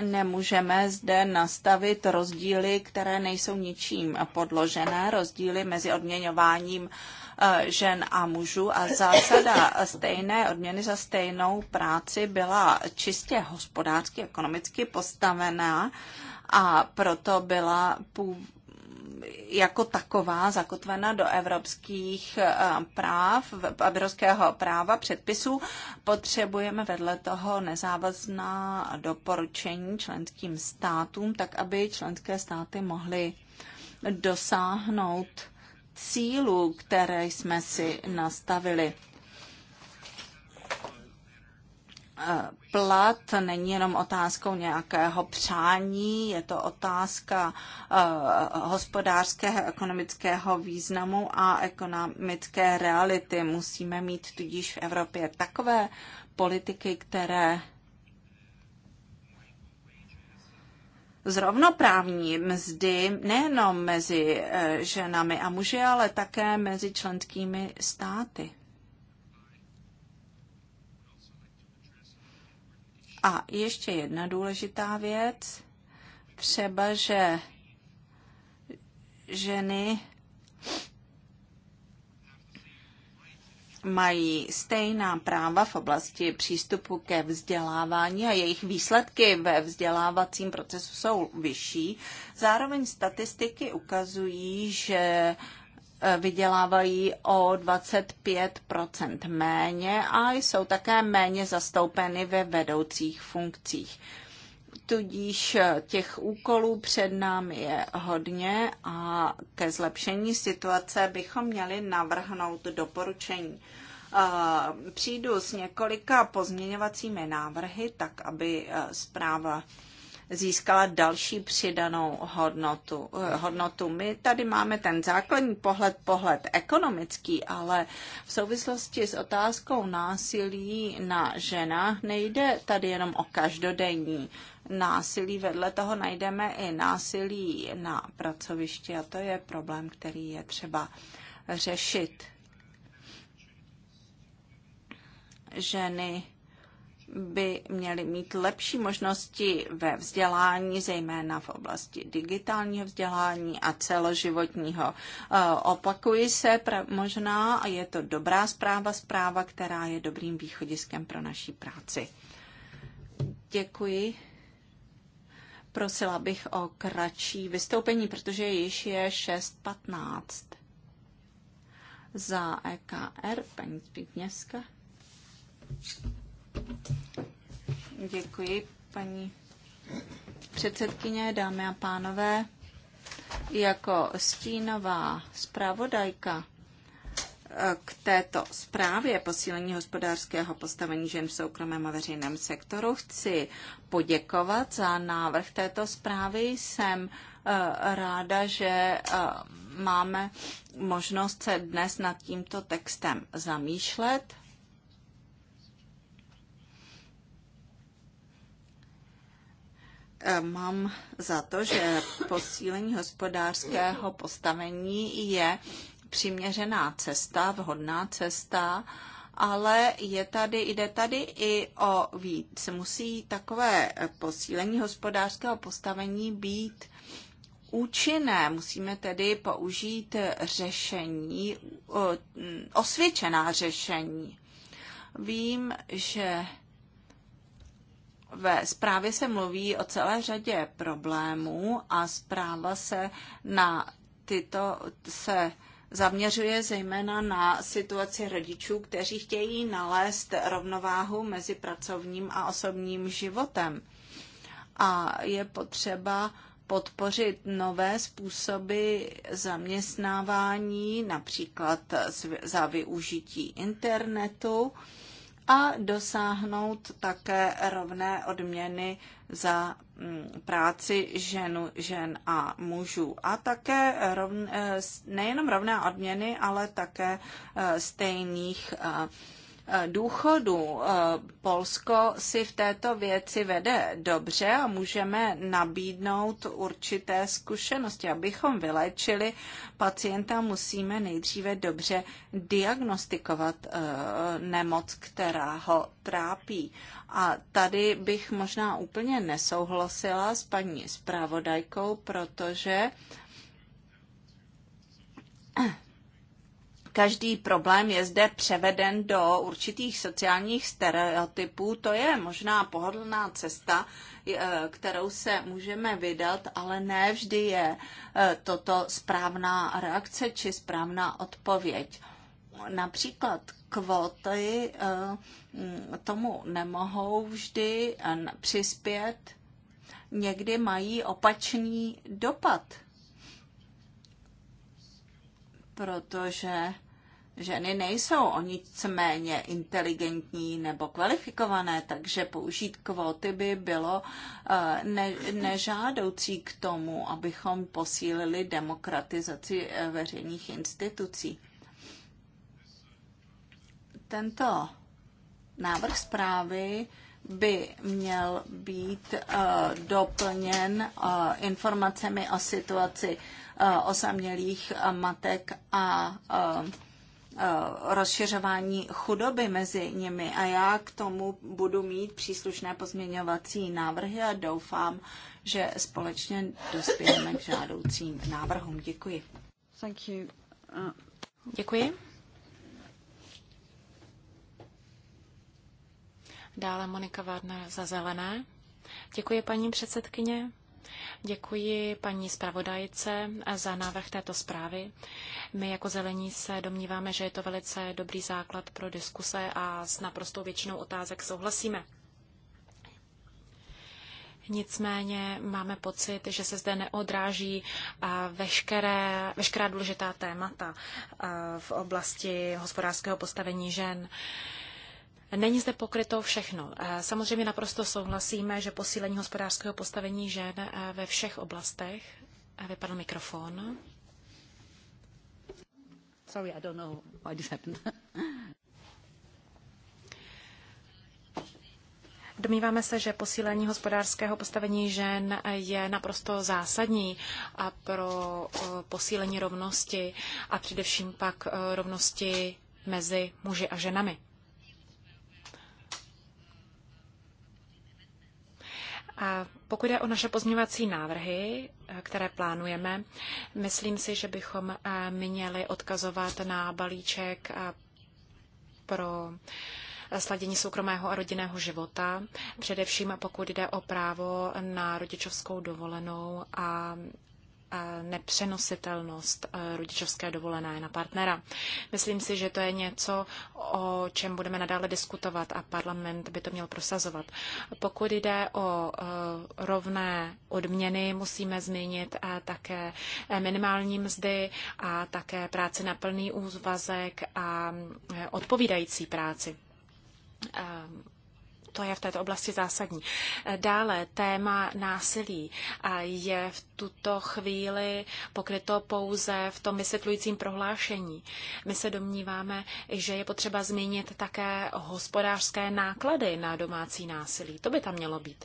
nemůžeme zde nastavit rozdíly, které nejsou ničím podložené, rozdíly mezi odměňováním eh, žen a mužů a zásada stejné odměny za stejnou práci byla čistě hospodářsky, ekonomicky postavená a proto byla jako taková zakotvena do evropských eh, práv, evropského práva, předpisů, potřebujeme vedle toho nezávazná doporučení členským státům, tak aby členské státy mohly dosáhnout cílů, které jsme si nastavili. plat není jenom otázkou nějakého přání, je to otázka eh, hospodářského, ekonomického významu a ekonomické reality. Musíme mít tudíž v Evropě takové politiky, které zrovnoprávní mzdy nejenom mezi eh, ženami a muži, ale také mezi členskými státy. A ještě jedna důležitá věc, třeba, že ženy mají stejná práva v oblasti přístupu ke vzdělávání a jejich výsledky ve vzdělávacím procesu jsou vyšší. Zároveň statistiky ukazují, že vydělávají o 25 méně a jsou také méně zastoupeny ve vedoucích funkcích. Tudíž eh, těch úkolů před námi je hodně a ke zlepšení situace bychom měli navrhnout doporučení. Eh, přijdu s několika pozměňovacími návrhy, tak aby eh, zpráva získala další přidanou hodnotu. Eh, hodnotu. My tady máme ten základní pohled, pohled ekonomický, ale v souvislosti s otázkou násilí na ženách nejde tady jenom o každodenní násilí. Vedle toho najdeme i násilí na pracovišti a to je problém, který je třeba řešit. Ženy by měli mít lepší možnosti ve vzdělání, zejména v oblasti digitálního vzdělání a celoživotního. E, opakuji se možná a je to dobrá zpráva, zpráva, která je dobrým východiskem pro naší práci. Děkuji. Prosila bych o kratší vystoupení, protože již je 6.15. Za EKR, paní Spitněvska. Děkuji, paní předsedkyně, dámy a pánové. Jako stínová zpravodajka eh, k této zprávě posílení hospodářského postavení žen v soukromém a veřejném sektoru chci poděkovat za návrh této zprávy. Jsem eh, ráda, že eh, máme možnost se dnes nad tímto textem zamýšlet. mám za to, že posílení hospodářského postavení je přiměřená cesta, vhodná cesta, ale je tady, jde tady i o víc. Musí takové posílení hospodářského postavení být účinné. Musíme tedy použít řešení, mm, osvědčená řešení. Vím, že ve zprávě se mluví o celé řadě problémů a zpráva se na tyto se zaměřuje zejména na situaci rodičů, kteří chtějí nalézt rovnováhu mezi pracovním a osobním životem. A je potřeba podpořit nové způsoby zaměstnávání, například za využití internetu a dosáhnout také rovné odměny za mm, práci ženu, žen a mužů. A také rovn, eh, nejenom rovné odměny, ale také eh, stejných eh, Eh, důchodů. Eh, Polsko si v této věci vede dobře a můžeme nabídnout určité zkušenosti. Abychom vylečili pacienta, musíme nejdříve dobře diagnostikovat eh, nemoc, která ho trápí. A tady bych možná úplně nesouhlasila s paní zpravodajkou, protože každý problém je zde převeden do určitých sociálních stereotypů. To je možná pohodlná cesta, eh, kterou se můžeme vydat, ale ne vždy je eh, toto správná reakce či správná odpověď. Například kvóty eh, mm, tomu nemohou vždy přispět, někdy mají opačný dopad protože ženy nejsou o nic méně inteligentní nebo kvalifikované, takže použít kvóty by bylo eh, ne, nežádoucí k tomu, abychom posílili demokratizaci eh, veřejných institucí. Tento návrh zprávy by měl být uh, doplněn uh, informacemi o situaci osamělých matek a rozšiřování chudoby mezi nimi. A já k tomu budu mít příslušné pozměňovací návrhy a doufám, že společně dospějeme k žádoucím návrhům. Děkuji. Thank you. Uh... Děkuji. Dále Monika Vádner za zelené. Děkuji, paní předsedkyně. Děkuji paní zpravodajce za návrh této zprávy. My jako zelení se domníváme, že je to velice dobrý základ pro diskuse a s naprostou většinou otázek souhlasíme. Nicméně máme pocit, že se zde neodráží veškeré, veškerá důležitá témata v oblasti hospodářského postavení žen. Není zde pokryto všechno. Eh, samozřejmě naprosto souhlasíme, že posílení hospodářského postavení žen eh, ve všech oblastech. Eh, vypadl mikrofon. Sorry, I don't know why this happened. [LAUGHS] Domníváme se, že posílení hospodářského postavení žen je naprosto zásadní a pro posílení rovnosti a především pak rovnosti mezi muži a ženami. A pokud jde o naše pozměňovací návrhy, eh, které plánujeme, myslím si, že bychom eh, měli odkazovat na balíček eh, pro sladění soukromého a rodinného života, především pokud jde o právo na rodičovskou dovolenou a nepřenositelnost eh, rodičovské dovolené na partnera. Myslím si, že to je něco, o čem budeme nadále diskutovat a parlament by to měl prosazovat. Pokud jde o eh, rovné odměny, musíme zmínit eh, také minimální mzdy a také práci na plný úvazek a odpovídající práci to je v této oblasti zásadní. Eh, dále téma násilí je v tuto chvíli pokryto pouze v tom vysvětlujícím prohlášení. My se domníváme, že je potřeba zmínit také hospodářské náklady na domácí násilí. To by tam mělo být.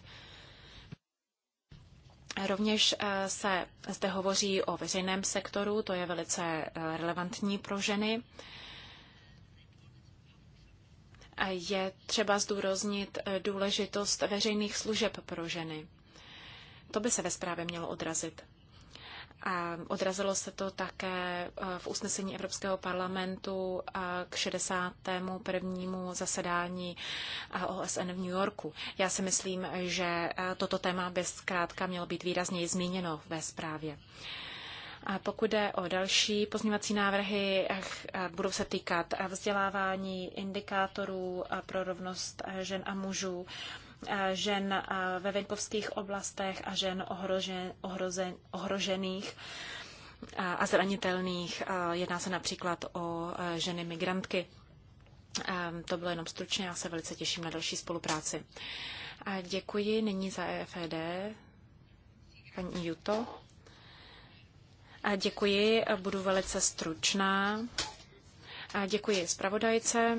Rovněž eh, se zde hovoří o veřejném sektoru, to je velice eh, relevantní pro ženy je třeba zdůraznit eh, důležitost veřejných služeb pro ženy. To by se ve zprávě mělo odrazit. A odrazilo se to také eh, v usnesení Evropského parlamentu eh, k 61. zasedání OSN v New Yorku. Já si myslím, že toto téma by zkrátka mělo být výrazněji zmíněno ve zprávě. A pokud jde o další pozměňovací návrhy, eh, eh, budou se týkat eh, vzdělávání indikátorů pro rovnost žen a mužů, žen ve venkovských oblastech a žen ohrožen, ohrozen, ohrožených a zranitelných. Jedná se například o ženy migrantky. To bylo jenom stručně, já se velice těším na další spolupráci. děkuji nyní za EFD. paní Juto. A děkuji, budu velice stručná. A děkuji zpravodajce.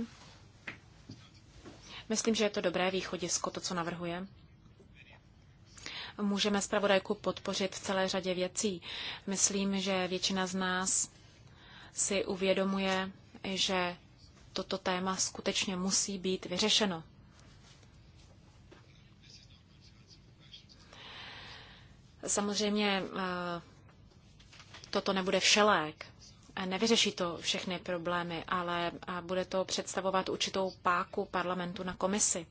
Myslím, že je to dobré východisko, to, co navrhuje. Můžeme zpravodajku podpořit v celé řadě věcí. Myslím, že většina z nás si uvědomuje, že toto téma skutečně musí být vyřešeno. Samozřejmě eh, toto nebude všelék. Nevyřeší to všechny problémy, ale bude to představovat určitou páku parlamentu na komisi.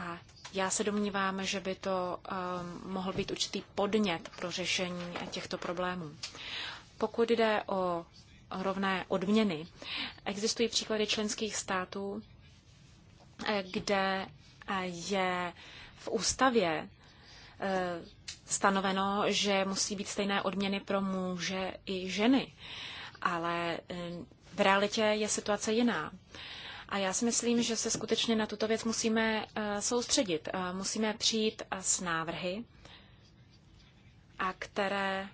A já se domnívám, že by to um, mohl být určitý podnět pro řešení těchto problémů. Pokud jde o rovné odměny, existují příklady členských států, eh, kde eh, je v ústavě Eh, stanoveno, že musí být stejné odměny pro muže i ženy. Ale eh, v realitě je situace jiná. A já si myslím, že se skutečně na tuto věc musíme eh, soustředit. Musíme přijít s návrhy, a které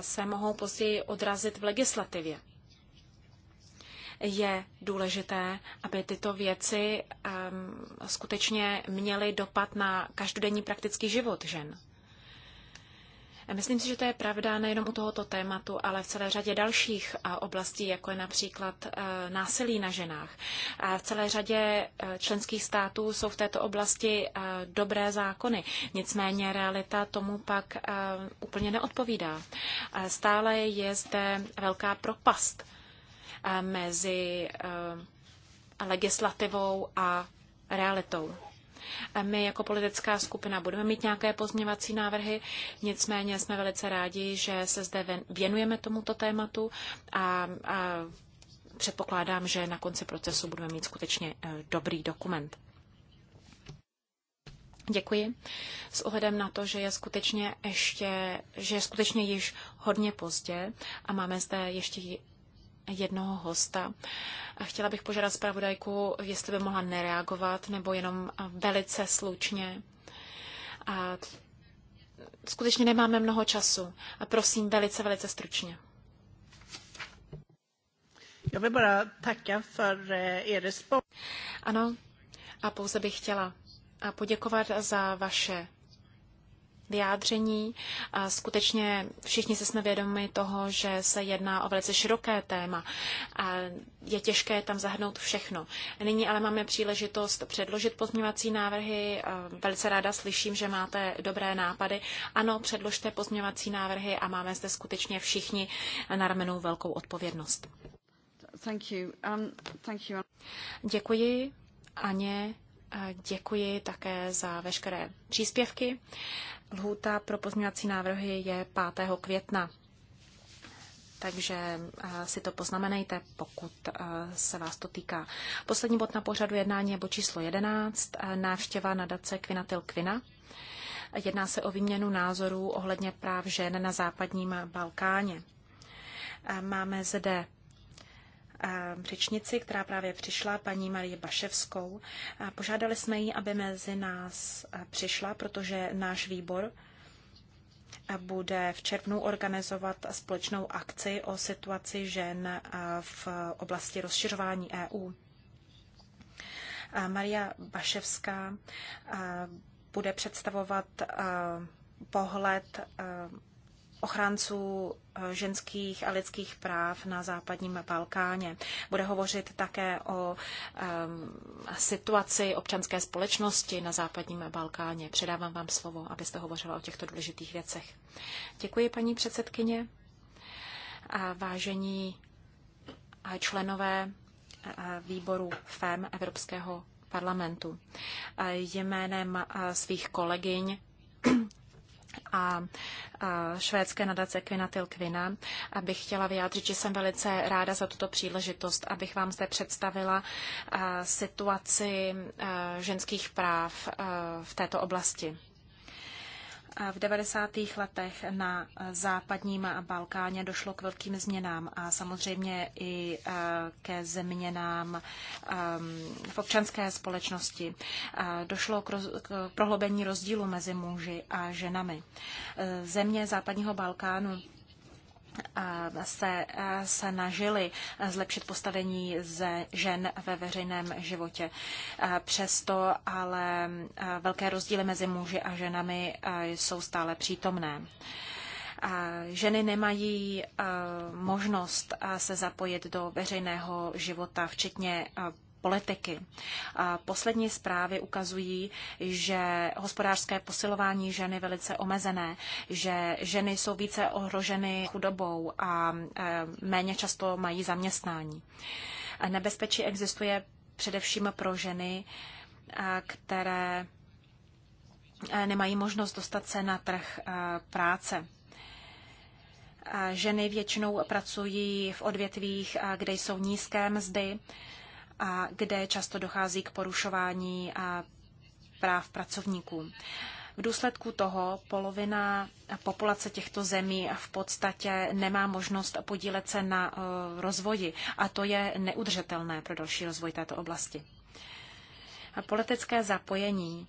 se mohou později odrazit v legislativě je důležité, aby tyto věci um, skutečně měly dopad na každodenní praktický život žen. Myslím si, že to je pravda nejenom u tohoto tématu, ale v celé řadě dalších eh, oblastí, jako je například eh, násilí na ženách. V celé řadě eh, členských států jsou v této oblasti dobré zákony, nicméně realita tomu pak úplně neodpovídá. Stále je zde velká propast mezi eh, legislativou a realitou. My jako politická skupina budeme mít nějaké pozměvací návrhy, nicméně jsme velice rádi, že se zde věnujeme tomuto tématu a, a předpokládám, že na konci procesu budeme mít skutečně eh, dobrý dokument. Děkuji. S ohledem na to, že je skutečně ještě, že je skutečně již hodně pozdě a máme zde ještě jednoho hosta. A chtěla bych požádat zpravodajku, jestli by mohla nereagovat, nebo jenom velice slučně. A skutečně nemáme mnoho času. A prosím, velice, velice stručně. Já bych byla tacka for eh, er Ano, a pouze bych chtěla poděkovat za vaše vyjádření. A skutečně všichni se jsme vědomi toho, že se jedná o velice široké téma a je těžké tam zahrnout všechno. Nyní ale máme příležitost předložit pozměňovací návrhy. Velice ráda slyším, že máte dobré nápady. Ano, předložte pozměňovací návrhy a máme zde skutečně všichni na ramenou velkou odpovědnost. Thank you. Um, thank you. Děkuji, Aně. Děkuji také za veškeré příspěvky. Lhůta pro pozměňovací návrhy je 5. května. Takže eh, si to poznamenejte, pokud eh, se vás to týká. Poslední bod na pořadu jednání je bod číslo 11, eh, návštěva nadace Kvinatil Kvina. Jedná se o výměnu názorů ohledně práv žen na západním Balkáně. Máme zde Eh, řečnici, která právě přišla, paní Marie Baševskou. Požádali jsme ji, aby mezi nás eh, přišla, protože náš výbor eh, bude v červnu organizovat společnou akci o situaci žen v oblasti rozšiřování EU. Maria Baševská bude představovat pohled ochránců eh, ženských a lidských práv na západním Balkáně. Bude hovořit také o um, situaci občanské společnosti na západním Balkáně. Předávám vám slovo, abyste hovořila o těchto důležitých věcech. Děkuji, paní předsedkyně. A vážení členové výboru FEM Evropského parlamentu. Jménem svých kolegyň a švédské nadace Kvinatil Kvina Abych chtěla vyjádřit, že jsem velice ráda za tuto příležitost, abych vám zde představila situaci ženských práv v této oblasti. V 90. letech na západním Balkáně došlo k velkým změnám a samozřejmě i eh, ke změnám eh, v občanské společnosti. Eh, došlo k, roz, k prohlobení rozdílu mezi muži a ženami. Země západního Balkánu se snažili zlepšit postavení ze žen ve veřejném životě. Přesto ale velké rozdíly mezi muži a ženami jsou stále přítomné. Ženy nemají možnost se zapojit do veřejného života, včetně politiky. A poslední zprávy ukazují, že hospodářské posilování žen je velice omezené, že ženy jsou více ohroženy chudobou a e, méně často mají zaměstnání. Nebezpečí existuje především pro ženy, e, které e, nemají možnost dostat se na trh práce. Ženy většinou pracují v odvětvích, kde jsou nízké mzdy a kde často dochází k porušování práv pracovníků. V důsledku toho polovina populace těchto zemí v podstatě nemá možnost podílet se na eh, rozvoji a to je neudržitelné pro další rozvoj této oblasti. Politické zapojení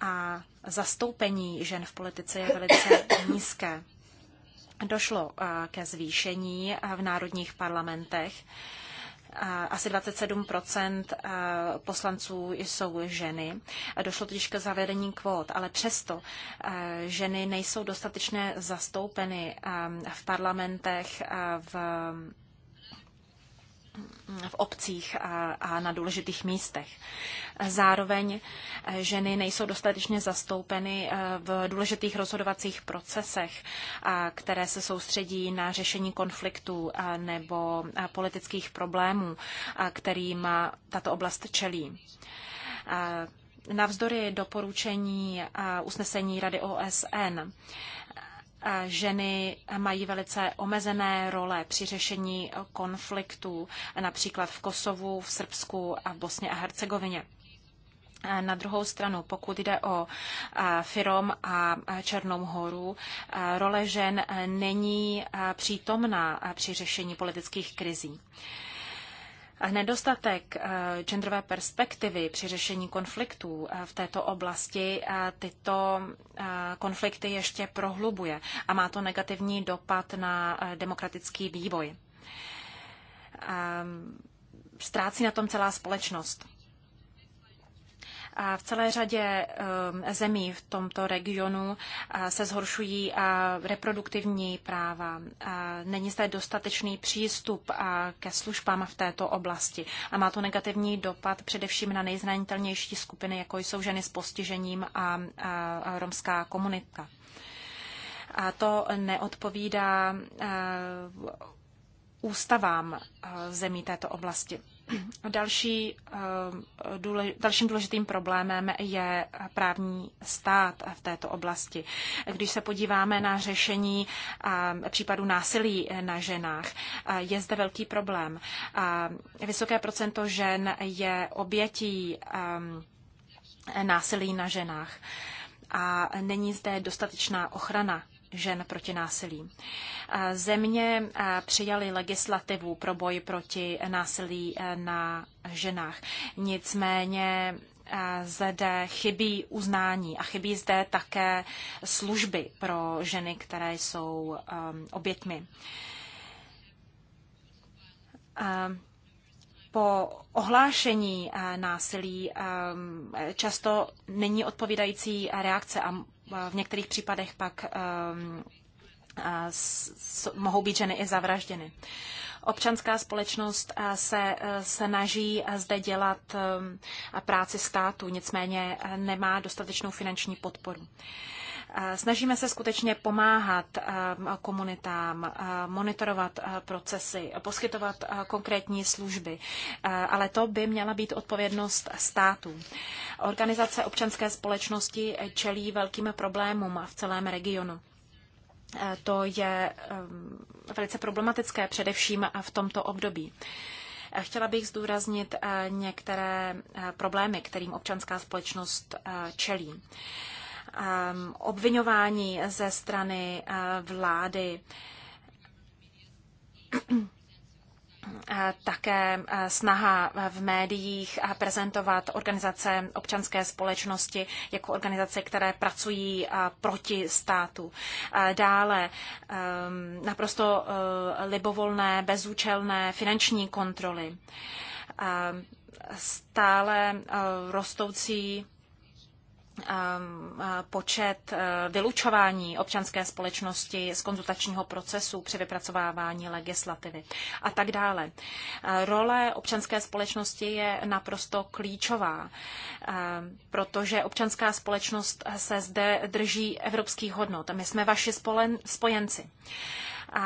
a zastoupení žen v politice je velice [COUGHS] nízké. Došlo eh, ke zvýšení v národních parlamentech asi 27 poslanců jsou ženy. Došlo totiž k zavedení kvót, ale přesto ženy nejsou dostatečně zastoupeny v parlamentech, v v obcích a na důležitých místech. Zároveň eh, ženy nejsou dostatečně zastoupeny eh, v důležitých rozhodovacích procesech, které se soustředí na řešení konfliktů nebo politických problémů, kterým tato oblast čelí. Navzdory doporučení usnesení Rady OSN ženy mají velice omezené role při řešení konfliktů, například v Kosovu, v Srbsku a v Bosně a Hercegovině. Na druhou stranu, pokud jde o Firom a Černou horu, role žen není přítomná při řešení politických krizí. Nedostatek eh, genderové perspektivy při řešení konfliktů eh, v této oblasti eh, tyto konflikty ještě prohlubuje a má to negativní dopad na demokratický vývoj. Ehm, ztrácí na tom celá společnost. V celé řadě um, zemí v tomto regionu se zhoršují reproduktivní práva. Není zde dostatečný přístup ke službám v této oblasti a má to negativní dopad především na nejzranitelnější skupiny, jako jsou ženy s postižením a romská komunita. A to neodpovídá ústavám zemí této oblasti. Další, ehm, dalším důležitým problémem je právní stát v této oblasti. Když se podíváme na řešení ehm, případů násilí na ženách, eh, je zde velký problém. Eh, vysoké procento žen je obětí ehm, násilí na ženách a není zde dostatečná ochrana žen proti násilí. Země přijaly legislativu pro boj proti násilí e, na ženách. Nicméně e, zde chybí uznání a chybí zde také služby pro ženy, které jsou e, obětmi. Po ohlášení násilí často není odpovídající reakce a v některých případech pak ehm, mohou být ženy i zavražděny. Občanská společnost se e, snaží zde dělat ehm, práci státu, nicméně e, nemá dostatečnou finanční podporu. Snažíme se skutečně pomáhat komunitám, monitorovat procesy, poskytovat konkrétní služby, ale to by měla být odpovědnost států. Organizace občanské společnosti čelí velkým problémům v celém regionu. To je velice problematické, především v tomto období. Chtěla bych zdůraznit e, některé e, problémy, kterým občanská společnost e, čelí. Um, obvinování ze strany uh, vlády. Také uh, snaha v médiích uh, prezentovat organizace občanské společnosti jako organizace, které pracují proti státu. Dále um, naprosto libovolné, bezúčelné finanční kontroly. Stále rostoucí Ehm, počet e, vylučování občanské společnosti z konzultačního procesu při vypracovávání legislativy a tak dále. E, role občanské společnosti je naprosto klíčová, e, protože občanská společnost se zde drží evropských hodnot. My jsme vaši spojenci.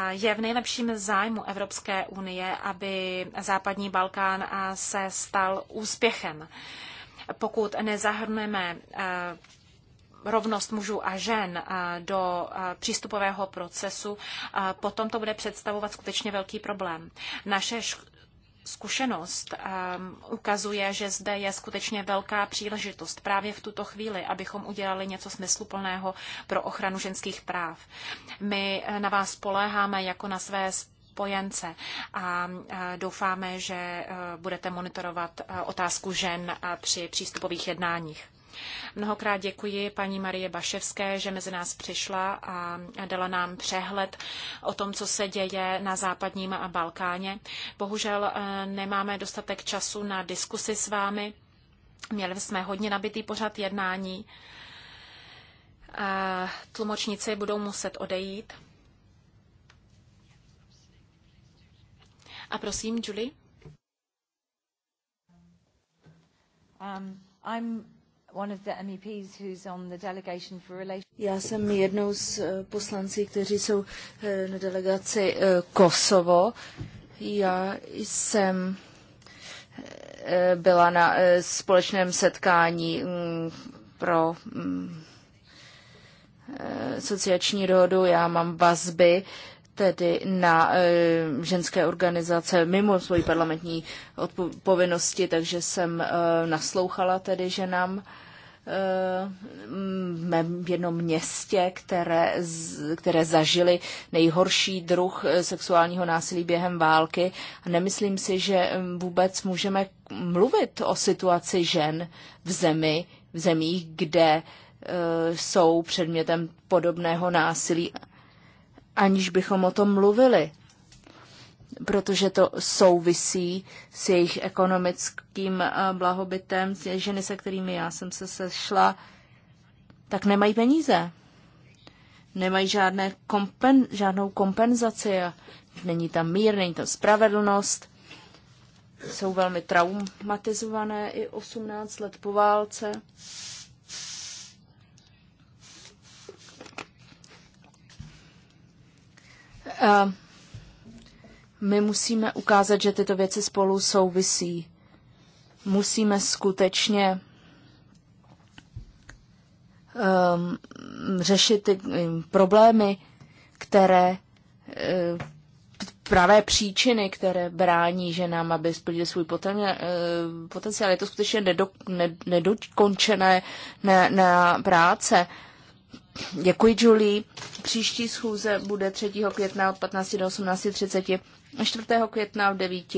Je v nejlepším zájmu Evropské unie, aby západní Balkán se stal úspěchem pokud nezahrneme eh, rovnost mužů a žen eh, do eh, přístupového procesu, potom to bude představovat skutečně velký problém. Naše zkušenost ukazuje, že zde je skutečně velká příležitost právě v tuto chvíli, abychom udělali něco smysluplného pro ochranu ženských práv. My na vás poléháme jako na své spojence a doufáme, že e, budete monitorovat e, otázku žen při přístupových jednáních. Mnohokrát děkuji paní Marie Baševské, že mezi nás přišla a dala nám přehled o tom, co se děje na západním a Balkáně. Bohužel e, nemáme dostatek času na diskusy s vámi. Měli jsme hodně nabitý pořad jednání. Tlumočníci budou muset odejít. A prosím, Julie. Um, I'm já jsem jednou z eh, poslanců, kteří jsou eh, na delegaci eh, Kosovo. Já jsem byla na společném setkání mm, pro mm, asociační dohodu. Já mám vazby tedy na e, ženské organizace mimo svoji parlamentní povinnosti, takže jsem e, naslouchala tedy ženám e, v mém jednom městě, které, které zažili nejhorší druh sexuálního násilí během války. A nemyslím si, že vůbec můžeme mluvit o situaci žen v zemi, v zemích, kde jsou předmětem podobného násilí aniž bychom o tom mluvili, protože to souvisí s jejich ekonomickým eh, blahobytem. S Ženy, se kterými já jsem se sešla, tak nemají peníze. Nemají žádné kompen, žádnou kompenzaci. Není tam mír, není tam spravedlnost. Jsou velmi traumatizované i 18 let po válce. Eh, my musíme ukázat, že tyto věci spolu souvisí. Musíme skutečně um, řešit ty um, problémy, které eh, pravé příčiny, které brání ženám, aby splnili svůj potenciál. Je to skutečně ne, nedokončené na, na práce. Děkuji, Julie. Příští schůze bude 3. května od 15 do 18.30, 4. května od 9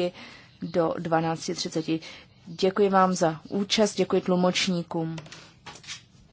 do 12.30. Děkuji vám za účast, děkuji tlumočníkům.